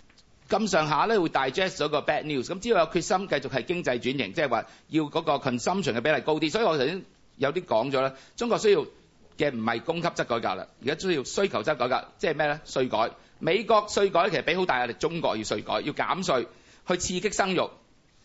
咁上下咧會 digest 咗個 bad news。咁只要有決心繼續係經濟轉型，即係話要嗰個 consumption 嘅比例高啲。所以我頭先有啲講咗啦，中國需要嘅唔係供給側改革啦，而家需要需求側改革，即係咩咧？稅改。美國稅改其實俾好大壓力，中國要稅改，要減稅去刺激生育。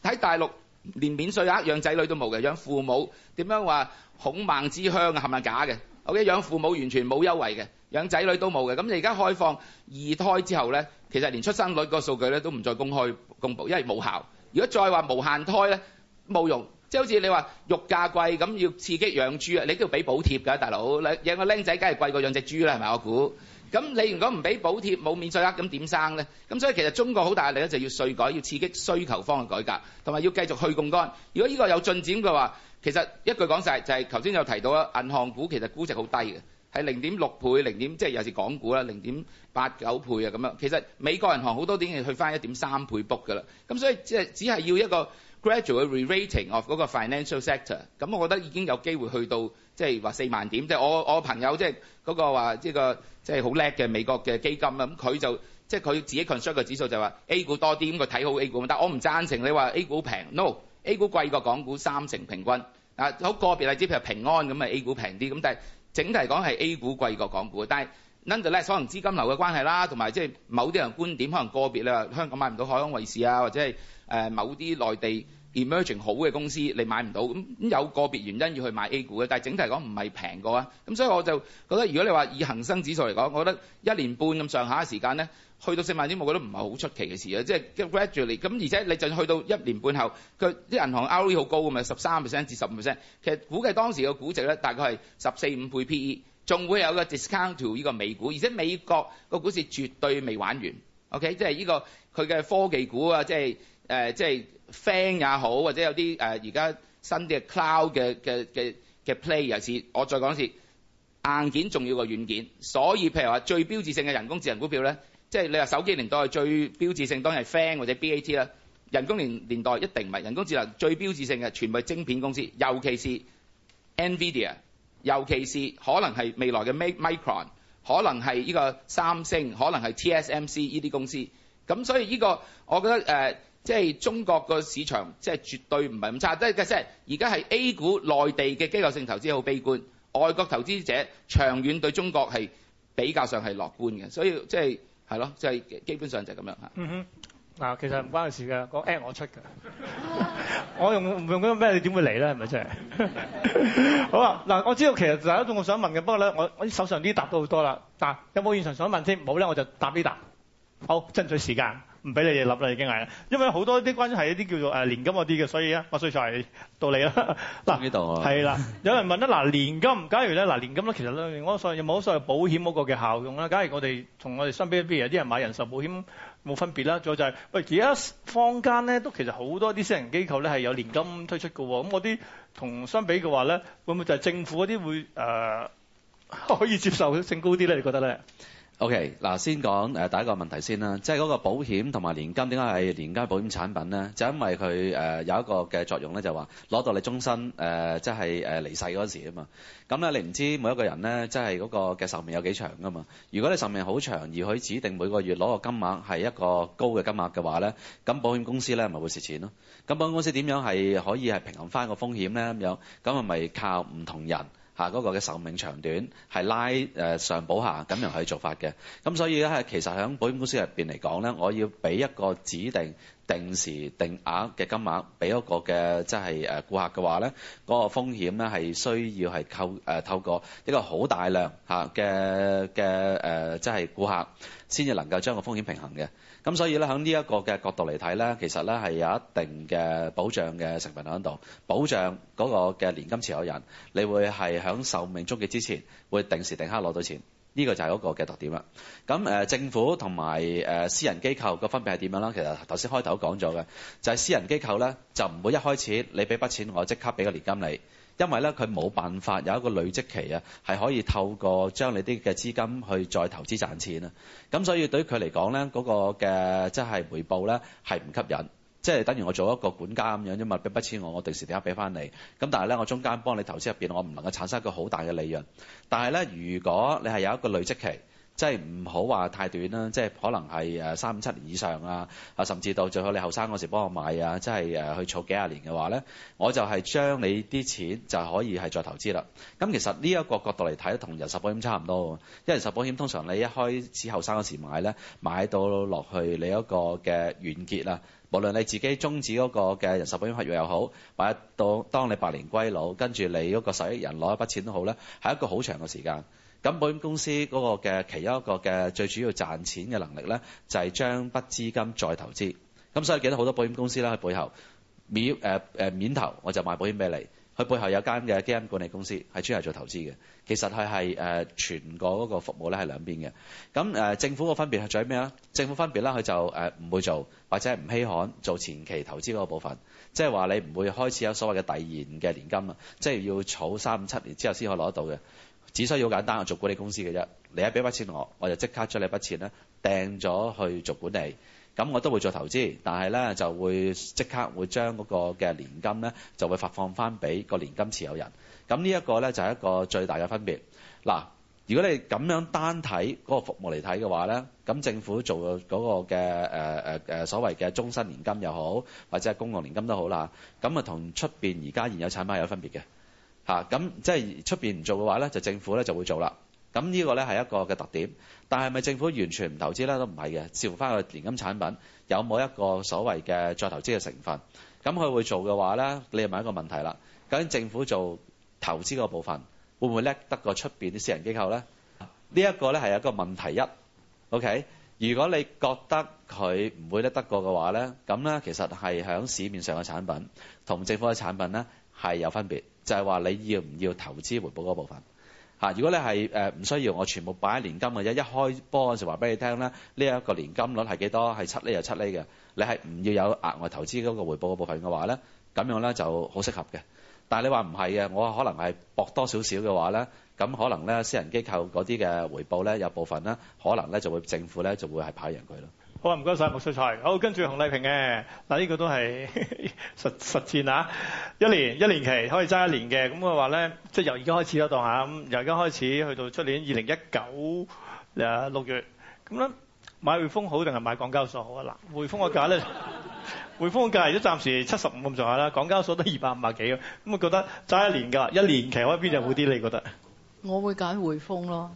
喺大陸連免稅額養仔女都冇嘅，養父母點樣話孔孟之鄉啊，係咪假嘅？我覺得養父母完全冇優惠嘅，養仔女都冇嘅。咁你而家開放二胎之後咧，其實連出生率個數據咧都唔再公開公布，因為冇效。如果再話無限胎咧冇用，即係好似你話肉價貴咁要刺激養豬啊，你都要俾補貼㗎，大佬養個僆仔梗係貴過養隻豬啦，係咪我估？咁你如果唔俾補貼冇免稅額，咁點生呢？咁所以其實中國好大壓力咧，就要稅改，要刺激需求方嘅改革，同埋要繼續去槓桿。如果呢個有進展嘅話，其實一句講晒就係頭先有提到啦，銀行股其實估值好低嘅，係零點六倍、零點即係尤其係港股啦，零點八九倍啊咁樣。其實美國銀行好多點已經去翻一點三倍 book 㗎啦。咁所以即係只係要一個。gradual 嘅 re-rating of 嗰個 financial sector，咁我覺得已經有機會去到即係話四萬點。即係我我朋友即係嗰個話即係個即係好叻嘅美國嘅基金啦，咁佢就即係佢自己 construct 嘅指數就話 A 股多啲，咁佢睇好 A 股。但係我唔贊成你話 A 股平，no，A 股貴過港股三成平均。啊，好個別例子譬如平安咁啊，A 股平啲，咁但係整體嚟講係 A 股貴過港股。但係 another 咧，可能資金流嘅關係啦，同埋即係某啲人觀點，可能個別咧香港買唔到海康威視啊，或者係。誒、呃、某啲內地 emerging 好嘅公司，你買唔到，咁有個別原因要去買 A 股嘅，但係整體講唔係平過啊。咁所以我就覺得，如果你話以恒生指數嚟講，我覺得一年半咁上下嘅時間咧，去到四萬點我覺得唔係好出奇嘅事啊。即係 gradually，咁而且你就算去到一年半後，佢啲銀行 ROE 好高㗎嘛，十三 percent 至十五 percent，其實估計當時嘅估值咧大概係十四五倍 PE，仲會有個 discount to 呢個美股，而且美國個股市絕對未玩完。OK，即係呢、這個佢嘅科技股啊，即係。誒，即係 FANG 也好，或者有啲誒，而家新啲嘅 cloud 嘅嘅嘅嘅 play，尤其是，我再講一次，硬件重要過軟件，所以譬如話最標誌性嘅人工智能股票咧，即係你話手機年代最標誌性當然係 FANG 或者 BAT 啦，人工年年代一定唔係人工智能最標誌性嘅，全部係晶片公司，尤其是 NVIDIA，尤其是可能係未來嘅 Micron，可能係呢個三星，可能係 TSMC 呢啲公司，咁所以呢個我覺得誒。即係中國個市場，即係絕對唔係咁差。即係而家係 A 股內地嘅機構性投資好悲觀，外國投資者長遠對中國係比較上係樂觀嘅。所以即係係咯，即係基本上就係咁樣嚇。嗯哼，嗱，其實唔關佢事嘅，嗯，那個 App 我出嘅， <laughs> <laughs> 我用唔用嗰個咩？你點會嚟咧？係咪真係？ <laughs> 好啊，嗱，我知道其實大家仲有想問嘅，不過咧，我我手上啲答都好多啦。嗱，有冇現場想問先？冇咧，我就答呢答。好，爭取時間。唔俾你哋立啦，已經係，因為好多啲關於係一啲叫做呃年金嗰啲嘅，所以咧，我所以就係到你啦。嗱，呢度啊？係啦、啊，有人問啦，嗱、啊，年金，假如咧，嗱、啊，年金咧其實咧，我所又冇所謂保險嗰個嘅效用啦。假如我哋同我哋相比，譬如有啲人買人壽保險冇分別啦，仲有就係、是、喂，而家坊間咧都其實好多啲私人機構咧係有年金推出嘅喎。咁我啲同相比嘅話咧，會唔會就係政府嗰啲會誒、呃、可以接受性高啲咧？你覺得咧？OK，嗱先講誒第一個問題先啦，即係嗰個保險同埋年金點解係年金保險產品咧？就因為佢、呃、有一個嘅作用咧，就話攞到你終身即係誒離世嗰時啊嘛。咁咧你唔知每一個人咧，即係嗰個嘅壽命有幾長噶嘛？如果你壽命好長，而佢指定每個月攞個金額係一個高嘅金額嘅話咧，咁保險公司咧咪會蝕錢咯？咁保險公司點樣係可以係平衡翻個風險咧？咁樣咁係咪靠唔同人？嚇、那、嗰個嘅壽命長短係拉誒、呃、上補下咁樣去做法嘅。咁所以咧，其實喺保險公司入邊嚟講咧，我要俾一個指定定時定額嘅金額，俾一個嘅即係誒顧客嘅話咧，嗰、那個風險咧係需要係透誒透過一個好大量嚇嘅嘅誒即係顧客先至能夠將個風險平衡嘅。咁所以咧，喺呢一個嘅角度嚟睇咧，其實咧係有一定嘅保障嘅成分喺度，保障嗰個嘅年金持有人，你會係喺壽命終結之前，會定時定刻攞到錢，呢、這個就係嗰個嘅特點啦。咁、呃、政府同埋、呃、私人機構嘅分別係點樣啦？其實頭先開頭都講咗嘅，就係、是、私人機構咧就唔會一開始你俾筆錢，我即刻俾個年金你。因為咧，佢冇辦法有一個累積期啊，係可以透過將你啲嘅資金去再投資賺錢啊。咁所以對佢嚟講咧，嗰個嘅即係回報咧係唔吸引，即係等於我做一個管家咁樣啫嘛，俾筆錢我，我定時點解俾翻你。咁但係咧，我中間幫你投資入邊，我唔能夠產生一個好大嘅利潤。但係咧，如果你係有一個累積期。即係唔好話太短啦，即係可能係三五七年以上啊，啊甚至到最好你後生嗰時幫我買啊，即係去儲幾廿年嘅話呢，我就係將你啲錢就可以係再投資啦。咁其實呢一個角度嚟睇，同人壽保險差唔多喎。因為人壽保險通常你一開始後生嗰時買呢，買到落去你嗰個嘅完結啦，無論你自己終止嗰個嘅人壽保險合約又好，或者到當你百年歸老，跟住你嗰個受益人攞一筆錢都好呢，係一個好長嘅時間。咁保險公司嗰個嘅其中一個嘅最主要賺錢嘅能力咧，就係、是、將筆資金再投資。咁所以記得好多保險公司啦，佢背後面，、呃、面投，我就賣保險俾你。佢背後有間嘅基金管理公司，係專係做投資嘅。其實佢係、呃、全個嗰個服務咧，係兩邊嘅。咁、呃、政府個分別係在咩啊？政府分別啦，佢就唔、呃、會做，或者係唔稀罕做前期投資嗰個部分，即係話你唔會開始有所謂嘅遞延嘅年金啊，即、就、係、是、要儲三五七年之後先可以攞到嘅。只需要好簡單，我做管理公司嘅啫。你給一俾筆錢我，我就即刻將你筆錢咧掟咗去做管理。咁我都會做投資，但係咧就會即刻會將嗰個嘅年金咧就會發放翻俾個年金持有人。咁呢一個咧就係一個最大嘅分別。嗱，如果你係咁樣單睇嗰個服務嚟睇嘅話咧，咁政府做嗰個嘅誒誒誒所謂嘅終身年金又好，或者係公共年金都好啦，咁啊同出邊而家現有產品係有分別嘅。咁、吓、即係出面唔做嘅話呢，就政府呢就會做啦。咁呢個呢係一個嘅特點，但係咪政府完全唔投資呢？都唔係嘅。照返翻個年金產品有冇一個所謂嘅再投資嘅成分。咁佢會做嘅話呢，你又問一個問題啦。究竟政府做投資個部分會唔會叻得過出面啲私人機構呢？呢、這、一個呢係一個問題一。OK，如果你覺得佢唔會叻得過嘅話呢，咁呢其實係響市面上嘅產品同政府嘅產品呢係有分別。就係話你要唔要投資回報嗰部分？如果你係唔需要，我全部擺喺年金嘅，一開波就時話俾你聽咧，呢一個年金率係幾多？係七厘，又七厘嘅。你係唔要有額外投資嗰個回報嗰部分嘅話咧，咁樣咧就好適合嘅。但你話唔係嘅，我可能係博多少少嘅話咧，咁可能咧私人機構嗰啲嘅回報咧有部分咧，可能咧就會政府咧就會係跑贏佢咯。好啊，唔該曬，麥萃才。好，跟住熊麗萍嘅、啊、嗱，呢、這個都係實戰啊！一年一年期可以揸一年嘅，咁我話咧，即係由而家開始咯，當下咁，由而家開始去到出年二零一九誒六月，咁咧買匯豐好定係買港交所好啊？嗱，匯豐嘅價咧，匯豐嘅價而家暫時七十五咁上下啦，港交所都二百五十幾嘅，咁我覺得揸一年㗎，一年期嗰一邊就好啲？你覺得？我會揀匯豐咯。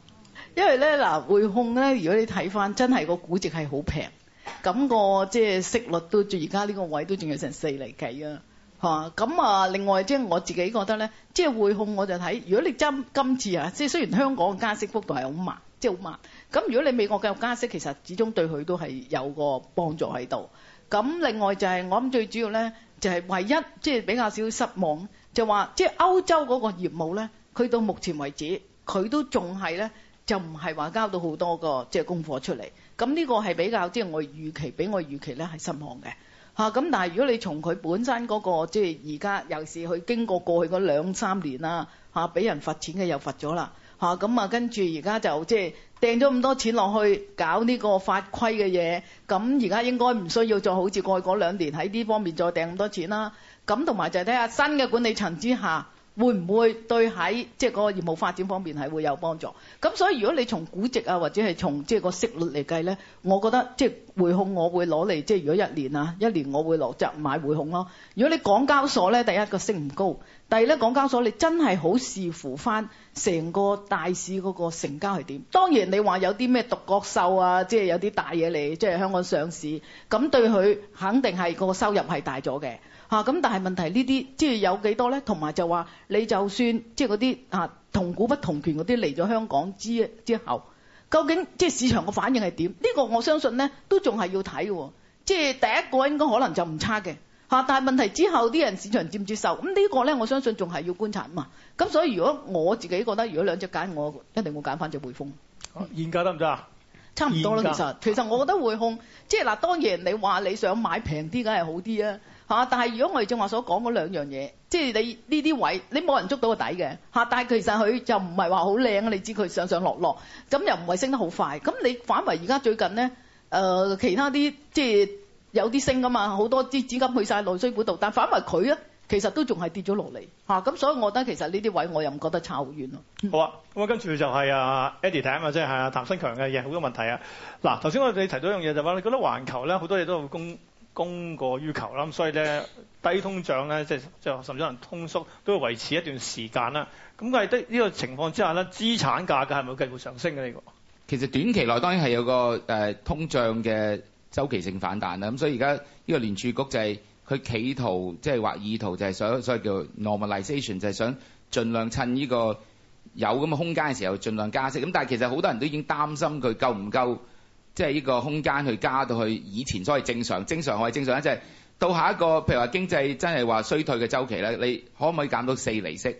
因為咧嗱，匯控咧，如果你睇翻真係個估值係好平，咁個即係息率都仲而家呢個位都仲有成四釐幾啊嚇。咁啊，另外即係我自己覺得咧，即係匯控我就睇，如果你揸今次啊，即係雖然香港嘅加息幅度係好慢，即係好慢。咁如果你美國繼續加息，其實始終對佢都係有個幫助喺度。咁另外就係我諗最主要咧，就係唯一即係比較少失望，就話即係歐洲嗰個業務咧，佢到目前為止佢都仲係咧。就唔係話交到好多個即係功課出嚟，咁呢個係比較即係、就是、我預期，俾我預期咧係失望嘅嚇。咁、啊、但係如果你從佢本身嗰、那個即係而家又是佢經過過去嗰兩三年啦嚇，俾、啊、人罰錢嘅又罰咗啦嚇，咁啊、啊跟住而家就即係掟咗咁多錢落去搞呢個法規嘅嘢，咁而家應該唔需要再好似過去嗰兩年喺呢方面再掟咁多錢啦。咁同埋就睇下新嘅管理層之下。會唔會對喺即係個業務發展方面係會有幫助？咁所以如果你從估值啊或者係從即係個息率嚟計咧，我覺得即係匯控，我會攞嚟即係如果一年啊一年，我會落閘買匯控咯、啊。如果你港交所咧，第一個升唔高，第二咧港交所你真係好視乎翻成個大市嗰個成交係點。當然你話有啲咩獨角獸啊，即係有啲大嘢嚟即係香港上市，咁對佢肯定係個收入係大咗嘅。咁、啊，但係問題、就是、呢啲即係有幾多咧？同埋就話你就算即係嗰啲同股不同權嗰啲嚟咗香港之之後，究竟即係、就是、市場個反應係點？呢、這個我相信咧都仲係要睇喎、哦。即、就、係、是、第一個應該可能就唔差嘅、啊、但係問題之後啲人市場接唔接受？咁呢個咧我相信仲係要觀察啊嘛。咁所以如果我自己覺得，如果兩隻揀，我一定會揀翻隻匯豐。啊、現價得唔得啊？差唔多啦，其實其實我覺得匯控，即係嗱，當然你話你想買平啲梗係好啲啊。嚇、啊！但係如果我哋正話所講嗰兩樣嘢，即、就、係、是、你呢啲位，你冇人捉到個底嘅嚇、啊。但係其實佢就唔係話好靚啊！你知佢上上落落，咁又唔係升得好快。咁你反為而家最近咧，誒、呃、其他啲即係有啲升啊嘛，好多啲資金去晒內需股度，但反為佢咧，其實都仲係跌咗落嚟嚇。咁、啊、所以我覺得其實呢啲位，我又唔覺得差好遠咯。好啊，咁、嗯、啊、嗯、跟住就係啊 Eddie 啊嘛，即係啊，譚新強嘅嘢好多問題啊。嗱，頭先我哋提到一樣嘢就話，你覺得環球咧好多嘢都係供供過於求啦，所以咧低通脹咧即即係甚至可能通縮都要維持一段時間啦。咁喺得呢個情況之下咧，資產價格係咪會繼續上升嘅呢個？其實短期內當然係有個誒通脹嘅周期性反彈啦。咁所以而家呢個聯儲局就係佢企圖即係話意圖就係所謂叫 normalization 就係想儘量趁呢個有咁嘅空間嘅時候儘量加息。咁但係其實好多人都已經擔心佢夠唔夠？即係呢個空間去加到去以前所謂正常，正常可以正常咧，即係到下一個譬如話經濟真係話衰退嘅週期咧，你可唔可以減到四釐息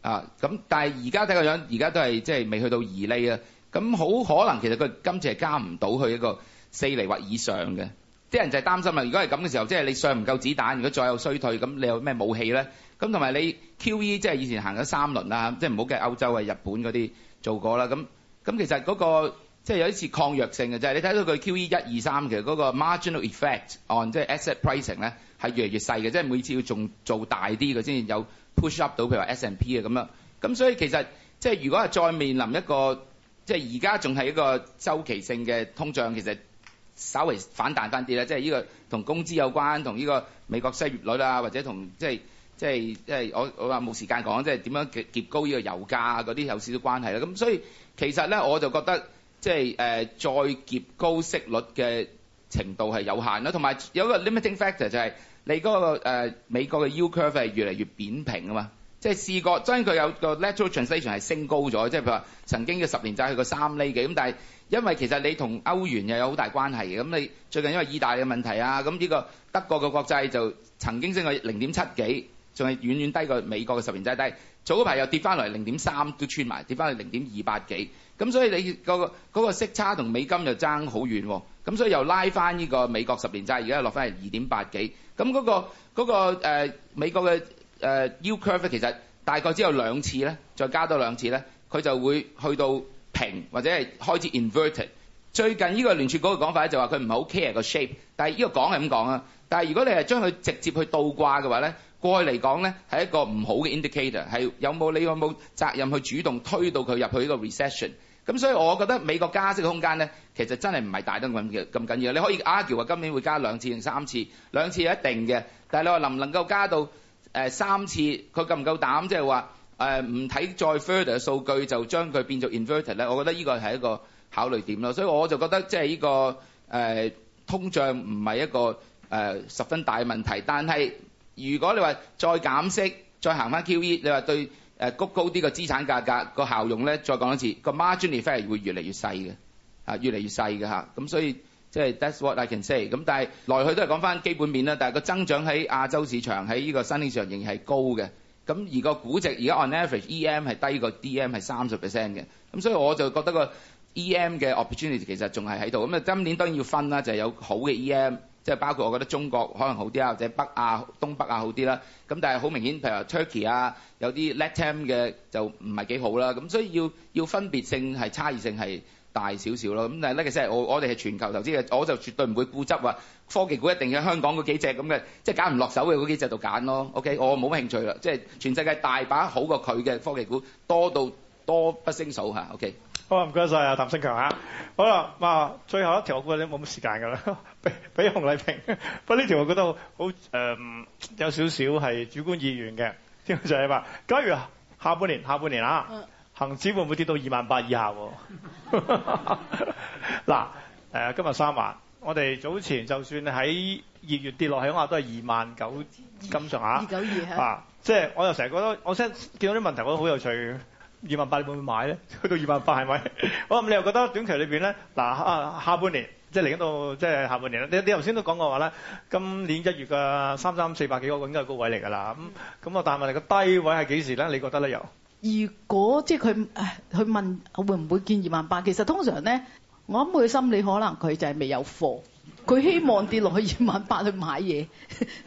啊？咁但係而家睇個樣，而家都係即係未去到二釐啊！咁好可能其實佢今次係加唔到去一個四釐或以上嘅。啲人就係擔心啊！如果係咁嘅時候，即係你上唔夠子彈，如果再有衰退，咁你有咩武器咧？咁同埋你 QE 即係以前行咗三輪啦，即係唔好計歐洲啊、日本嗰啲做過啦。咁咁其實嗰個。即係有一次抗藥性嘅，就係你睇到佢 QE 一二三，其實嗰個 marginal effect on 即係 asset pricing 咧係越嚟越細嘅，即係每次要仲做大啲嘅先至有 push up 到譬如話 S&P 嘅咁樣。咁所以其實即係如果係再面臨一個即係而家仲係一個周期性嘅通脹，其實稍為反彈翻啲啦。即係呢個同工資有關，同呢個美國失業率啦，或者同即係即係即係我我話冇時間講，即係點樣劫高呢個油價嗰啲有少少關係啦。咁所以其實咧我就覺得。即係誒、呃，再劫高息率嘅程度係有限啦。同埋有個 limiting factor 就係、是、你嗰、那個、呃、美國嘅 yield curve 係越嚟越扁平啊嘛。即係試過將佢有個 natural transition 係升高咗，即係譬如話曾經嘅十年債去過三厘幾。咁但係因為其實你同歐元又有好大關係嘅，咁你最近因為意大利嘅問題啊，咁呢個德國嘅國債就曾經升過零點七幾，仲係遠遠低過美國嘅十年債低。早排又跌翻嚟零點三都穿埋，跌翻去零點二八幾，咁所以你嗰個嗰個息差同美金又爭好遠喎，咁所以又拉翻呢個美國十年債，而家落翻嚟二點八幾，咁嗰個嗰個，呃，美國嘅，呃，U curve 其實大概只有兩次咧，再加多兩次咧，佢就會去到平或者係開始 inverted。最近呢個聯儲局嘅講法咧就話佢唔係好 care 個 shape，但係呢個講係咁講啊，但係如果你係將佢直接去倒掛嘅話咧。過去嚟講咧，係一個唔好嘅 indicator，係有冇你有冇責任去主動推到佢入去呢個 recession。咁所以我覺得美國加息嘅空間咧，其實真係唔係大得咁咁緊要。你可以 argue 話今年會加兩次定三次，兩次係一定嘅，但係你話能唔能夠加到誒三次，佢夠唔夠膽即係話誒唔睇再 further 嘅數據就將佢變做 inverted 咧？我覺得呢個係一個考慮點咯。所以我就覺得即係呢個誒通脹唔係一個誒十分大嘅問題，但係。如果你話再減息、再行翻 QE，你話對誒、啊、谷高啲個資產價格個效用咧，再講一次個 margin effect 會越嚟越細嘅、啊，越嚟越細嘅嚇，咁所以即係、就是、that's what I can say。咁但係來去都係講翻基本面啦，但係個增長喺亞洲市場喺呢個新興市場仍然係高嘅。咁而個估值而家 on average EM 係低過 DM 係三十 percent 嘅，咁所以我就覺得個 EM 嘅 opportunity 其實仲係喺度。咁啊今年當然要分啦，就係、有好嘅 EM。即係包括，我覺得中國可能好啲啊，或者北亞、東北亞好啲啦。咁但係好明顯，譬如 Turkey 啊，有啲 Latam 嘅就唔係幾好啦。咁所以要要分別性係差異性係大少少咯。咁但係咧，其實係我我哋係全球投資嘅，我就絕對唔會固執話科技股一定喺香港嗰幾隻咁嘅，即係揀唔落手嘅嗰幾隻度揀咯。OK，我冇乜興趣啦。即係全世界大把好過佢嘅科技股，多到多不勝數嚇。OK，好唔該曬啊，譚新強嚇。好啦，嘛最後一條，我估你冇乜時間㗎啦。俾俾熊麗萍，不過呢條我覺得好誒、呃，有少少係主觀意願嘅，基本上係話，假如下半年下半年啊，uh, 恒指會唔會跌到二萬八以下喎？嗱、 <laughs> <laughs> <laughs> 呃呃、今日三萬，我哋早前就算喺二月跌落嚟咁都係二萬九咁上下。二九二啊，uh, 即係我又成日覺得，uh, 我先、uh, uh, uh, 見到啲問題我覺得好有趣。二萬八你會唔會買咧？去 <laughs> 到二萬八係咪？我 <laughs> 咁你又覺得短期裏面咧嗱啊下半年？即係嚟緊到即係下半年啦。你你頭先都講過話咧，今年一月嘅三三四百幾個應該係高位嚟㗎啦。咁咁啊，但係問你個低位係幾時咧？你覺得咧又？如果即係佢佢問會唔會見二萬八？其實通常咧，我諗佢心理可能佢就係未有貨，佢希望跌落去二萬八去買嘢，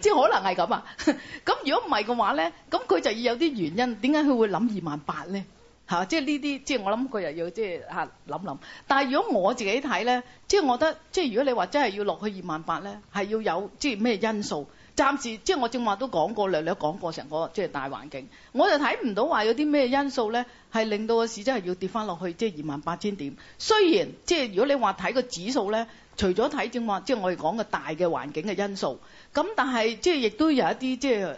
即係可能係咁啊。咁如果唔係嘅話咧，咁佢就要有啲原因，點解佢會諗二萬八咧？嚇！即係呢啲，即係我諗佢又要即係嚇諗諗。但係如果我自己睇咧，即係我覺得，即係如果你話真係要落去二萬八咧，係要有即係咩因素？暫時即係我正話都講過，略略講過成個即係大環境，我就睇唔到話有啲咩因素咧係令到個市真係要跌翻落去即係二萬八千點。雖然即係如果你話睇個指數咧，除咗睇正話即係我哋講嘅大嘅環境嘅因素，咁但係即係亦都有一啲即係。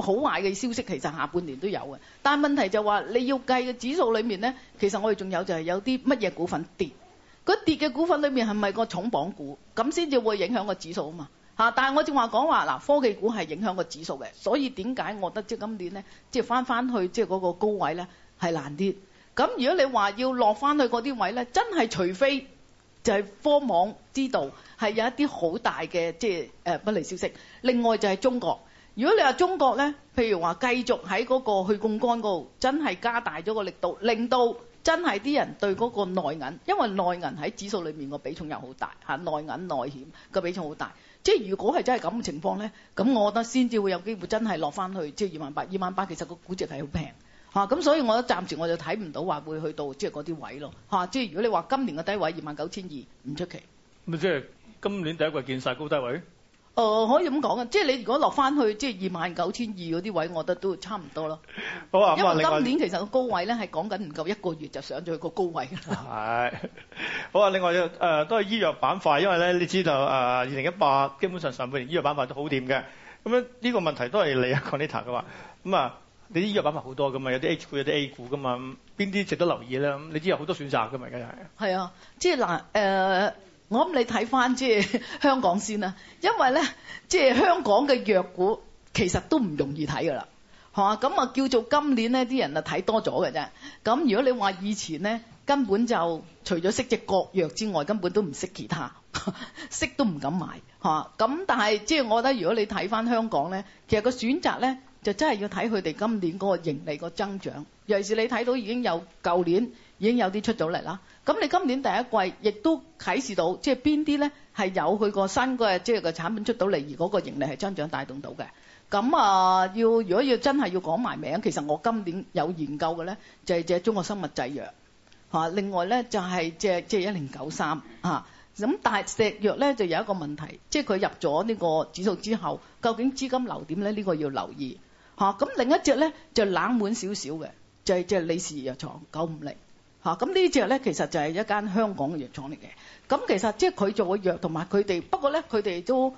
好壞嘅消息其實下半年都有嘅，但係問題就話你要計嘅指數裏面咧，其實我哋仲有就係有啲乜嘢股份跌，嗰跌嘅股份裏面係咪個重磅股咁先至會影響個指數啊嘛嚇？但係我正話講話嗱，科技股係影響個指數嘅，所以點解我覺得即係今年咧，即係翻翻去即係嗰個高位咧係難啲。咁如果你話要落翻去嗰啲位咧，真係除非就係科網知道係有一啲好大嘅即係誒不利消息，另外就係中國。如果你話中國咧，譬如話繼續喺嗰個去槓桿嗰度，真係加大咗個力度，令到真係啲人對嗰個內銀，因為內銀喺指數裏面個比重又好大嚇，內銀內險個比重好大。即係如果係真係咁嘅情況咧，咁我覺得先至會有機會真係落翻去即係二萬八，二萬八其實個估值係好平嚇。咁、啊、所以我都暫時我就睇唔到話會去到即係嗰啲位咯嚇、啊。即係如果你話今年嘅低位二萬九千二，唔出奇。咪即係今年第一季見晒高低位。誒、呃、可以咁講啊，即係你如果落翻去即係二萬九千二嗰啲位，我覺得都差唔多咯。好啊、嗯，因為今年其實個高位咧係講緊唔夠一個月就上咗去個高位。係，好啊。另外誒、呃、都係醫藥板塊，因為咧，你知道誒二零一八基本上上半年醫藥板塊都好掂嘅。咁樣呢個問題都係你啊，Conita 嘅話。咁啊，你啲醫藥板塊好多噶嘛，有啲 H 股有啲 A 股噶嘛，邊啲值得留意咧？你知有好多選擇噶嘛，梗係。係啊，即係嗱誒。呃我諗你睇翻即係香港先啦，因為咧即係香港嘅藥股其實都唔容易睇噶啦，嚇，咁啊叫做今年咧啲人啊睇多咗嘅啫。咁如果你話以前咧，根本就除咗識隻國藥之外，根本都唔識其他，識都唔敢買，咁、啊、但係即係我覺得如果你睇翻香港咧，其實個選擇咧就真係要睇佢哋今年嗰個盈利個增長，尤其是你睇到已經有舊年已經有啲出咗嚟啦。咁你今年第一季亦都啟示到，即係邊啲咧係有佢個新嘅即係個產品出到嚟，而嗰個盈利係增長帶動到嘅。咁啊，要如果要真係要講埋名，其實我今年有研究嘅咧，就係隻中國生物製藥嚇，另外咧就係隻即係一零九三嚇。咁但係石藥咧就有一個問題，即係佢入咗呢個指數之後，究竟資金流點咧？呢個要留意嚇。咁另一隻咧就冷門少少嘅，就係隻李氏藥廠九五零。咁、啊、呢隻咧，其實就係一間香港嘅藥廠嚟嘅。咁、啊、其實即係佢做嘅藥，同埋佢哋不過咧，佢哋都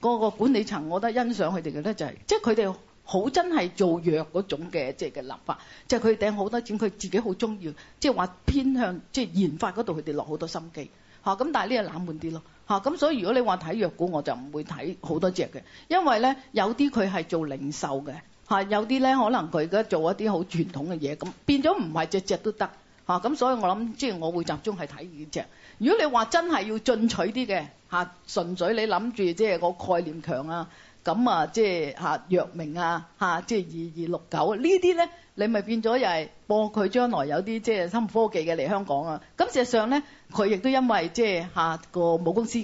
個個管理層，我覺得欣賞佢哋嘅咧就係即係佢哋好真係做藥嗰種嘅即係嘅立法，即係佢掟好多錢，佢自己好中意，即係話偏向即係、就是、研發嗰度，佢哋落好多心機咁、啊、但係呢個冷門啲咯。咁所以如果你話睇藥股，我就唔會睇好多隻嘅，因為咧有啲佢係做零售嘅、啊、有啲咧可能佢而家做一啲好傳統嘅嘢，咁變咗唔係隻隻都得。啊，咁所以我諗，即係我會集中係睇呢隻。如果你話真係要進取啲嘅，嚇純粹你諗住即係個概念強啊，咁啊即係嚇藥明啊，嚇即係二二六九呢啲咧，你咪變咗又係播佢將來有啲即係生物科技嘅嚟香港啊。咁事實上咧，佢亦都因為即係嚇個母公司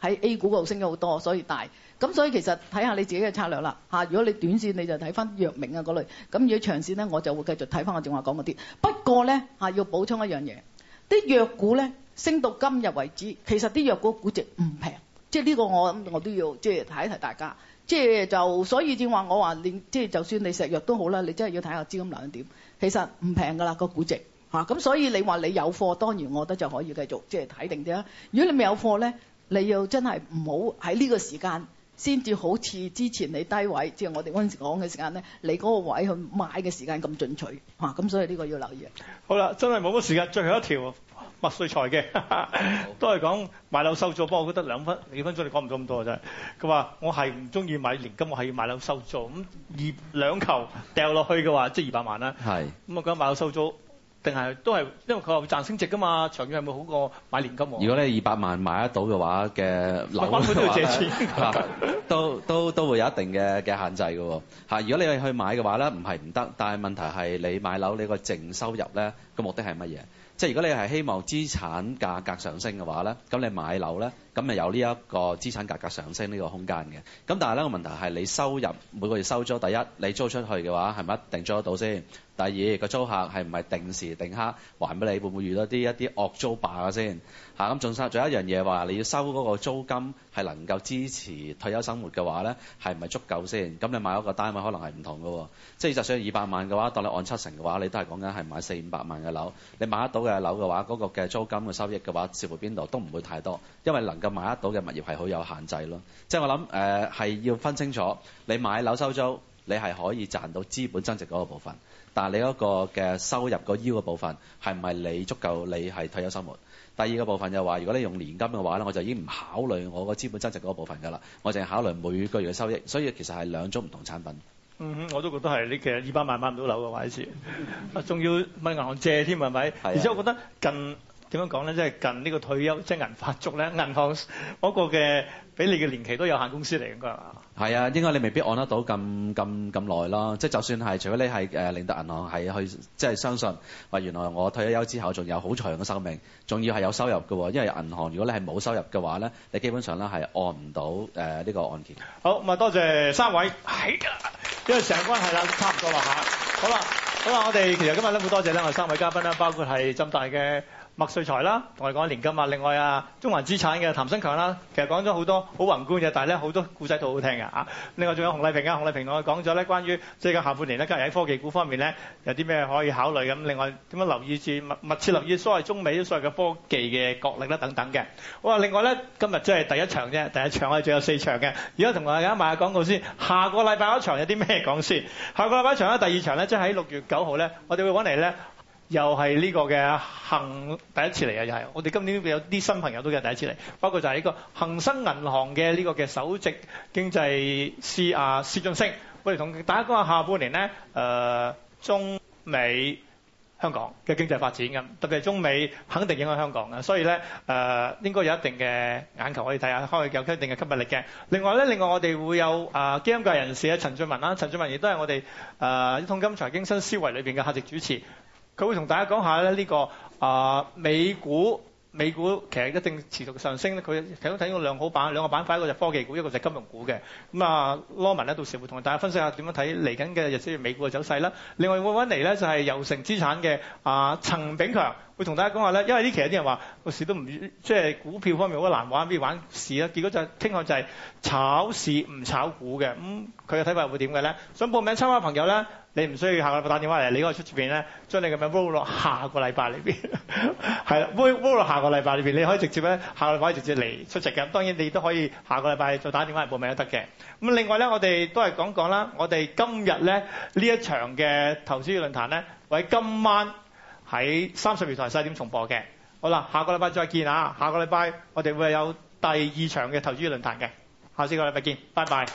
喺 A 股度升咗好多，所以大。咁所以其實睇下你自己嘅策略啦、啊、如果你短線你就睇翻藥明啊嗰類，咁如果長線咧我就會繼續睇翻我正話講嗰啲。不過咧、啊、要補充一樣嘢，啲藥股咧升到今日為止，其實啲藥股估值唔平，即係呢個我我都要即係提一提大家。即係就所以正話我話你即係就算你食藥都好啦，你真係要睇下資金量點。其實唔平㗎啦個估值嚇。咁、啊、所以你話你有貨當然我覺得就可以繼續即係睇定啲啦。如果你未有貨咧，你要真係唔好喺呢個時間。先至好似之前你低位，即係我哋嗰時講嘅時間咧，你嗰個位去買嘅時間咁進取，咁所以呢個要留意。好啦，真係冇乜時間，最後一條麥萃才嘅，都係講買樓收租。不過我覺得兩分幾分鐘你講唔到咁多啊，真係。佢話我係唔中意買年金，我係要買樓收租。咁二兩球掉落去嘅話，即係二百萬啦。咁我講買樓收租，定係都係，因為佢話會賺升值㗎嘛。長遠係咪好過買年金？如果你二百萬買得到嘅話嘅樓嗰度咧，都都都會有一定嘅嘅限制嘅喎。如果你係去買嘅話咧，唔係唔得。但係問題係你買樓，你個淨收入咧，個目的係乜嘢？即係如果你係希望資產價格上升嘅話咧，咁你買樓咧，咁咪有呢一個資產價格上升呢個空間嘅。咁但係咧，個問題係你收入每個月收咗。第一，你租出去嘅話係咪一定租得到先？第二個租客係唔係定時定刻還俾你？會唔會遇到啲一啲惡租霸先咁，仲三，仲、嗯、有一樣嘢話，你要收嗰個租金係能夠支持退休生活嘅話呢係唔係足夠先？咁你買一個單位可能係唔同㗎喎，哦，即係就算二百萬嘅話，當你按七成嘅話，你都係講緊係買四五百萬嘅樓，你買得到嘅樓嘅話，嗰，那個嘅租金嘅收益嘅話，似乎邊度都唔會太多，因為能夠買得到嘅物業係好有限制咯。即係我諗係、呃、要分清楚，你買樓收租，你係可以賺到資本增值嗰個部分。但係你嗰個嘅收入，個腰嘅部分係唔係你足夠你係退休生活？第二個部分就係、是、話，如果你用年金嘅話咧，我就已經唔考慮我個資本增值嗰部分㗎啦，我淨係考慮每個月嘅收益。所以其實係兩種唔同的產品。嗯哼，我都覺得係你其實二百萬買唔到樓嘅話，仲要問銀行借添，係咪？而且我覺得近，點樣講咧，即係近呢個退休即係銀髮族咧，銀行嗰個嘅俾你嘅年期都有限公司嚟，應該係嘛？係啊，應該你未必按得到咁咁咁耐咯。即係就算係，除非你係誒、呃、令到銀行係去，即、就、係、是、相信話原來我退咗休之後仲有好長嘅壽命，仲要係有收入嘅。因為銀行如果你係冇收入嘅話咧，你基本上咧係按唔到誒呢個按揭。好，咁啊，多謝三位。哎、因為成關係啦，差唔多啦吓。好啦，好啦，我哋其實今日咧好多謝咧我哋三位嘉賓咧，包括係浸大嘅。麥萃才啦，同我哋講年金啊。另外啊，中環資產嘅譚新強啦，其實講咗好多好宏觀嘅，但係咧好多故仔都好聽嘅。另外仲有熊麗萍啊，熊麗萍我哋講咗咧關於即係下半年咧，今日喺科技股方面咧有啲咩可以考慮咁。另外點樣留意住密，密切留意所謂中美所謂嘅科技嘅角力啦等等嘅。好啊，另外咧今日即係第一場啫，第一場我哋仲有四場嘅。而家同大家賣下廣告先，下個禮拜嗰場有啲咩講先下？下個禮拜一場咧，第二場咧即喺六月九號咧，我哋會揾嚟咧。又係呢個嘅恒第一次嚟呀，又係我哋今年有啲新朋友都有第一次嚟，包括就係呢個恒生銀行嘅呢個嘅首席經濟師啊，薛俊升。我哋同大家講下下半年咧，誒、呃、中美香港嘅經濟發展，咁特別係中美肯定影響香港嘅，所以咧誒、呃、應該有一定嘅眼球可以睇下，開有有一定嘅吸引力嘅。另外咧，另外我哋會有啊基金界人士啊陳俊文啦，陳俊文亦都係我哋誒桶金財經新思維裏邊嘅客席主持。佢會同大家講下咧、這、呢個啊、呃、美股，美股其實一定持續上升咧。佢睇都睇到兩好板，兩個板塊一個就科技股，一個就金融股嘅。咁啊羅文咧到時會同大家分析一下點樣睇嚟緊嘅日線美股嘅走勢啦。另外會揾嚟咧就係油城資產嘅啊陳炳強，會同大家講下咧，因為呢期有啲人話個市都唔，即係股票方面好難玩，不如玩市啦，結果就傾向就係炒市唔炒股嘅。咁佢嘅睇法會點嘅咧？想報名參加朋友咧。你唔需要下個禮拜打電話嚟，你嗰個出席表咧，將你咁樣 roll 落下個禮拜裏面。係啦，roll o 落下個禮拜裏面，你可以直接咧下個禮拜可以直接嚟出席嘅，當然你都可以下個禮拜再打電話嚟報名都得嘅。咁另外咧，我哋都係講講啦，我哋今日咧呢一場嘅投資月論壇咧，會喺今晚喺三十二台勢點重播嘅。好啦，下個禮拜再見啊！下個禮拜我哋會有第二場嘅投資月論壇嘅，下次個禮拜見，拜拜。